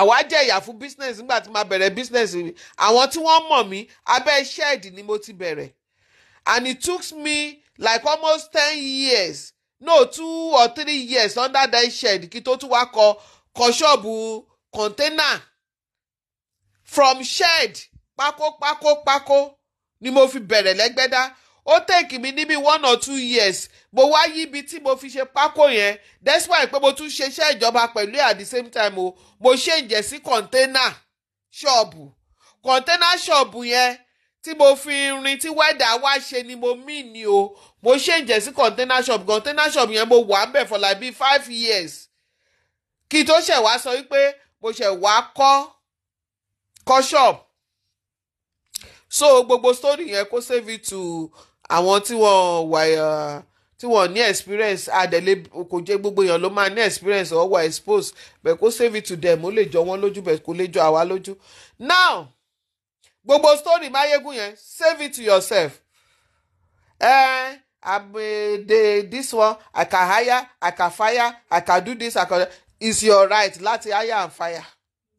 àwa jẹ ìyà fún business nígbà tí máa bẹ̀rẹ̀ business mi àwọn tí wọ́n mọ̀ mí abẹ́ shed ni mo ti bẹ̀rẹ̀ and it took me like almost ten years no two or three years under that shed kí tó tún wá kọ kọ ṣọ́ọ̀bù container from shed pákó pákó pákó ni mo fi bẹ̀rẹ̀ lẹ́gbẹ́dá ó tèkì mi ní bí one or two years mo wá yí ibi tí mo fi ṣe pákó yẹn despite pé mo tún ṣe iṣẹ́ ìjọba pẹ̀lú at the same time o mo ṣe ǹjẹ́ sí kọ̀ńténà ṣọ́ọ̀bù kọ̀ńténà ṣọ́ọ̀bù yẹn tí mo fi rin tí wẹ́dà wá ṣe ni mo mí ni o mo ṣe ǹjẹ́ sí kọ̀ńténà ṣọ́ọ̀bù kọ̀ńténà ṣọ́ọ̀bù yẹn mo wà bẹ̀ for like bí five years kí tó ṣẹ̀ wá sọ wípé mo ṣẹ̀ wá kọ́ kọ́ ṣọ́ọ̀bù so gbogbo story yẹn kó save it to àwọn tí wọ́n wà tí wọ́n ní experience àdẹ̀lé kò jẹ́ gbogbo èèyàn ló máa ní experience or wà exposed But kó save it to them ó lè jọ wọ́n lójú bẹ́ẹ̀ kó lè jọ àwa lójú now gbogbo story máyégún yẹn save it to yourself. Eh, I'm, the, this one I can hire I can fire I can do this I can it's your right láti hire and fire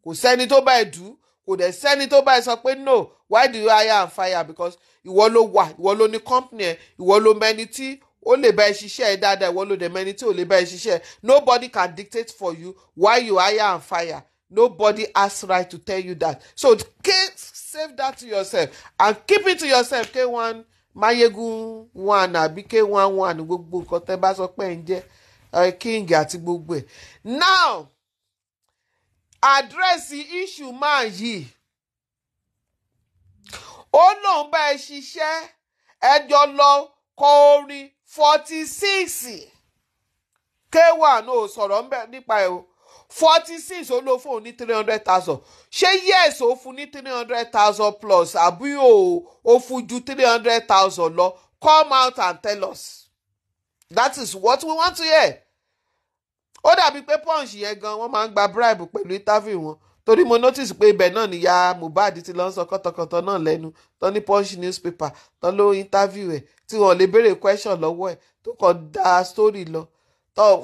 kò sẹ́ni tó bá ẹ̀ dù kò dẹ̀ sẹ́ni tó bá ẹ̀ sọ pé no why do you hire and fire because ìwọ ló wà ìwọ ló ní company ẹ ìwọ ló mẹni tí ó lè bá ẹ ṣiṣẹ́ ẹ dáadáa ìwọ ló dẹ̀ mẹni tí ò lè bá ẹ ṣiṣẹ́ nobody can dictate for you why you hire and fire nobody has right to tell you that so save that to yourself and keep it to yourself k1 mayegun one àbí k1 one gbogbo nǹkan tẹ́ bá sọ pé ń jẹ́ king àti gbogbo ẹ̀ now àdírẹ́sì issue máa yìí ó lóun bá ẹ ṣiṣẹ́ ẹjọ́ lọ kọ orin forty six k one ò sọ̀rọ̀ nípa ẹ̀ o forty six ó lọ fóun ní three hundred thousand ṣé yes ó fún ní three hundred thousand plus àbí ò ó fún ju three hundred thousand lọ come out and tell us that is what we want to hear ó dàbí pé punch yẹn gan wọ́n máa ń gba bribe pẹ̀lú interview wọn torí mo notice pé ibẹ̀ náà ni ya Mohbad ti lọ ń sọ kọ́tọkọ́tọ náà lẹ́nu tán ní punch newspaper tán ló interview ẹ̀ tí wọ́n lè béèrè question lọ́wọ́ ẹ̀ tó kàn da story lọ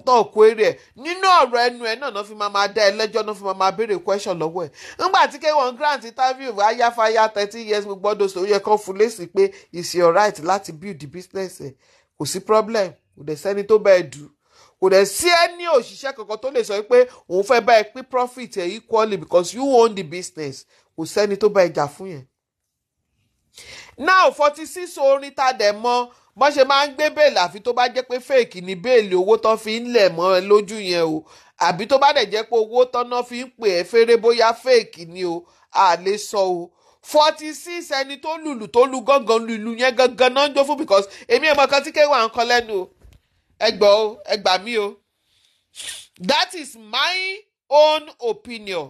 tó kó èrè ẹ̀ nínú ọ̀rọ̀ ẹnu ẹ̀ náà náà fi máa dá ẹ lẹ́jọ́ náà fi máa béèrè question lọ́wọ́ ẹ̀ nígbà tí k1 grant interview ayáfáyá thirteen years mo gbọ́dọ̀ sọ yẹ kán fún lésì pé it's your right láti build the business ẹ̀ kò sí problem kò dẹ̀ sẹ́ni tó bẹ́ẹ̀ dùn kò dẹ̀ sí ẹni òṣìṣẹ́ kankan tó lè sọ pé òun fẹ́ bá ẹ pín profit ẹ equally because you own the business kò sẹ́ni tó bá ẹ jà fún yẹn. now forty six orin ta dẹ̀ mọ́ bọ́n ṣe máa ń gbé bẹ́ẹ̀lì àfi tó bá jẹ́ pé fake ni bẹ́ẹ̀lì owó tán fi ń lẹ̀ mọ́ ẹ lójú yẹn o àbí tó bá dẹ̀ jẹ́ pé owó tán náà fi ń pè ẹ́ fẹ́rẹ́ bóyá fake ni o à lè sọ o forty six ẹni tó lùlù tó lu gángan lùlù yẹn gángan náà ń jó fún because èmi ẹ̀ mọ̀ kan tí kéwà ń kọ lẹ́nu o ẹ gbọ́ o ẹ gbà mí o that is my own opinion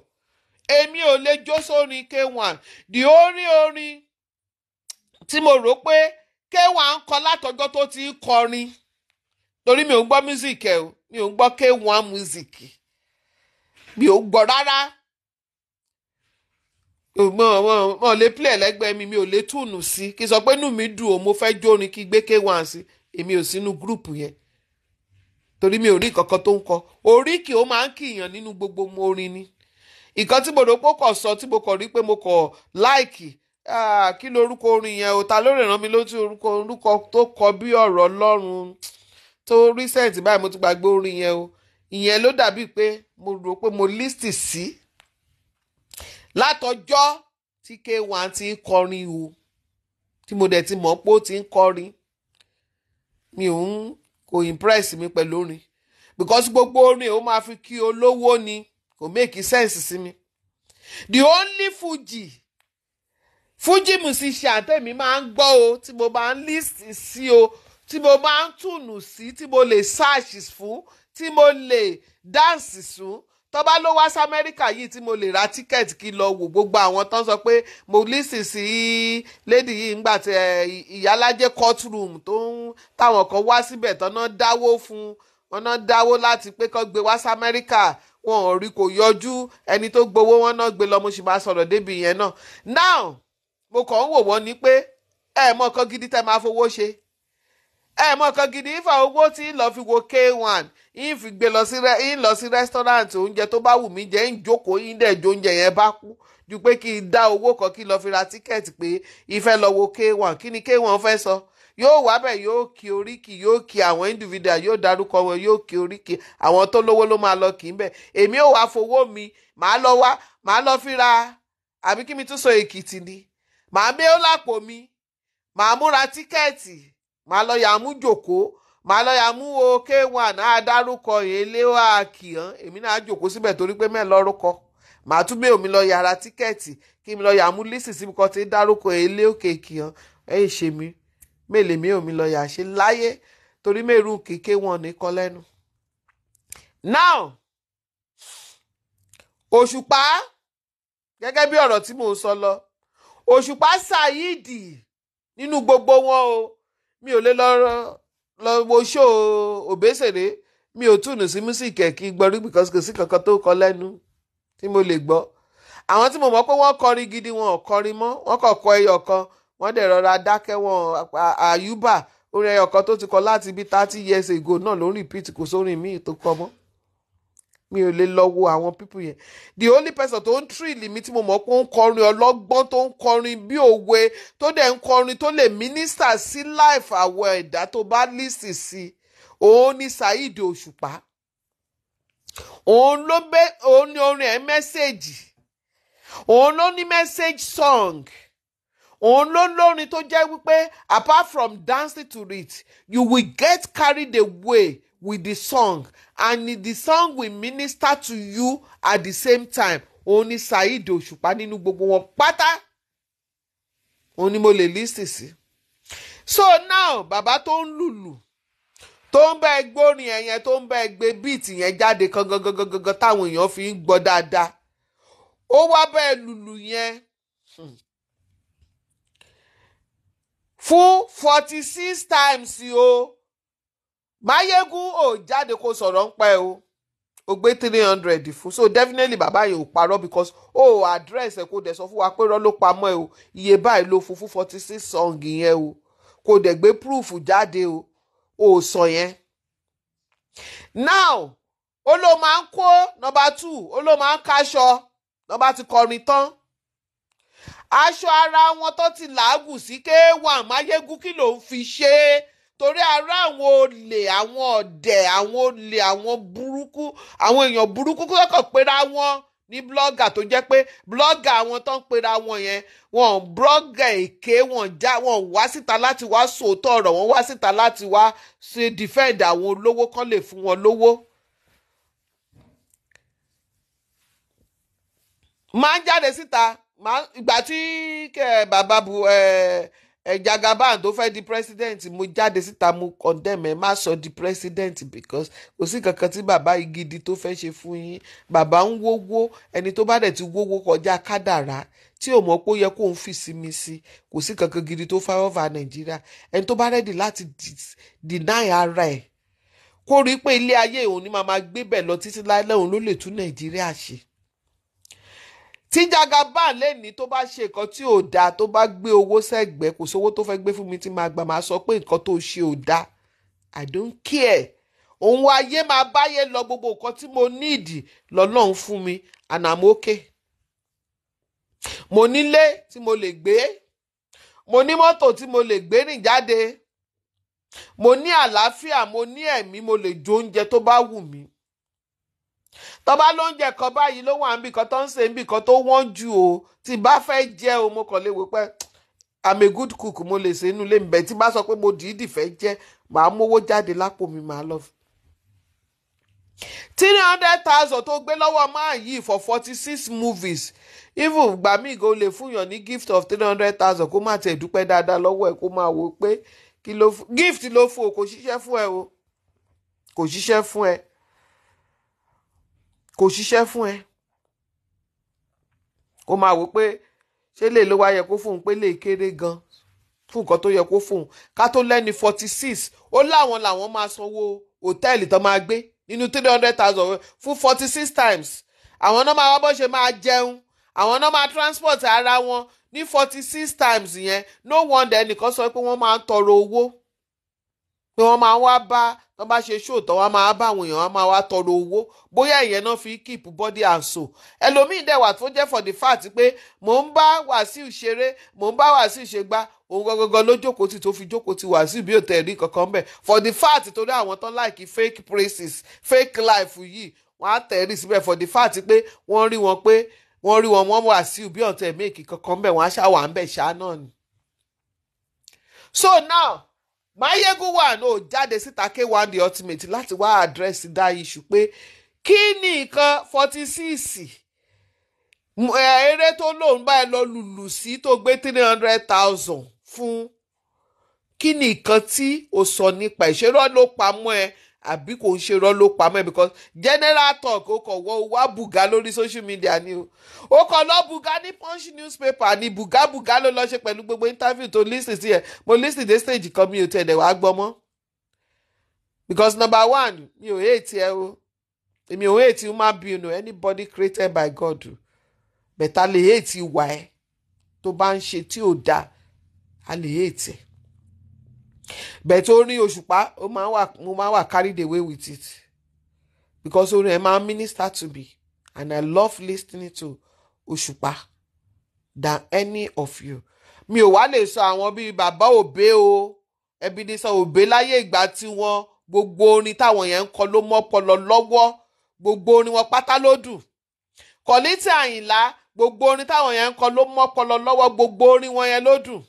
èmi ò lè jó sórin k1 the only orin tí mo rò pé k1 ń kọ látọjọ́ tó ti ń kọrin torí mi ò ń gbọ́ music ẹ o mi ò ń gbọ́ k1 music mi ò gbọ́ rárá mo mo mo lè play lẹ́gbẹ̀ẹ́ mi mi ò lè túnù sí kí n sọ pé inú mi dùn o mo fẹ́ jórin kí gbé k1 sí èmi ò sínú gúrùpù yẹn torí mi ò rí nǹkan kan tó ń kọ oríkì ó máa ń kìyàn nínú gbogbo orin ni nǹkan tí mo rò pé ó kọ̀ sọ tí mo kọ̀ rí pé mo kọ̀ láìkì ah, kí ló orúkọ orin yẹn o ta ló lè ràn mí lójú orúkọ orúkọ tó kọ bí ọ̀rọ̀ Ọlọ́run tó recent báyìí mo ti gbàgbé orin yẹn o ìyẹn ló dàbí pé mo rò pé mo list sí látọjọ́ tí K1 ti ń kọrin o tí mo dẹ̀ ti mọ̀ pé ó ti ń kọrin mi ò ń kò impress mi pẹ̀lú orin because gbogbo orin ó máa fi kí olówó ni kò make sense sí mi the only fuji fuji musician tèmi máa ń gbọ́ o tí mo máa ń list sí o tí mo máa ń tùnù sí tí mo lè search fún tí mo lè dance sùn tó bá ló wá sí amẹ́ríkà yìí tí mo lè ra tíkẹ́ẹ̀tì kí lọ wò gbogbo àwọn tó sọ pé mo lísì sí lady yìí ńgbà tí ìyálájẹ́ courtroom tó ń táwọn kan wá síbẹ̀ tọ́nà dáwó fún wọn náà dáwó láti pé kó gbé wá sí amẹ́ríkà wọn ò rí kò yọjú ẹni tó gbowó wọn náà gbé lọ mo sì máa sọ̀rọ̀ débi yẹn náà now mo kàn ń wò wọ́n ní pé ẹ mọ gidi tẹ́ máa fowó ṣe ẹ mọ kan gidi ifá owó tí ń lọ fi wo k1 ń fi gbé lọ sí ń lọ sí rẹ́sítọ́ráǹtì oúnjẹ tó bá wù mí jẹ ń jókòó ń dẹ̀ jó oúnjẹ yẹn bá kú ju pé kí n dá owó kan kí n lọ fi ra tíkẹ́ẹ̀tì pé ìfẹ́ lọ wo k1 kí ni k1 fẹ́ sọ yóò wá bẹ̀ yóò kí oríkì yóò kí àwọn individual yóò darúkọ wọn yóò kí oríkì àwọn tó lówó ló máa lọ kì í bẹ̀ èmi ò wá fowó mi màá lọ wá màá lọ fi ra àbí kí mi tún sọ èkìtì ni màá mé ó lápò mi màá múra tíkẹ́ẹ̀tì màá lọ yà mú jòkó màá lọ yà mú o k1 á dárúkọ yẹn léwà kìhán èmi náà á jòkó síbẹ̀ torí pé mẹ́ẹ̀ lọ́rùkọ màá tún bẹ́ẹ̀ mi lọ yàrá tíkẹ́ẹ̀tì kí mi lọ yà mú lísì síbi kan tí ń dárúkọ ilé òkè kìhán ẹ yìí ṣe mi mélèé mi ò mi lọ yà ṣe láyé torí mẹ́rù kéèké wọn nìkan lẹ́nu. now òṣùpá gẹ́gẹ́ bí ọ̀rọ̀ tí mò ń sọ lọ òṣùpá ṣàyídì nínú gbogbo wọn o mi ò lè lọ lọ wo ṣó òbésèré mi ò túnú sí mísíkì kí n gbọ́rí because kò sí kankan tó kọ lẹ́nu tí mo lè gbọ́ àwọn tí mo mọ̀ pé wọ́n kọrin gidi wọn ò kọrin mọ́ wọ́n kàn kọ ẹyọ kan wọ́n dẹ̀ rọra dákẹ́ wọn àyùbá orin ẹyọ kan tó ti kọ láti bí thirty years ago náà ló ń repeat kò sórin míì tó kọ mọ́ mi ò lè lọ wo àwọn pípù yẹn the only person tó ń tírìlì mi tí mo mọ̀ pé ó ń kọrin ọlọ́gbọ́n tó ń kọrin bí òwe tó dẹ̀ ń kọrin tó lè mínísítà sí láìfù àwọn ẹ̀dá tó bá lísì sí òun ni Saheed Òṣùpá òun ló bẹ òun ni orin ẹ̀ mẹ́sẹ̀gì òun ló ní message song òun ló lórin tó jẹ́ wípé apart from dancing to it you will get carried away with the song and the song will minister to you at the same time òun ni Saheed Òṣùpá nínú gbogbo wọn pátá òun ni mo lè lísì sí. so now bàbá tó ń lùlù tó ń bá ẹ gbórin ẹ̀yẹn tó ń bá ẹ gbé bíìtì yẹn jáde kan gangan gangan táwọn èèyàn fi ń gbọ́ dáadáa ó wá bá lùlù yẹn fún forty six times o. Máyégún ò jáde kó sọ̀rọ̀ ń pẹ́ o o gbé three hundred fún so definitely bàbá yìí ò parọ́ because o oh, address ẹ̀ kò dẹ̀ sọ fún wa pé rọ́ ló pamọ́ ẹ o iye báyìí ló fún fún forty six song yẹn o kò dẹ̀ gbé proof jáde o ò sọ yẹn. now ó ló máa ń kó number two ó ló máa ń káṣọ number ti kọrin tán aṣọ ara wọn tó ti làágùn sí kéwà Máyégún kí ló ń fi ṣe é torí ara àwọn olè àwọn ọ̀dẹ̀ àwọn olè àwọn burúkú àwọn èèyàn burúkú kọ́kọ́ pera wọn ní blọ́gà tó jẹ́ pé blọ́gà àwọn tó ń pera wọn yẹn wọn blọ́gà èké wọn já wọn wá síta láti wá sòótọ́ ọ̀rọ̀ wọn wá síta láti wá ṣe defend àwọn olówó kan lè fún wọn lówó. máa ń jáde síta ìgbà tí bàbá bu. Eh, ẹ Jagaban tó fẹ́ di president mo jáde síta mo condemn ẹ má sọ di president because kò sí kankan tí bàbá yìí gidi tó fẹ́ ṣe fún yín bàbá ń wówó ẹni tó bá dẹ̀ ti wówó kọjá kádàrá tí ò mọ̀ pé ó yẹ kó ń fi sinmi sí kò sí kankan gidi tó fẹ́ ọ̀fà Nàìjíríà ẹni tó bá rẹ́dì láti deny ara ẹ̀ kó rí i pé ilé ayé òun ni màá gbé bẹ̀ lọ títí láìlẹ́ ló lè tún Nàìjíríà ṣe tí Jagaban lẹ́ni tó bá ṣe nǹkan tí ò dáa tó bá gbé owó sẹ́gbẹ̀ẹ́ kò sówó tó fẹ́ gbé fún mi tí máa gbà máa sọ pé nǹkan tó ṣe ò dáa I don't care òun ayé máa báyé lọ gbogbo nǹkan tí mo need lọ́lọ́run fún mi and I'm okay mo nílé tí mo lè gbé mo ní mọ́tò tí mo lè gbé rìn jáde mo ní àlàáfíà mo ní ẹ̀mí mo lè jó oúnjẹ tó bá wù mí tọ́ba lóúnjẹ kan báyìí ló wà níbì tó ń ṣe níbì tó wọ́n jù o tí bá fẹ́ jẹ́ o mo kàn lè wò pé i'm good cook mo lè ṣe inú ilé mi bẹ́ẹ̀ tí bá sọ pé mo dìídì fẹ́ jẹ́ màá mówó jáde lápò mi màá lọ. three hundred thousand tó gbé lọ́wọ́ máa yí for forty six movies even gbà mí ìgò lè fúnyàn ní gift of three hundred thousand kó má tiẹ̀ dúpẹ́ dáadáa lọ́wọ́ ẹ̀ kó máa wò pé gift ló fún o kò ṣiṣẹ́ fún ẹ o kò ṣiṣẹ́ fún ẹ kò ṣiṣẹ́ fún ẹ kó máa wò pé ṣé lè ló wá yẹ kó fóun pé lè kéré gan fún nǹkan tó yẹ kó fóun ká tó lẹ́ni forty six ó láwọn làwọn máa sanwó hòtẹ́ẹ̀lì tó máa gbé nínú three hundred thousand fún forty six times àwọn náà máa wá bó ṣe máa jẹun àwọn náà máa transport ara wọn ní forty six times yẹn no wonder ẹnìkan sọ pé wọ́n máa ń tọrọ owó pé wọ́n máa wá bá wọ́n bá ṣe ṣòótọ́ wọ́n máa bá àwọn èèyàn wọ́n máa wá tọrọ owó bóyá ìyẹn náà fi keep body and soul ẹlòmíín dẹ̀ wà tó jẹ́ for the fact pé mò ń bá Wàsíù ṣeré mò ń bá Wàsíù ṣe gbá òun gangan ló jókòó tì tó fi jókòó tì Wàsíù bí òtẹ̀ rí kankan bẹ̀ for the fact torí àwọn tán láìkí fake praises fake life yìí wọ́n á tẹ̀rí síbẹ̀ for the fact pé wọ́n rí wọn pé wọ́n rí wọn wọ́n Wàsíù bí òtẹ̀ méèkì kankan bẹ̀ wọ́n á ṣàwà ń bẹ̀ ṣáá náà ni. so now mayegun wà náà jáde síta k one the ultimate láti wá àdírẹ́sì dá iṣu pé kí ni nǹkan forty six eré tó lóun báyìí lọ lùlù sí tó gbé three hundred thousand fún kí ni nǹkan tí o sọ nípa ìṣerọ́ ló pamọ́ ẹ àbí kò ń ṣe irọ́ ló pamọ́ ẹ̀ because general talk ó kàn wọ wá bùgá lórí social media ni o ó kàn lọ bùgá ní punch newspaper ni bùgá bùgá ló lọ ṣe pẹ̀lú gbogbo interview tó lísì sí ẹ̀ mo lísì dé stage kan mi ò tẹ̀ dẹ̀ wá gbọ́ mọ́ because number one mi ò hate ẹ o èmi ò hate human being o anybody created by God bẹ̀tà lè hate ìwà ẹ tó bá ń ṣe tí ò dáa a lè hate ẹ bẹ̀ẹ̀ tó rí òṣùpá mo máa wà carried away with it because orin ẹ̀ máa minister to me and I love listening to òṣùpá than any of you mi ò wá lè sọ àwọn bíi bàbá òbé o ẹbí ní sọ òbé láyé ìgbà tí wọn gbogbo orin táwọn yẹn ń kọ ló mọ ọpọlọ lọ́wọ́ gbogbo orin wọn pátá ló dùn Kọ̀lítì Àyìnlá gbogbo orin táwọn yẹn ń kọ ló mọ ọpọlọ lọ́wọ́ gbogbo orin wọn yẹn ló dùn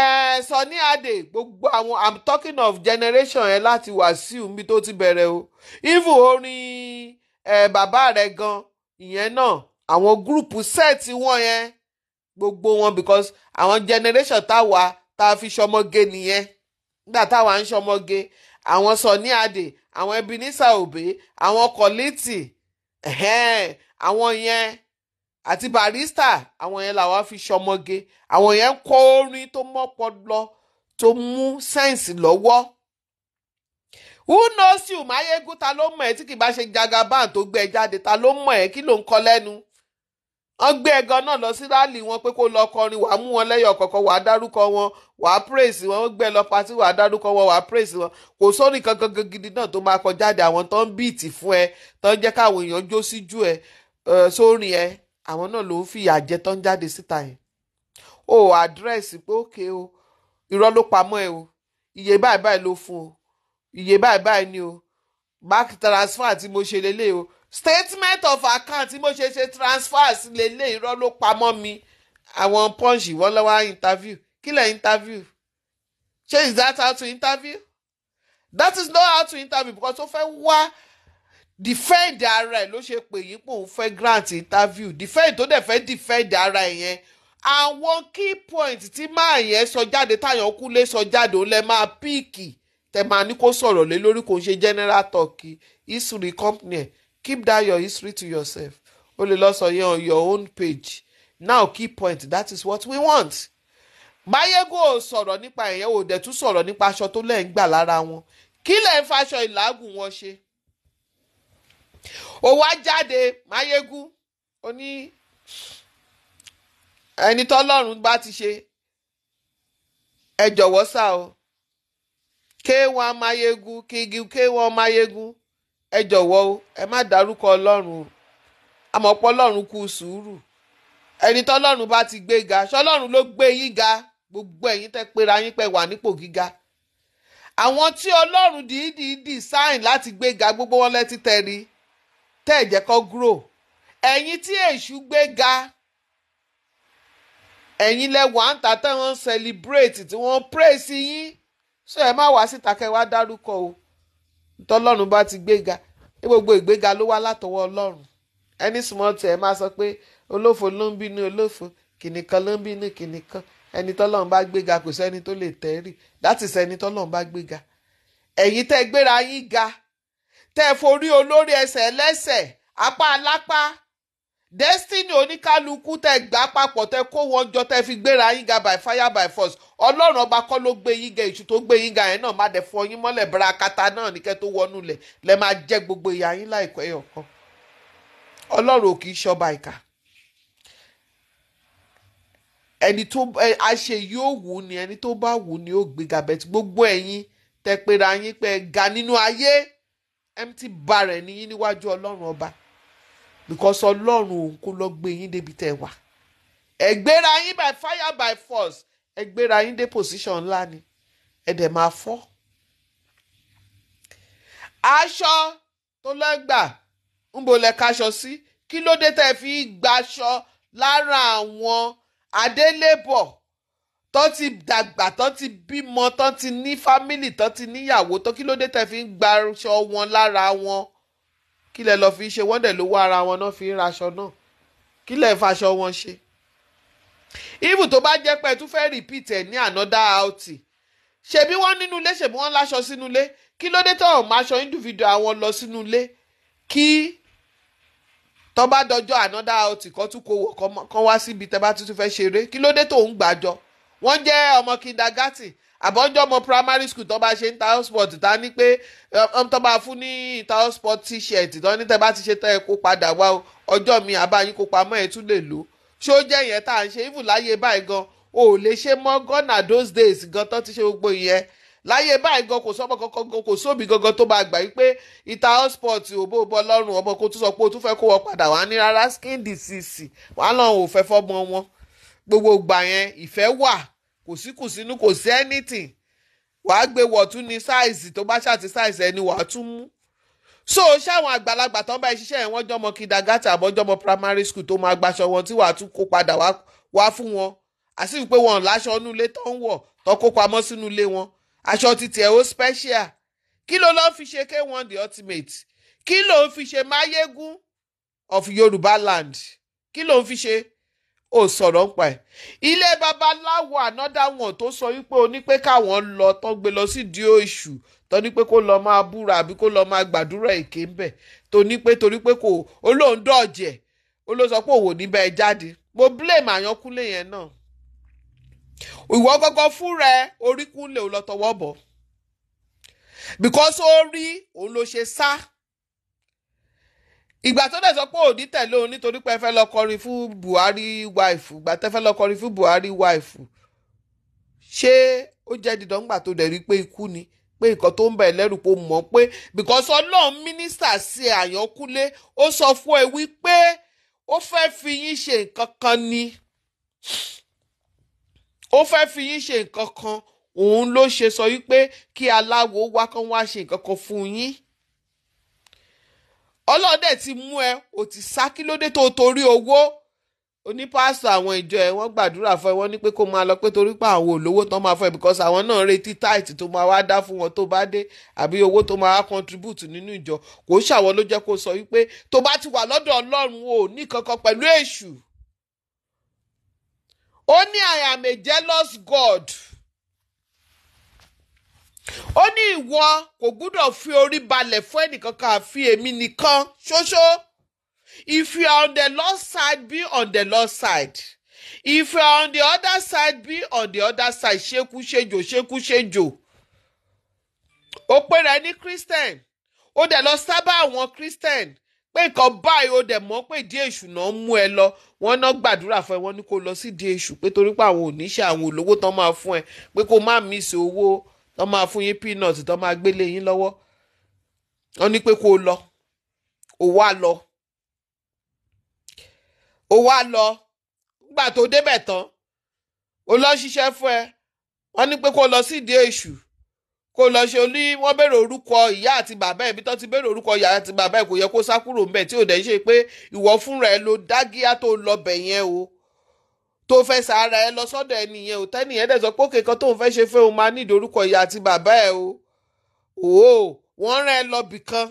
ẹ Sunny Adé gbogbo àwọn i'm talking of generation ẹ láti Wàsíù níbi tó ti bẹ̀rẹ̀ o even orin ẹ bàbá rẹ gan ìyẹn náà àwọn gúrùpù sẹ́ẹ̀tì wọn yẹn gbogbo wọn because àwọn generation táwa tá a fi ṣọmọge nìyẹn nígbà táwa ń ṣọmọge àwọn Sunny Adé àwọn Ebenezer Obey àwọn Kollity àwọn yẹn àti barista, àwọn yẹn làwọn fi ṣọmọge àwọn yẹn ń kọ orin tó mọ́pọ̀ lọ tó mú sẹ́ǹsì lọ́wọ́ who knows you mayegun ta ló mọ̀ ẹ́ tí kì bá ṣe Jagaban tó gbé ẹ jáde ta ló mọ̀ ẹ́ kí ló ń kọ lẹ́nu wọ́n gbé ẹgan náà lọ sí rálì wọn pé kó lọ kọrin wàá mú wọn lẹ́yọ̀ kọ̀ọ̀kan wàá dárúkọ wọn wàá praise wọn wọ́n gbé lọ pati wàá dárúkọ wọn wàá praise wọn kò sórí kankan gidi náà tó máa kọ jáde àwọn tó ń bíìtì fún ẹ tó ń jẹ́ káwọn èèyàn jó síjú ẹ sórin ẹ àwọn náà ló ń fi ìyà jẹ tó ń jáde síta yẹn o àdírẹ́sì pé òkè o irọ́ ló pamọ́ ẹ o iye báyìí báyìí ló fún o iye báyìí báyìí ni o bank transfer tí mo ṣe lélẹ̀ o statement of account tí mo ṣe ṣe transfer sí lélẹ̀ irọ́ ló pamọ́ mi àwọn punch wọ́n lọ́wọ́ interview kí interview ṣé is that how to interview that is not how to interview because ó fẹ́ wá defend ara ẹ̀ ló ṣe pè yín pò ń fẹ́ grant interview defend tó dẹ̀ fẹ́ defend ara ẹ̀ yẹn àwọn key point tí máa yẹn sọ jáde táyọ̀ kúlé sọ jáde ó lẹ máa píìkì tẹ̀ máa ní kó sọ̀rọ̀ lé lórí kò ń ṣe general talk history company keep that your history to yourself o lè lọ sọ yẹn on your own page now key point that is what we want. Máyégún ò sọ̀rọ̀ nípa ẹ̀yẹ́wò dẹ̀ tún sọ̀rọ̀ nípa aṣọ tó lẹ́ ń gbà lára wọn kí lẹ́ ń faṣọ ìlágùn wọn ṣe ó wá jáde máyégún ó ní ẹni tọ́lọ́run bá ti ṣe ẹ jọ̀wọ́ sá o kéwọn amáyégún kígi kéwọn amáyégún ẹ jọ̀wọ́ o ẹ má dárúkọ ọlọ́run o àmọ̀pọ̀ ọlọ́run kú sùúrù ẹni tọ́lọ́run bá ti gbé ga ṣọlọ́run ló gbé yín ga gbogbo ẹ̀yin tẹ́ pera yín pẹ́ wà nípò gíga àwọn tí ọlọ́run dìídì dì sáìn láti gbé gbogbo wọn lẹ́tí tẹ̀rí tẹ́ ẹ̀ jẹ́ grow ẹ̀yin tí èṣù gbé ga ẹ̀yin lẹ wà ń ń celebrate tí wọ́n praise yín so ẹ má wá síta kẹ́ wá dárúkọ o tọ́lọ́run bá ti gbéga ní gbogbo ìgbéga ló wá látọwọ́ ọlọ́run ẹni súnmọ́ tí ẹ máa sọ pé olófo ló ń bínú olófo kìnìkan ló ń bínú kìnìkan ẹni tọ́lọ́run bá gbéga kò sẹ́ni tó lè tẹ́rì láti sẹ́ni tọ́lọ́run bá gbéga ẹ̀yin tẹ́ gbéra yín ga tẹ́ forí olórí ẹsẹ̀ lẹ́sẹ̀ apá alápá destiny oníkálukú tẹ́ gbà papọ̀ tẹ́ kó wọn jọ tẹ́ fi gbéra yín ga by fire by force ọlọ́run ọba kọ́ ló gbé yín ga èṣù tó gbé yín ga yẹn náà má dẹ̀ fọ yín mọ́lẹ̀ barakata náà ní kẹ́ tó wọnú lẹ̀ lẹ́ máa jẹ́ gbogbo ìyá yín láìpẹ́ ọ̀kan ọlọ́run ò kì í ṣọba ìkà ẹni tó a ṣe yóò wù ni ẹni tó bá wù ni ó gbéga bẹ́ẹ̀ gbogbo ẹ̀yin tẹ́ pera yín pé ga nínú ayé empty barren ni yín níwájú ọlọ́run ọba because ọlọ́run òun kò lọ gbé yín débi tẹ́ wà ẹ yín by fire by force ẹ gbéra yín dé position ńlá ni ẹ dẹ̀ máa fọ́ aṣọ tó lọ́gbà ń bolẹ̀ kaṣọ sí kí ló dé tẹ́ fi gbaṣọ lára àwọn adélébọ̀ tán ti dàgbà tán ti bímọ tán ti ní fámìlì tán ti níyàwó tó kí ló dé tẹ́ fi ń gba aṣọ wọn lára wọn kí lẹ lọ fi ṣe wọ́n dẹ̀ lówó ara wọn náà fi ń raṣọ náà kí lẹ faṣọ wọn ṣe. even tó bá jẹ́ pé ẹ tún fẹ́ repeat ẹ̀ ní another outing ṣebí wọ́n nínú ilé ṣebí wọ́n láṣọ sínú ilé kí ló dé tọ̀hún máa ṣọ individual àwọn lọ sínú ilé kí tọ́ bá dọjọ́ another outing kan tún kó wọ̀ kán wá síbi tẹ́ bá tún fẹ́ ṣeré kí ló dé tòun gbàjọ wọ́n jẹ́ ọmọ kindergarten àbọ̀njọ́ ọmọ primary school tó bá ṣe ń ta sport ta ni pé um, tó bá fún ní ta sport t-shirt tó ní tẹ́ bá ti ṣe tẹ́ ẹ kó padà wá ọjọ́ mi àbáyín kó pamọ́ ẹ tún lè lò ṣó jẹ́ yẹn tá à ń ṣe even láyé báyìí gan o ò lè ṣe mọ́ gọ́nà those days gan tó ti ṣe gbogbo ìyẹn láyé báyìí gan kò sọ́mọ kankan gan kò sóbì gangan tó bá gbà wípé ìta sport òbó bọ́ lọ́rùn ọmọ kó tún sọ pé o tún fẹ́ kó wọ padà wá ní rárá skin disease wàá lọ́run ò fẹ́ fọ́ mọ́ wọn gbogbo ìgbà yẹn ìfẹ́ wà kò sí kùsínú kò sí anything wàá gbé wọ̀tún ní sáìsì tó bá ṣàti sáìsì ẹni wàá tún mú. so ṣáwọn àgbàlagbà tán bá ṣiṣẹ́ ẹ̀ wọ́n jọmọ kìdàgàtà àbọ̀jọmọ primary school tó máa gbaṣọ wọn tí wàá tún kó padà wá fún wọn àsìkò pé wọn láṣọ inú ilé tó ń wọ̀ tó kó pamọ́ sínú ilé wọn aṣọ títí ẹ̀ ó special kí ló lọ́ọ́ fi ṣe k1 the ultimate kí ló ń fi ṣe máyégún of yorùbá land kí ló ń fi ṣe ò sọ̀rọ̀ ń pa ẹ̀ ilé babaláwo another one tó sọ wípé o ní pé káwọn lọ tó gbé lọ sí di oṣù tó ní pé kó lọ máa búra àbí kó lọ máa gbàdúrà èké ń bẹ̀ tó ní pé torí pé kò olóhùn dọ̀jẹ̀ ó sọ pé òwò níbẹ̀ jáde mo blame àyànkúnlé yẹn náà ìwọ gọgọ fúnra ẹ orí kúnlẹ̀ ò lọ tọwọ́ bọ̀ because ó rí òun ló ṣe sá ìgbà tó dẹ̀ sọ pé òní tẹ̀lé òun nítorí pé ẹ fẹ́ lọ kọrin fún Buhari wáìfù ìgbà tẹ́ fẹ́ lọ kọrin fún Buhari wáìfù ṣé ó jẹ́ dídán gbà tó dẹ̀ rí pé ikú ni pé nǹkan tó ń bẹ̀ lẹ́rù pé ó mọ̀ pé because ọlọ́run mínísítà ṣe àyànkúlé ó sọ fún ẹ wípé ó fẹ́ fi yín ṣe nǹkan kan ni ó fẹ́ fi yín ṣe nǹkan kan òun ló ṣe sọ wípé kí aláwo wá kán wá ṣe nǹkan kan fún yín ọlọ́dẹ ti mú ẹ ò ti sá kí ló tó torí owó onípásítọ̀ àwọn ìjọ ẹ wọ́n gbàdúrà fún ẹ wọ́n ní pé kó máa lọ pé torí pé àwọn olówó tán máa fún ẹ because àwọn náà retí táìtì tó máa wá dá fún wọn tó bá dé àbí owó tó máa wá contribute nínú ìjọ kò ṣàwọn ló jẹ́ kó sọ wípé tó bá ti wà lọ́dọ̀ Ọlọ́run o ní kankan pẹ̀lú èṣù ó ní I am a jealous God ó ní ìwọ kò gbúdọ̀ fi orí balẹ̀ fún ẹnìkankan àfi èmi nìkan ṣoṣo if you are on the lost side be on the lost side if you are on the other side be on the other side ṣekú ṣejò ṣekú ṣejò ó pè rẹ ní christian ó dẹ̀ lọ sábà àwọn christian pé nǹkan báyìí ó dẹ̀ mọ̀ pé ìdí èṣù náà mú ẹ lọ wọn náà gbàdúrà fún ẹ wọn ní kó lọ sí ìdí èṣù pé torí pé àwọn ò ní ṣe àwọn olówó tán máa fún ẹ pé kó má mísì owó tó máa fún yín peanut tó máa gbélé yín lọ́wọ́ wọ́n ní pé kó o lọ o wá lọ o wá lọ nígbà tó débẹ̀ tán o lọ ṣiṣẹ́ fún ẹ wọ́n ní pé kó o lọ sí ìdí èṣù kó o lọ ṣe olú wọ́n béèrè orúkọ ìyá àti bàbá ẹ̀ bí tán ti béèrè orúkọ ìyá àti bàbá ẹ̀ kò yẹ kó sá kúrò ńbẹ̀ tí ò dẹ̀ ṣe pé ìwọ fúnra ẹ lo dágíá tó lọ bẹ̀ o tó fẹ́ sàárà ẹ lọ sọ́dọ̀ ẹnìyẹn ò tẹ́nìyẹn dẹ̀ sọ pé òkè kan tó ń fẹ́ ṣe fẹ́ o máa ní ìdorúkọ ìyá àti bàbá ẹ o òwò wọ́n rán ẹ lọ bìkan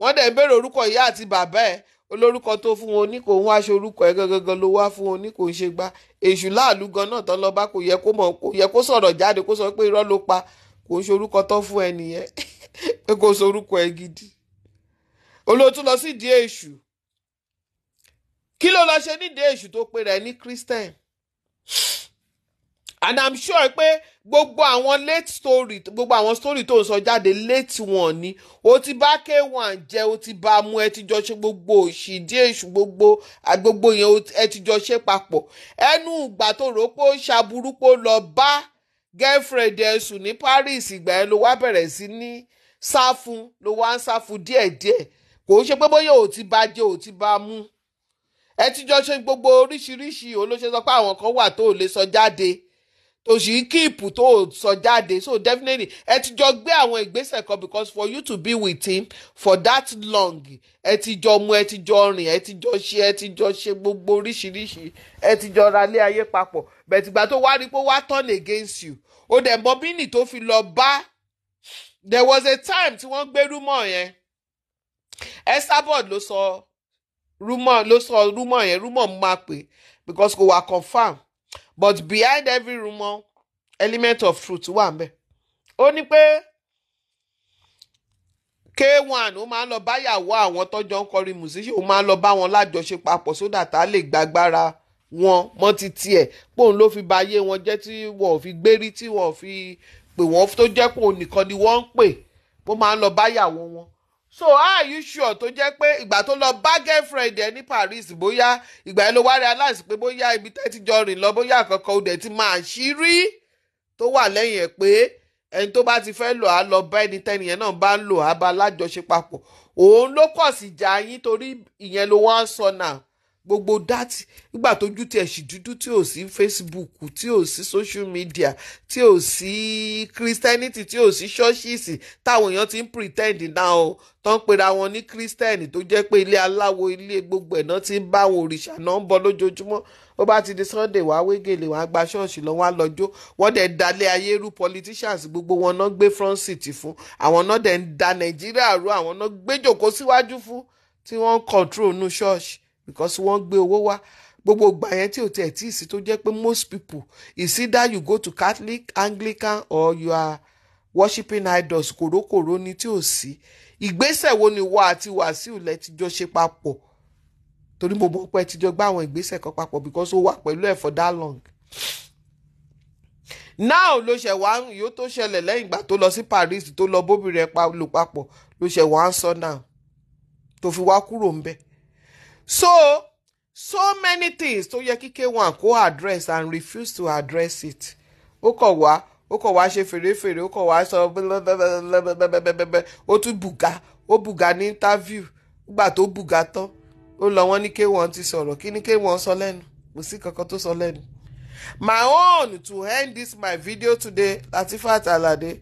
wọ́n dẹ̀ ń béèrè orúkọ ìyá àti bàbá ẹ olórúkọ tó fún wọn ní kò ń wáṣọ orúkọ ẹ gangan ló wá fún wọn ní kò ń ṣe gbá èṣù láàlú gan náà tán lọ bá kò yẹ kó mọ̀ kò yẹ kó sọ̀rọ̀ jáde kó sọ pé irọ́ ló pa kò ń ṣe orúkọ tán fún ẹ nìyẹn <laughs> pé kò sọ orúkọ ẹ gidi olóòtú lọ sí ìdí èṣù kí ló lọ ṣe nídìí èṣù tó pe rẹ ní Christian and i'm sure pé gbogbo àwọn late story gbogbo àwọn story tó ń sọ jáde late wọn ni o ti bá k1 jẹ o ti bá mú ẹ ti jọ ṣe gbogbo òṣì díẹ̀ èṣù gbogbo gbogbo yẹn ẹ ti jọ ṣe papọ̀ ẹnu ìgbà tó rò pé ó ṣàbùrú pé ó lọ bá girlfriend ẹ sùn ní paris ìgbà yẹn ló wá bẹ̀rẹ̀ sí ní sáfún ló wá ń sáfún díẹ̀díẹ̀ kò ń ṣe pé bóyá ò ti bá jẹ ò ti bá mú ẹ ti jọ ṣe gbogbo oríṣiríṣi olóṣè sọ pé àwọn kan wà tó lè sọ jáde tó sì ń kíìpù tó sọ jáde so definitely ẹ ti jọ gbé àwọn ìgbésẹ̀ kan because for you to be with him for that long ẹ ti jọ mu ẹ ti jọ rìn ẹ ti jọ ṣe ẹ ti jọ ṣe gbogbo oríṣiríṣi ẹ ti jọ ra ilé ayé papọ̀ bẹ̀tìgbà tó wá rí pé wá turn against you o dẹ̀ mọ bínì tó fi lọ bá there was a time tí wọ́n gbérú mọ́ yẹn Esabod ló sọ rumor ló sọ rumor yẹn rumor máa pè because kò wá confam but behind every rumor element of truth wà ńbẹ̀ ó ní pé k1 ó máa ń lọ báyàwó àwọn tọ́jọ́ ń kọrin musician ó máa ń lọ bá wọn lájọṣe papọ̀ sódà tá a lè gbàgbára wọn mọ́ ti tiẹ̀ pòun ló fi ba ayé wọn jẹ́ tí wọn ò fi gbérí tí wọn ò fi pè wọ́n tó jẹ́ pòun nìkan ni wọ́n ń pè wọ́n máa ń lọ báyàwó wọn so are you sure tó jẹ́ pé ìgbà tó lọ bá girlfriend ẹ ní Paris bóyá ìgbà yẹn ló wá realize pé bóyá ibi tẹ́tí jọ rìn lọ bóyá àkọ́kọ́ ó dẹ̀ ti máa ṣí rí tó wà lẹ́yìn ẹ̀ pé ẹni tó bá ti fẹ́ lò á lọ bá ẹni tẹ́ni yẹn náà bá ń lò á bá lájọṣe papọ̀ òun ló kọ̀ sí ìjà yín torí ìyẹn ló wá sọ náà gbogbo dátì nígbà tójú tiẹ̀ sì dúdú tí ò sí facebook tí O sí social media tí O sí christianity tí ò sí ṣọ́ọ̀ṣìsì táwọn èèyàn ti ń pretend now tó ń pera wọn ní christian tó jẹ́ pé ilé aláwo ilé gbogbo ẹ̀ náà ti ń bá àwọn òrìṣà náà ń bọ lójoojúmọ́ ó bá ti di sunday wàá wégele wàá gba ṣọ́ọ̀ṣì lọ́wọ́ á lọ́jọ́ wọ́n dẹ̀ dalẹ̀ ayé rú politicians gbogbo wọn náà gbé front seat fún àwọn náà dẹ̀ ń da nàìjíríà rú àwọn náà gbé jòkó síwájú fún tí wọ́n ń control nu ṣọ́ọ̀ṣì because wọ́n gbé owó wá gbogbo ìgbà yẹn tí o tẹ̀ tí ìsí tó jẹ́ pé most people it's either you go to Catholic Anglican or you are worshiping idols kòrókòró ni tí ò sí ìgbésẹ̀ wo ni wọ́n àti Wàsíù lẹ ti jọ ṣe papọ̀ torí mo mọ̀ pé ẹ ti jọ gbá àwọn ìgbésẹ̀ kan papọ̀ because ó wà pẹ̀lú ẹ̀ for that long now ló ṣe wá yóò tó ṣẹlẹ̀ lẹ́yìn ìgbà tó lọ sí Paris tó lọ bóbi rẹ̀ lò papọ̀ ló ṣe wá ń sọ now, tó fi wá kúrò ń bẹ́ẹ̀ so so many things tó yẹ kí k kó address and refuse to address it ó kọ̀ wá ó kọ̀ wá ṣe fèrèfèrè ó kọ̀ wá sọ bẹ́ẹ̀bẹ́ẹ̀bẹ́ẹ̀bẹ́ẹ̀bẹ́ẹ̀ interview gbà tó bùgà tán ó lọ wọ́n ti sọ̀rọ̀ kí ni k1 sọ lẹ́nu kò sí my own to end this my video today Latifat Alade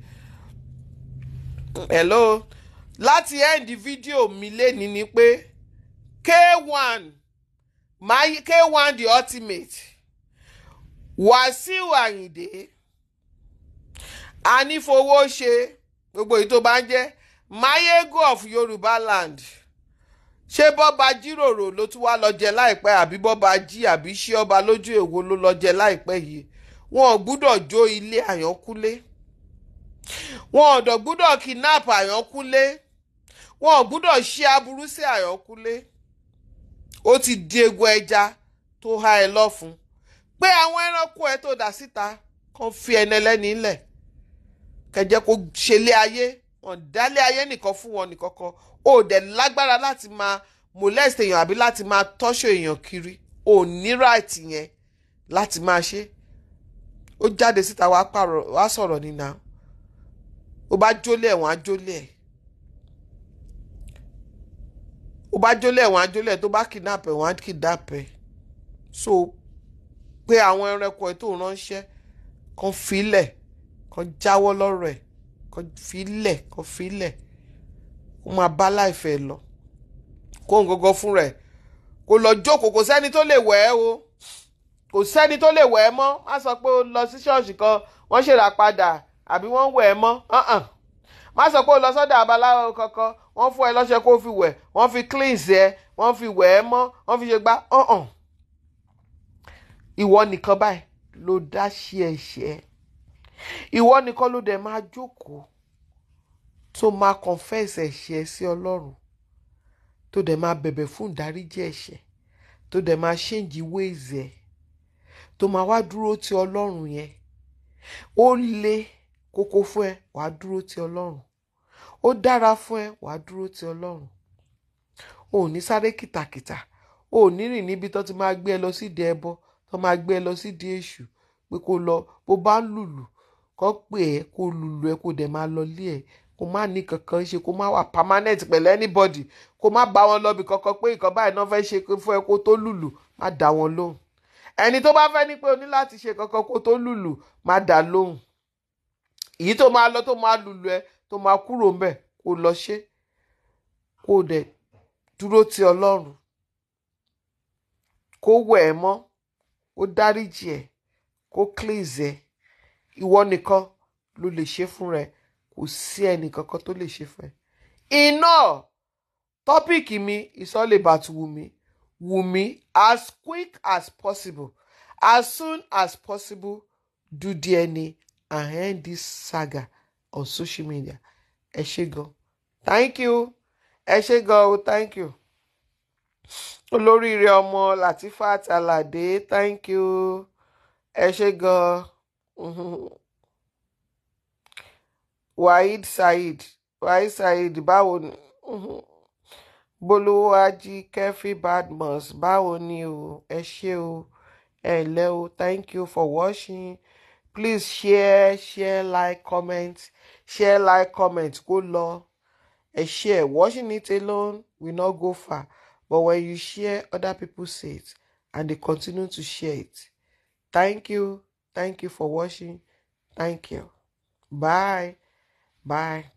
hello láti end video mi ni pé. K1 my K1 the ultimate Wasiu Ayinde Anifowose gbogbo èyí tó bá ń jẹ́ mayego of Yorùbá land ṣé bọ́ba jíròrò ló tún wá lọ jẹ láìpẹ́ àbí bọ́ba jí àbí ṣé ọba lójú èwo ló lọ jẹ láìpẹ́ yìí wọn ò gbúdọ̀ jó ilé àyànkúlé wọn ò dọ̀ gbúdọ̀ kidnap àyànkúlé wọn ò gbúdọ̀ ṣe aburú sí àyànkúlé. ó ti di egun ẹja tó há ẹ lọ́fun pé àwọn ẹranko ẹ tó dà síta kan fi ẹni ẹlẹ́ni ńlẹ̀ kẹjẹ kó ṣẹlẹ̀ ayé ọ̀dálẹ̀ ayé nìkan fún wọn nìkan kan ó dẹ̀ lágbára láti máa molest èèyàn àbí láti máa tọ́ṣọ èèyàn kiri ó ní right yẹn láti máa ṣe ó jáde síta wàá sọ̀rọ̀ nínú ó bá jólé ẹ̀ wọ́n á jólé ẹ̀ ó bá jólẹ̀ wọn á jólẹ̀ tó bá kidnap ẹ̀ wọn á kidnap ẹ̀ so pé àwọn ẹranko ẹ̀ tó ránṣẹ́ kan filẹ̀ kan jáwọ́ lọ́rọ̀ ẹ̀ kan filẹ̀ kan filẹ̀ kó máa bá láìfẹ́ lọ kó ń gọ́gọ́ fúnra ẹ̀ kó lọ jókòó kò sẹ́ni tó lè wẹ̀ ẹ́ o kò sẹ́ni tó lè wẹ̀ ẹ́ mọ́ má sọ pé ó lọ sí ṣọ́ọ̀ṣì kan wọ́n ṣèrà padà àbí wọ́n wẹ̀ ẹ́ mọ́ má sọ pé ó lọ sọ́dọ̀ abaláwo kankan wọ́n fún ẹ lọ́ṣẹ kó fi wẹ̀ wọ́n fi cleanse ẹ wọ́n fi wẹ̀ ẹ mọ́ wọ́n fi ṣe gbá ọ̀hàn ìwọ nìkan báyìí ló dá sí ẹ̀ṣẹ̀ ìwọ nìkan ló dẹ̀ máa jókòó tó máa confess ẹ̀ṣẹ̀ sí ọlọ́run tó dẹ̀ máa bẹ̀bẹ̀ fún ìdáríjì ẹ̀ṣẹ̀ tó dẹ̀ máa ṣèǹjì ways ẹ̀ tó máa wá dúró ti ọlọ́run yẹn ó le kókó fún ẹ wàá dúró ti ọlọ́run ó dára fún ẹ wàá dúró ti ọlọ́run ò ní sáré kìtàkìtà ò ní rìn níbi tó ti máa gbé ẹ lọ sídìí ẹbọ tó máa gbé ẹ lọ sídìí èṣù pé kó lọ bó bá lùlù kó pè ẹ kó lùlù ẹ kó dẹ̀ máa lọ lé ẹ kó má ní kankan ṣe kó má wà permanent pẹ̀lú anybody kó má bá wọn lọ́bi kankan pé nǹkan báyìí náà fẹ́ ṣe fún ẹ kó tó lùlù má dá wọn lóhùn ẹni tó bá fẹ́ ní pé o ní láti ṣe kankan kó tó lùlù má dá lóhùn èyí tó máa lọ tó máa lùlù ẹ tó máa kúrò ńbẹ̀ kó lọ ṣe kó dẹ̀ dúró ti Ọlọ́run kó wẹ̀ ẹ́ mọ́ kó dáríjì ẹ̀ kó cleanse ẹ̀ ìwọ nìkan ló lè ṣe fún rẹ kò sí ẹnì tó lè ṣe fún ẹ. iná tọ́pìkì mi ìsọ̀lẹ̀bàtú Wùmí Wùmí as quick as possible as soon as possible do DNA and end this saga on social media ẹ ṣé thank you ẹ ṣé thank you olóríire ọmọ Latifat Alade thank you ẹ ṣé gan <laughs> Waheed Saheed Waheed Saheed báwo ni <laughs> Bolúwájí Kẹ́fí Badmus báwo ni o ẹ ṣé thank you for watching please share share like comment. share, like, comment. Good law, And share. Watching it alone will not go far. But when you share, other people see it and they continue to share it. Thank you. Thank you for watching. Thank you. Bye. Bye.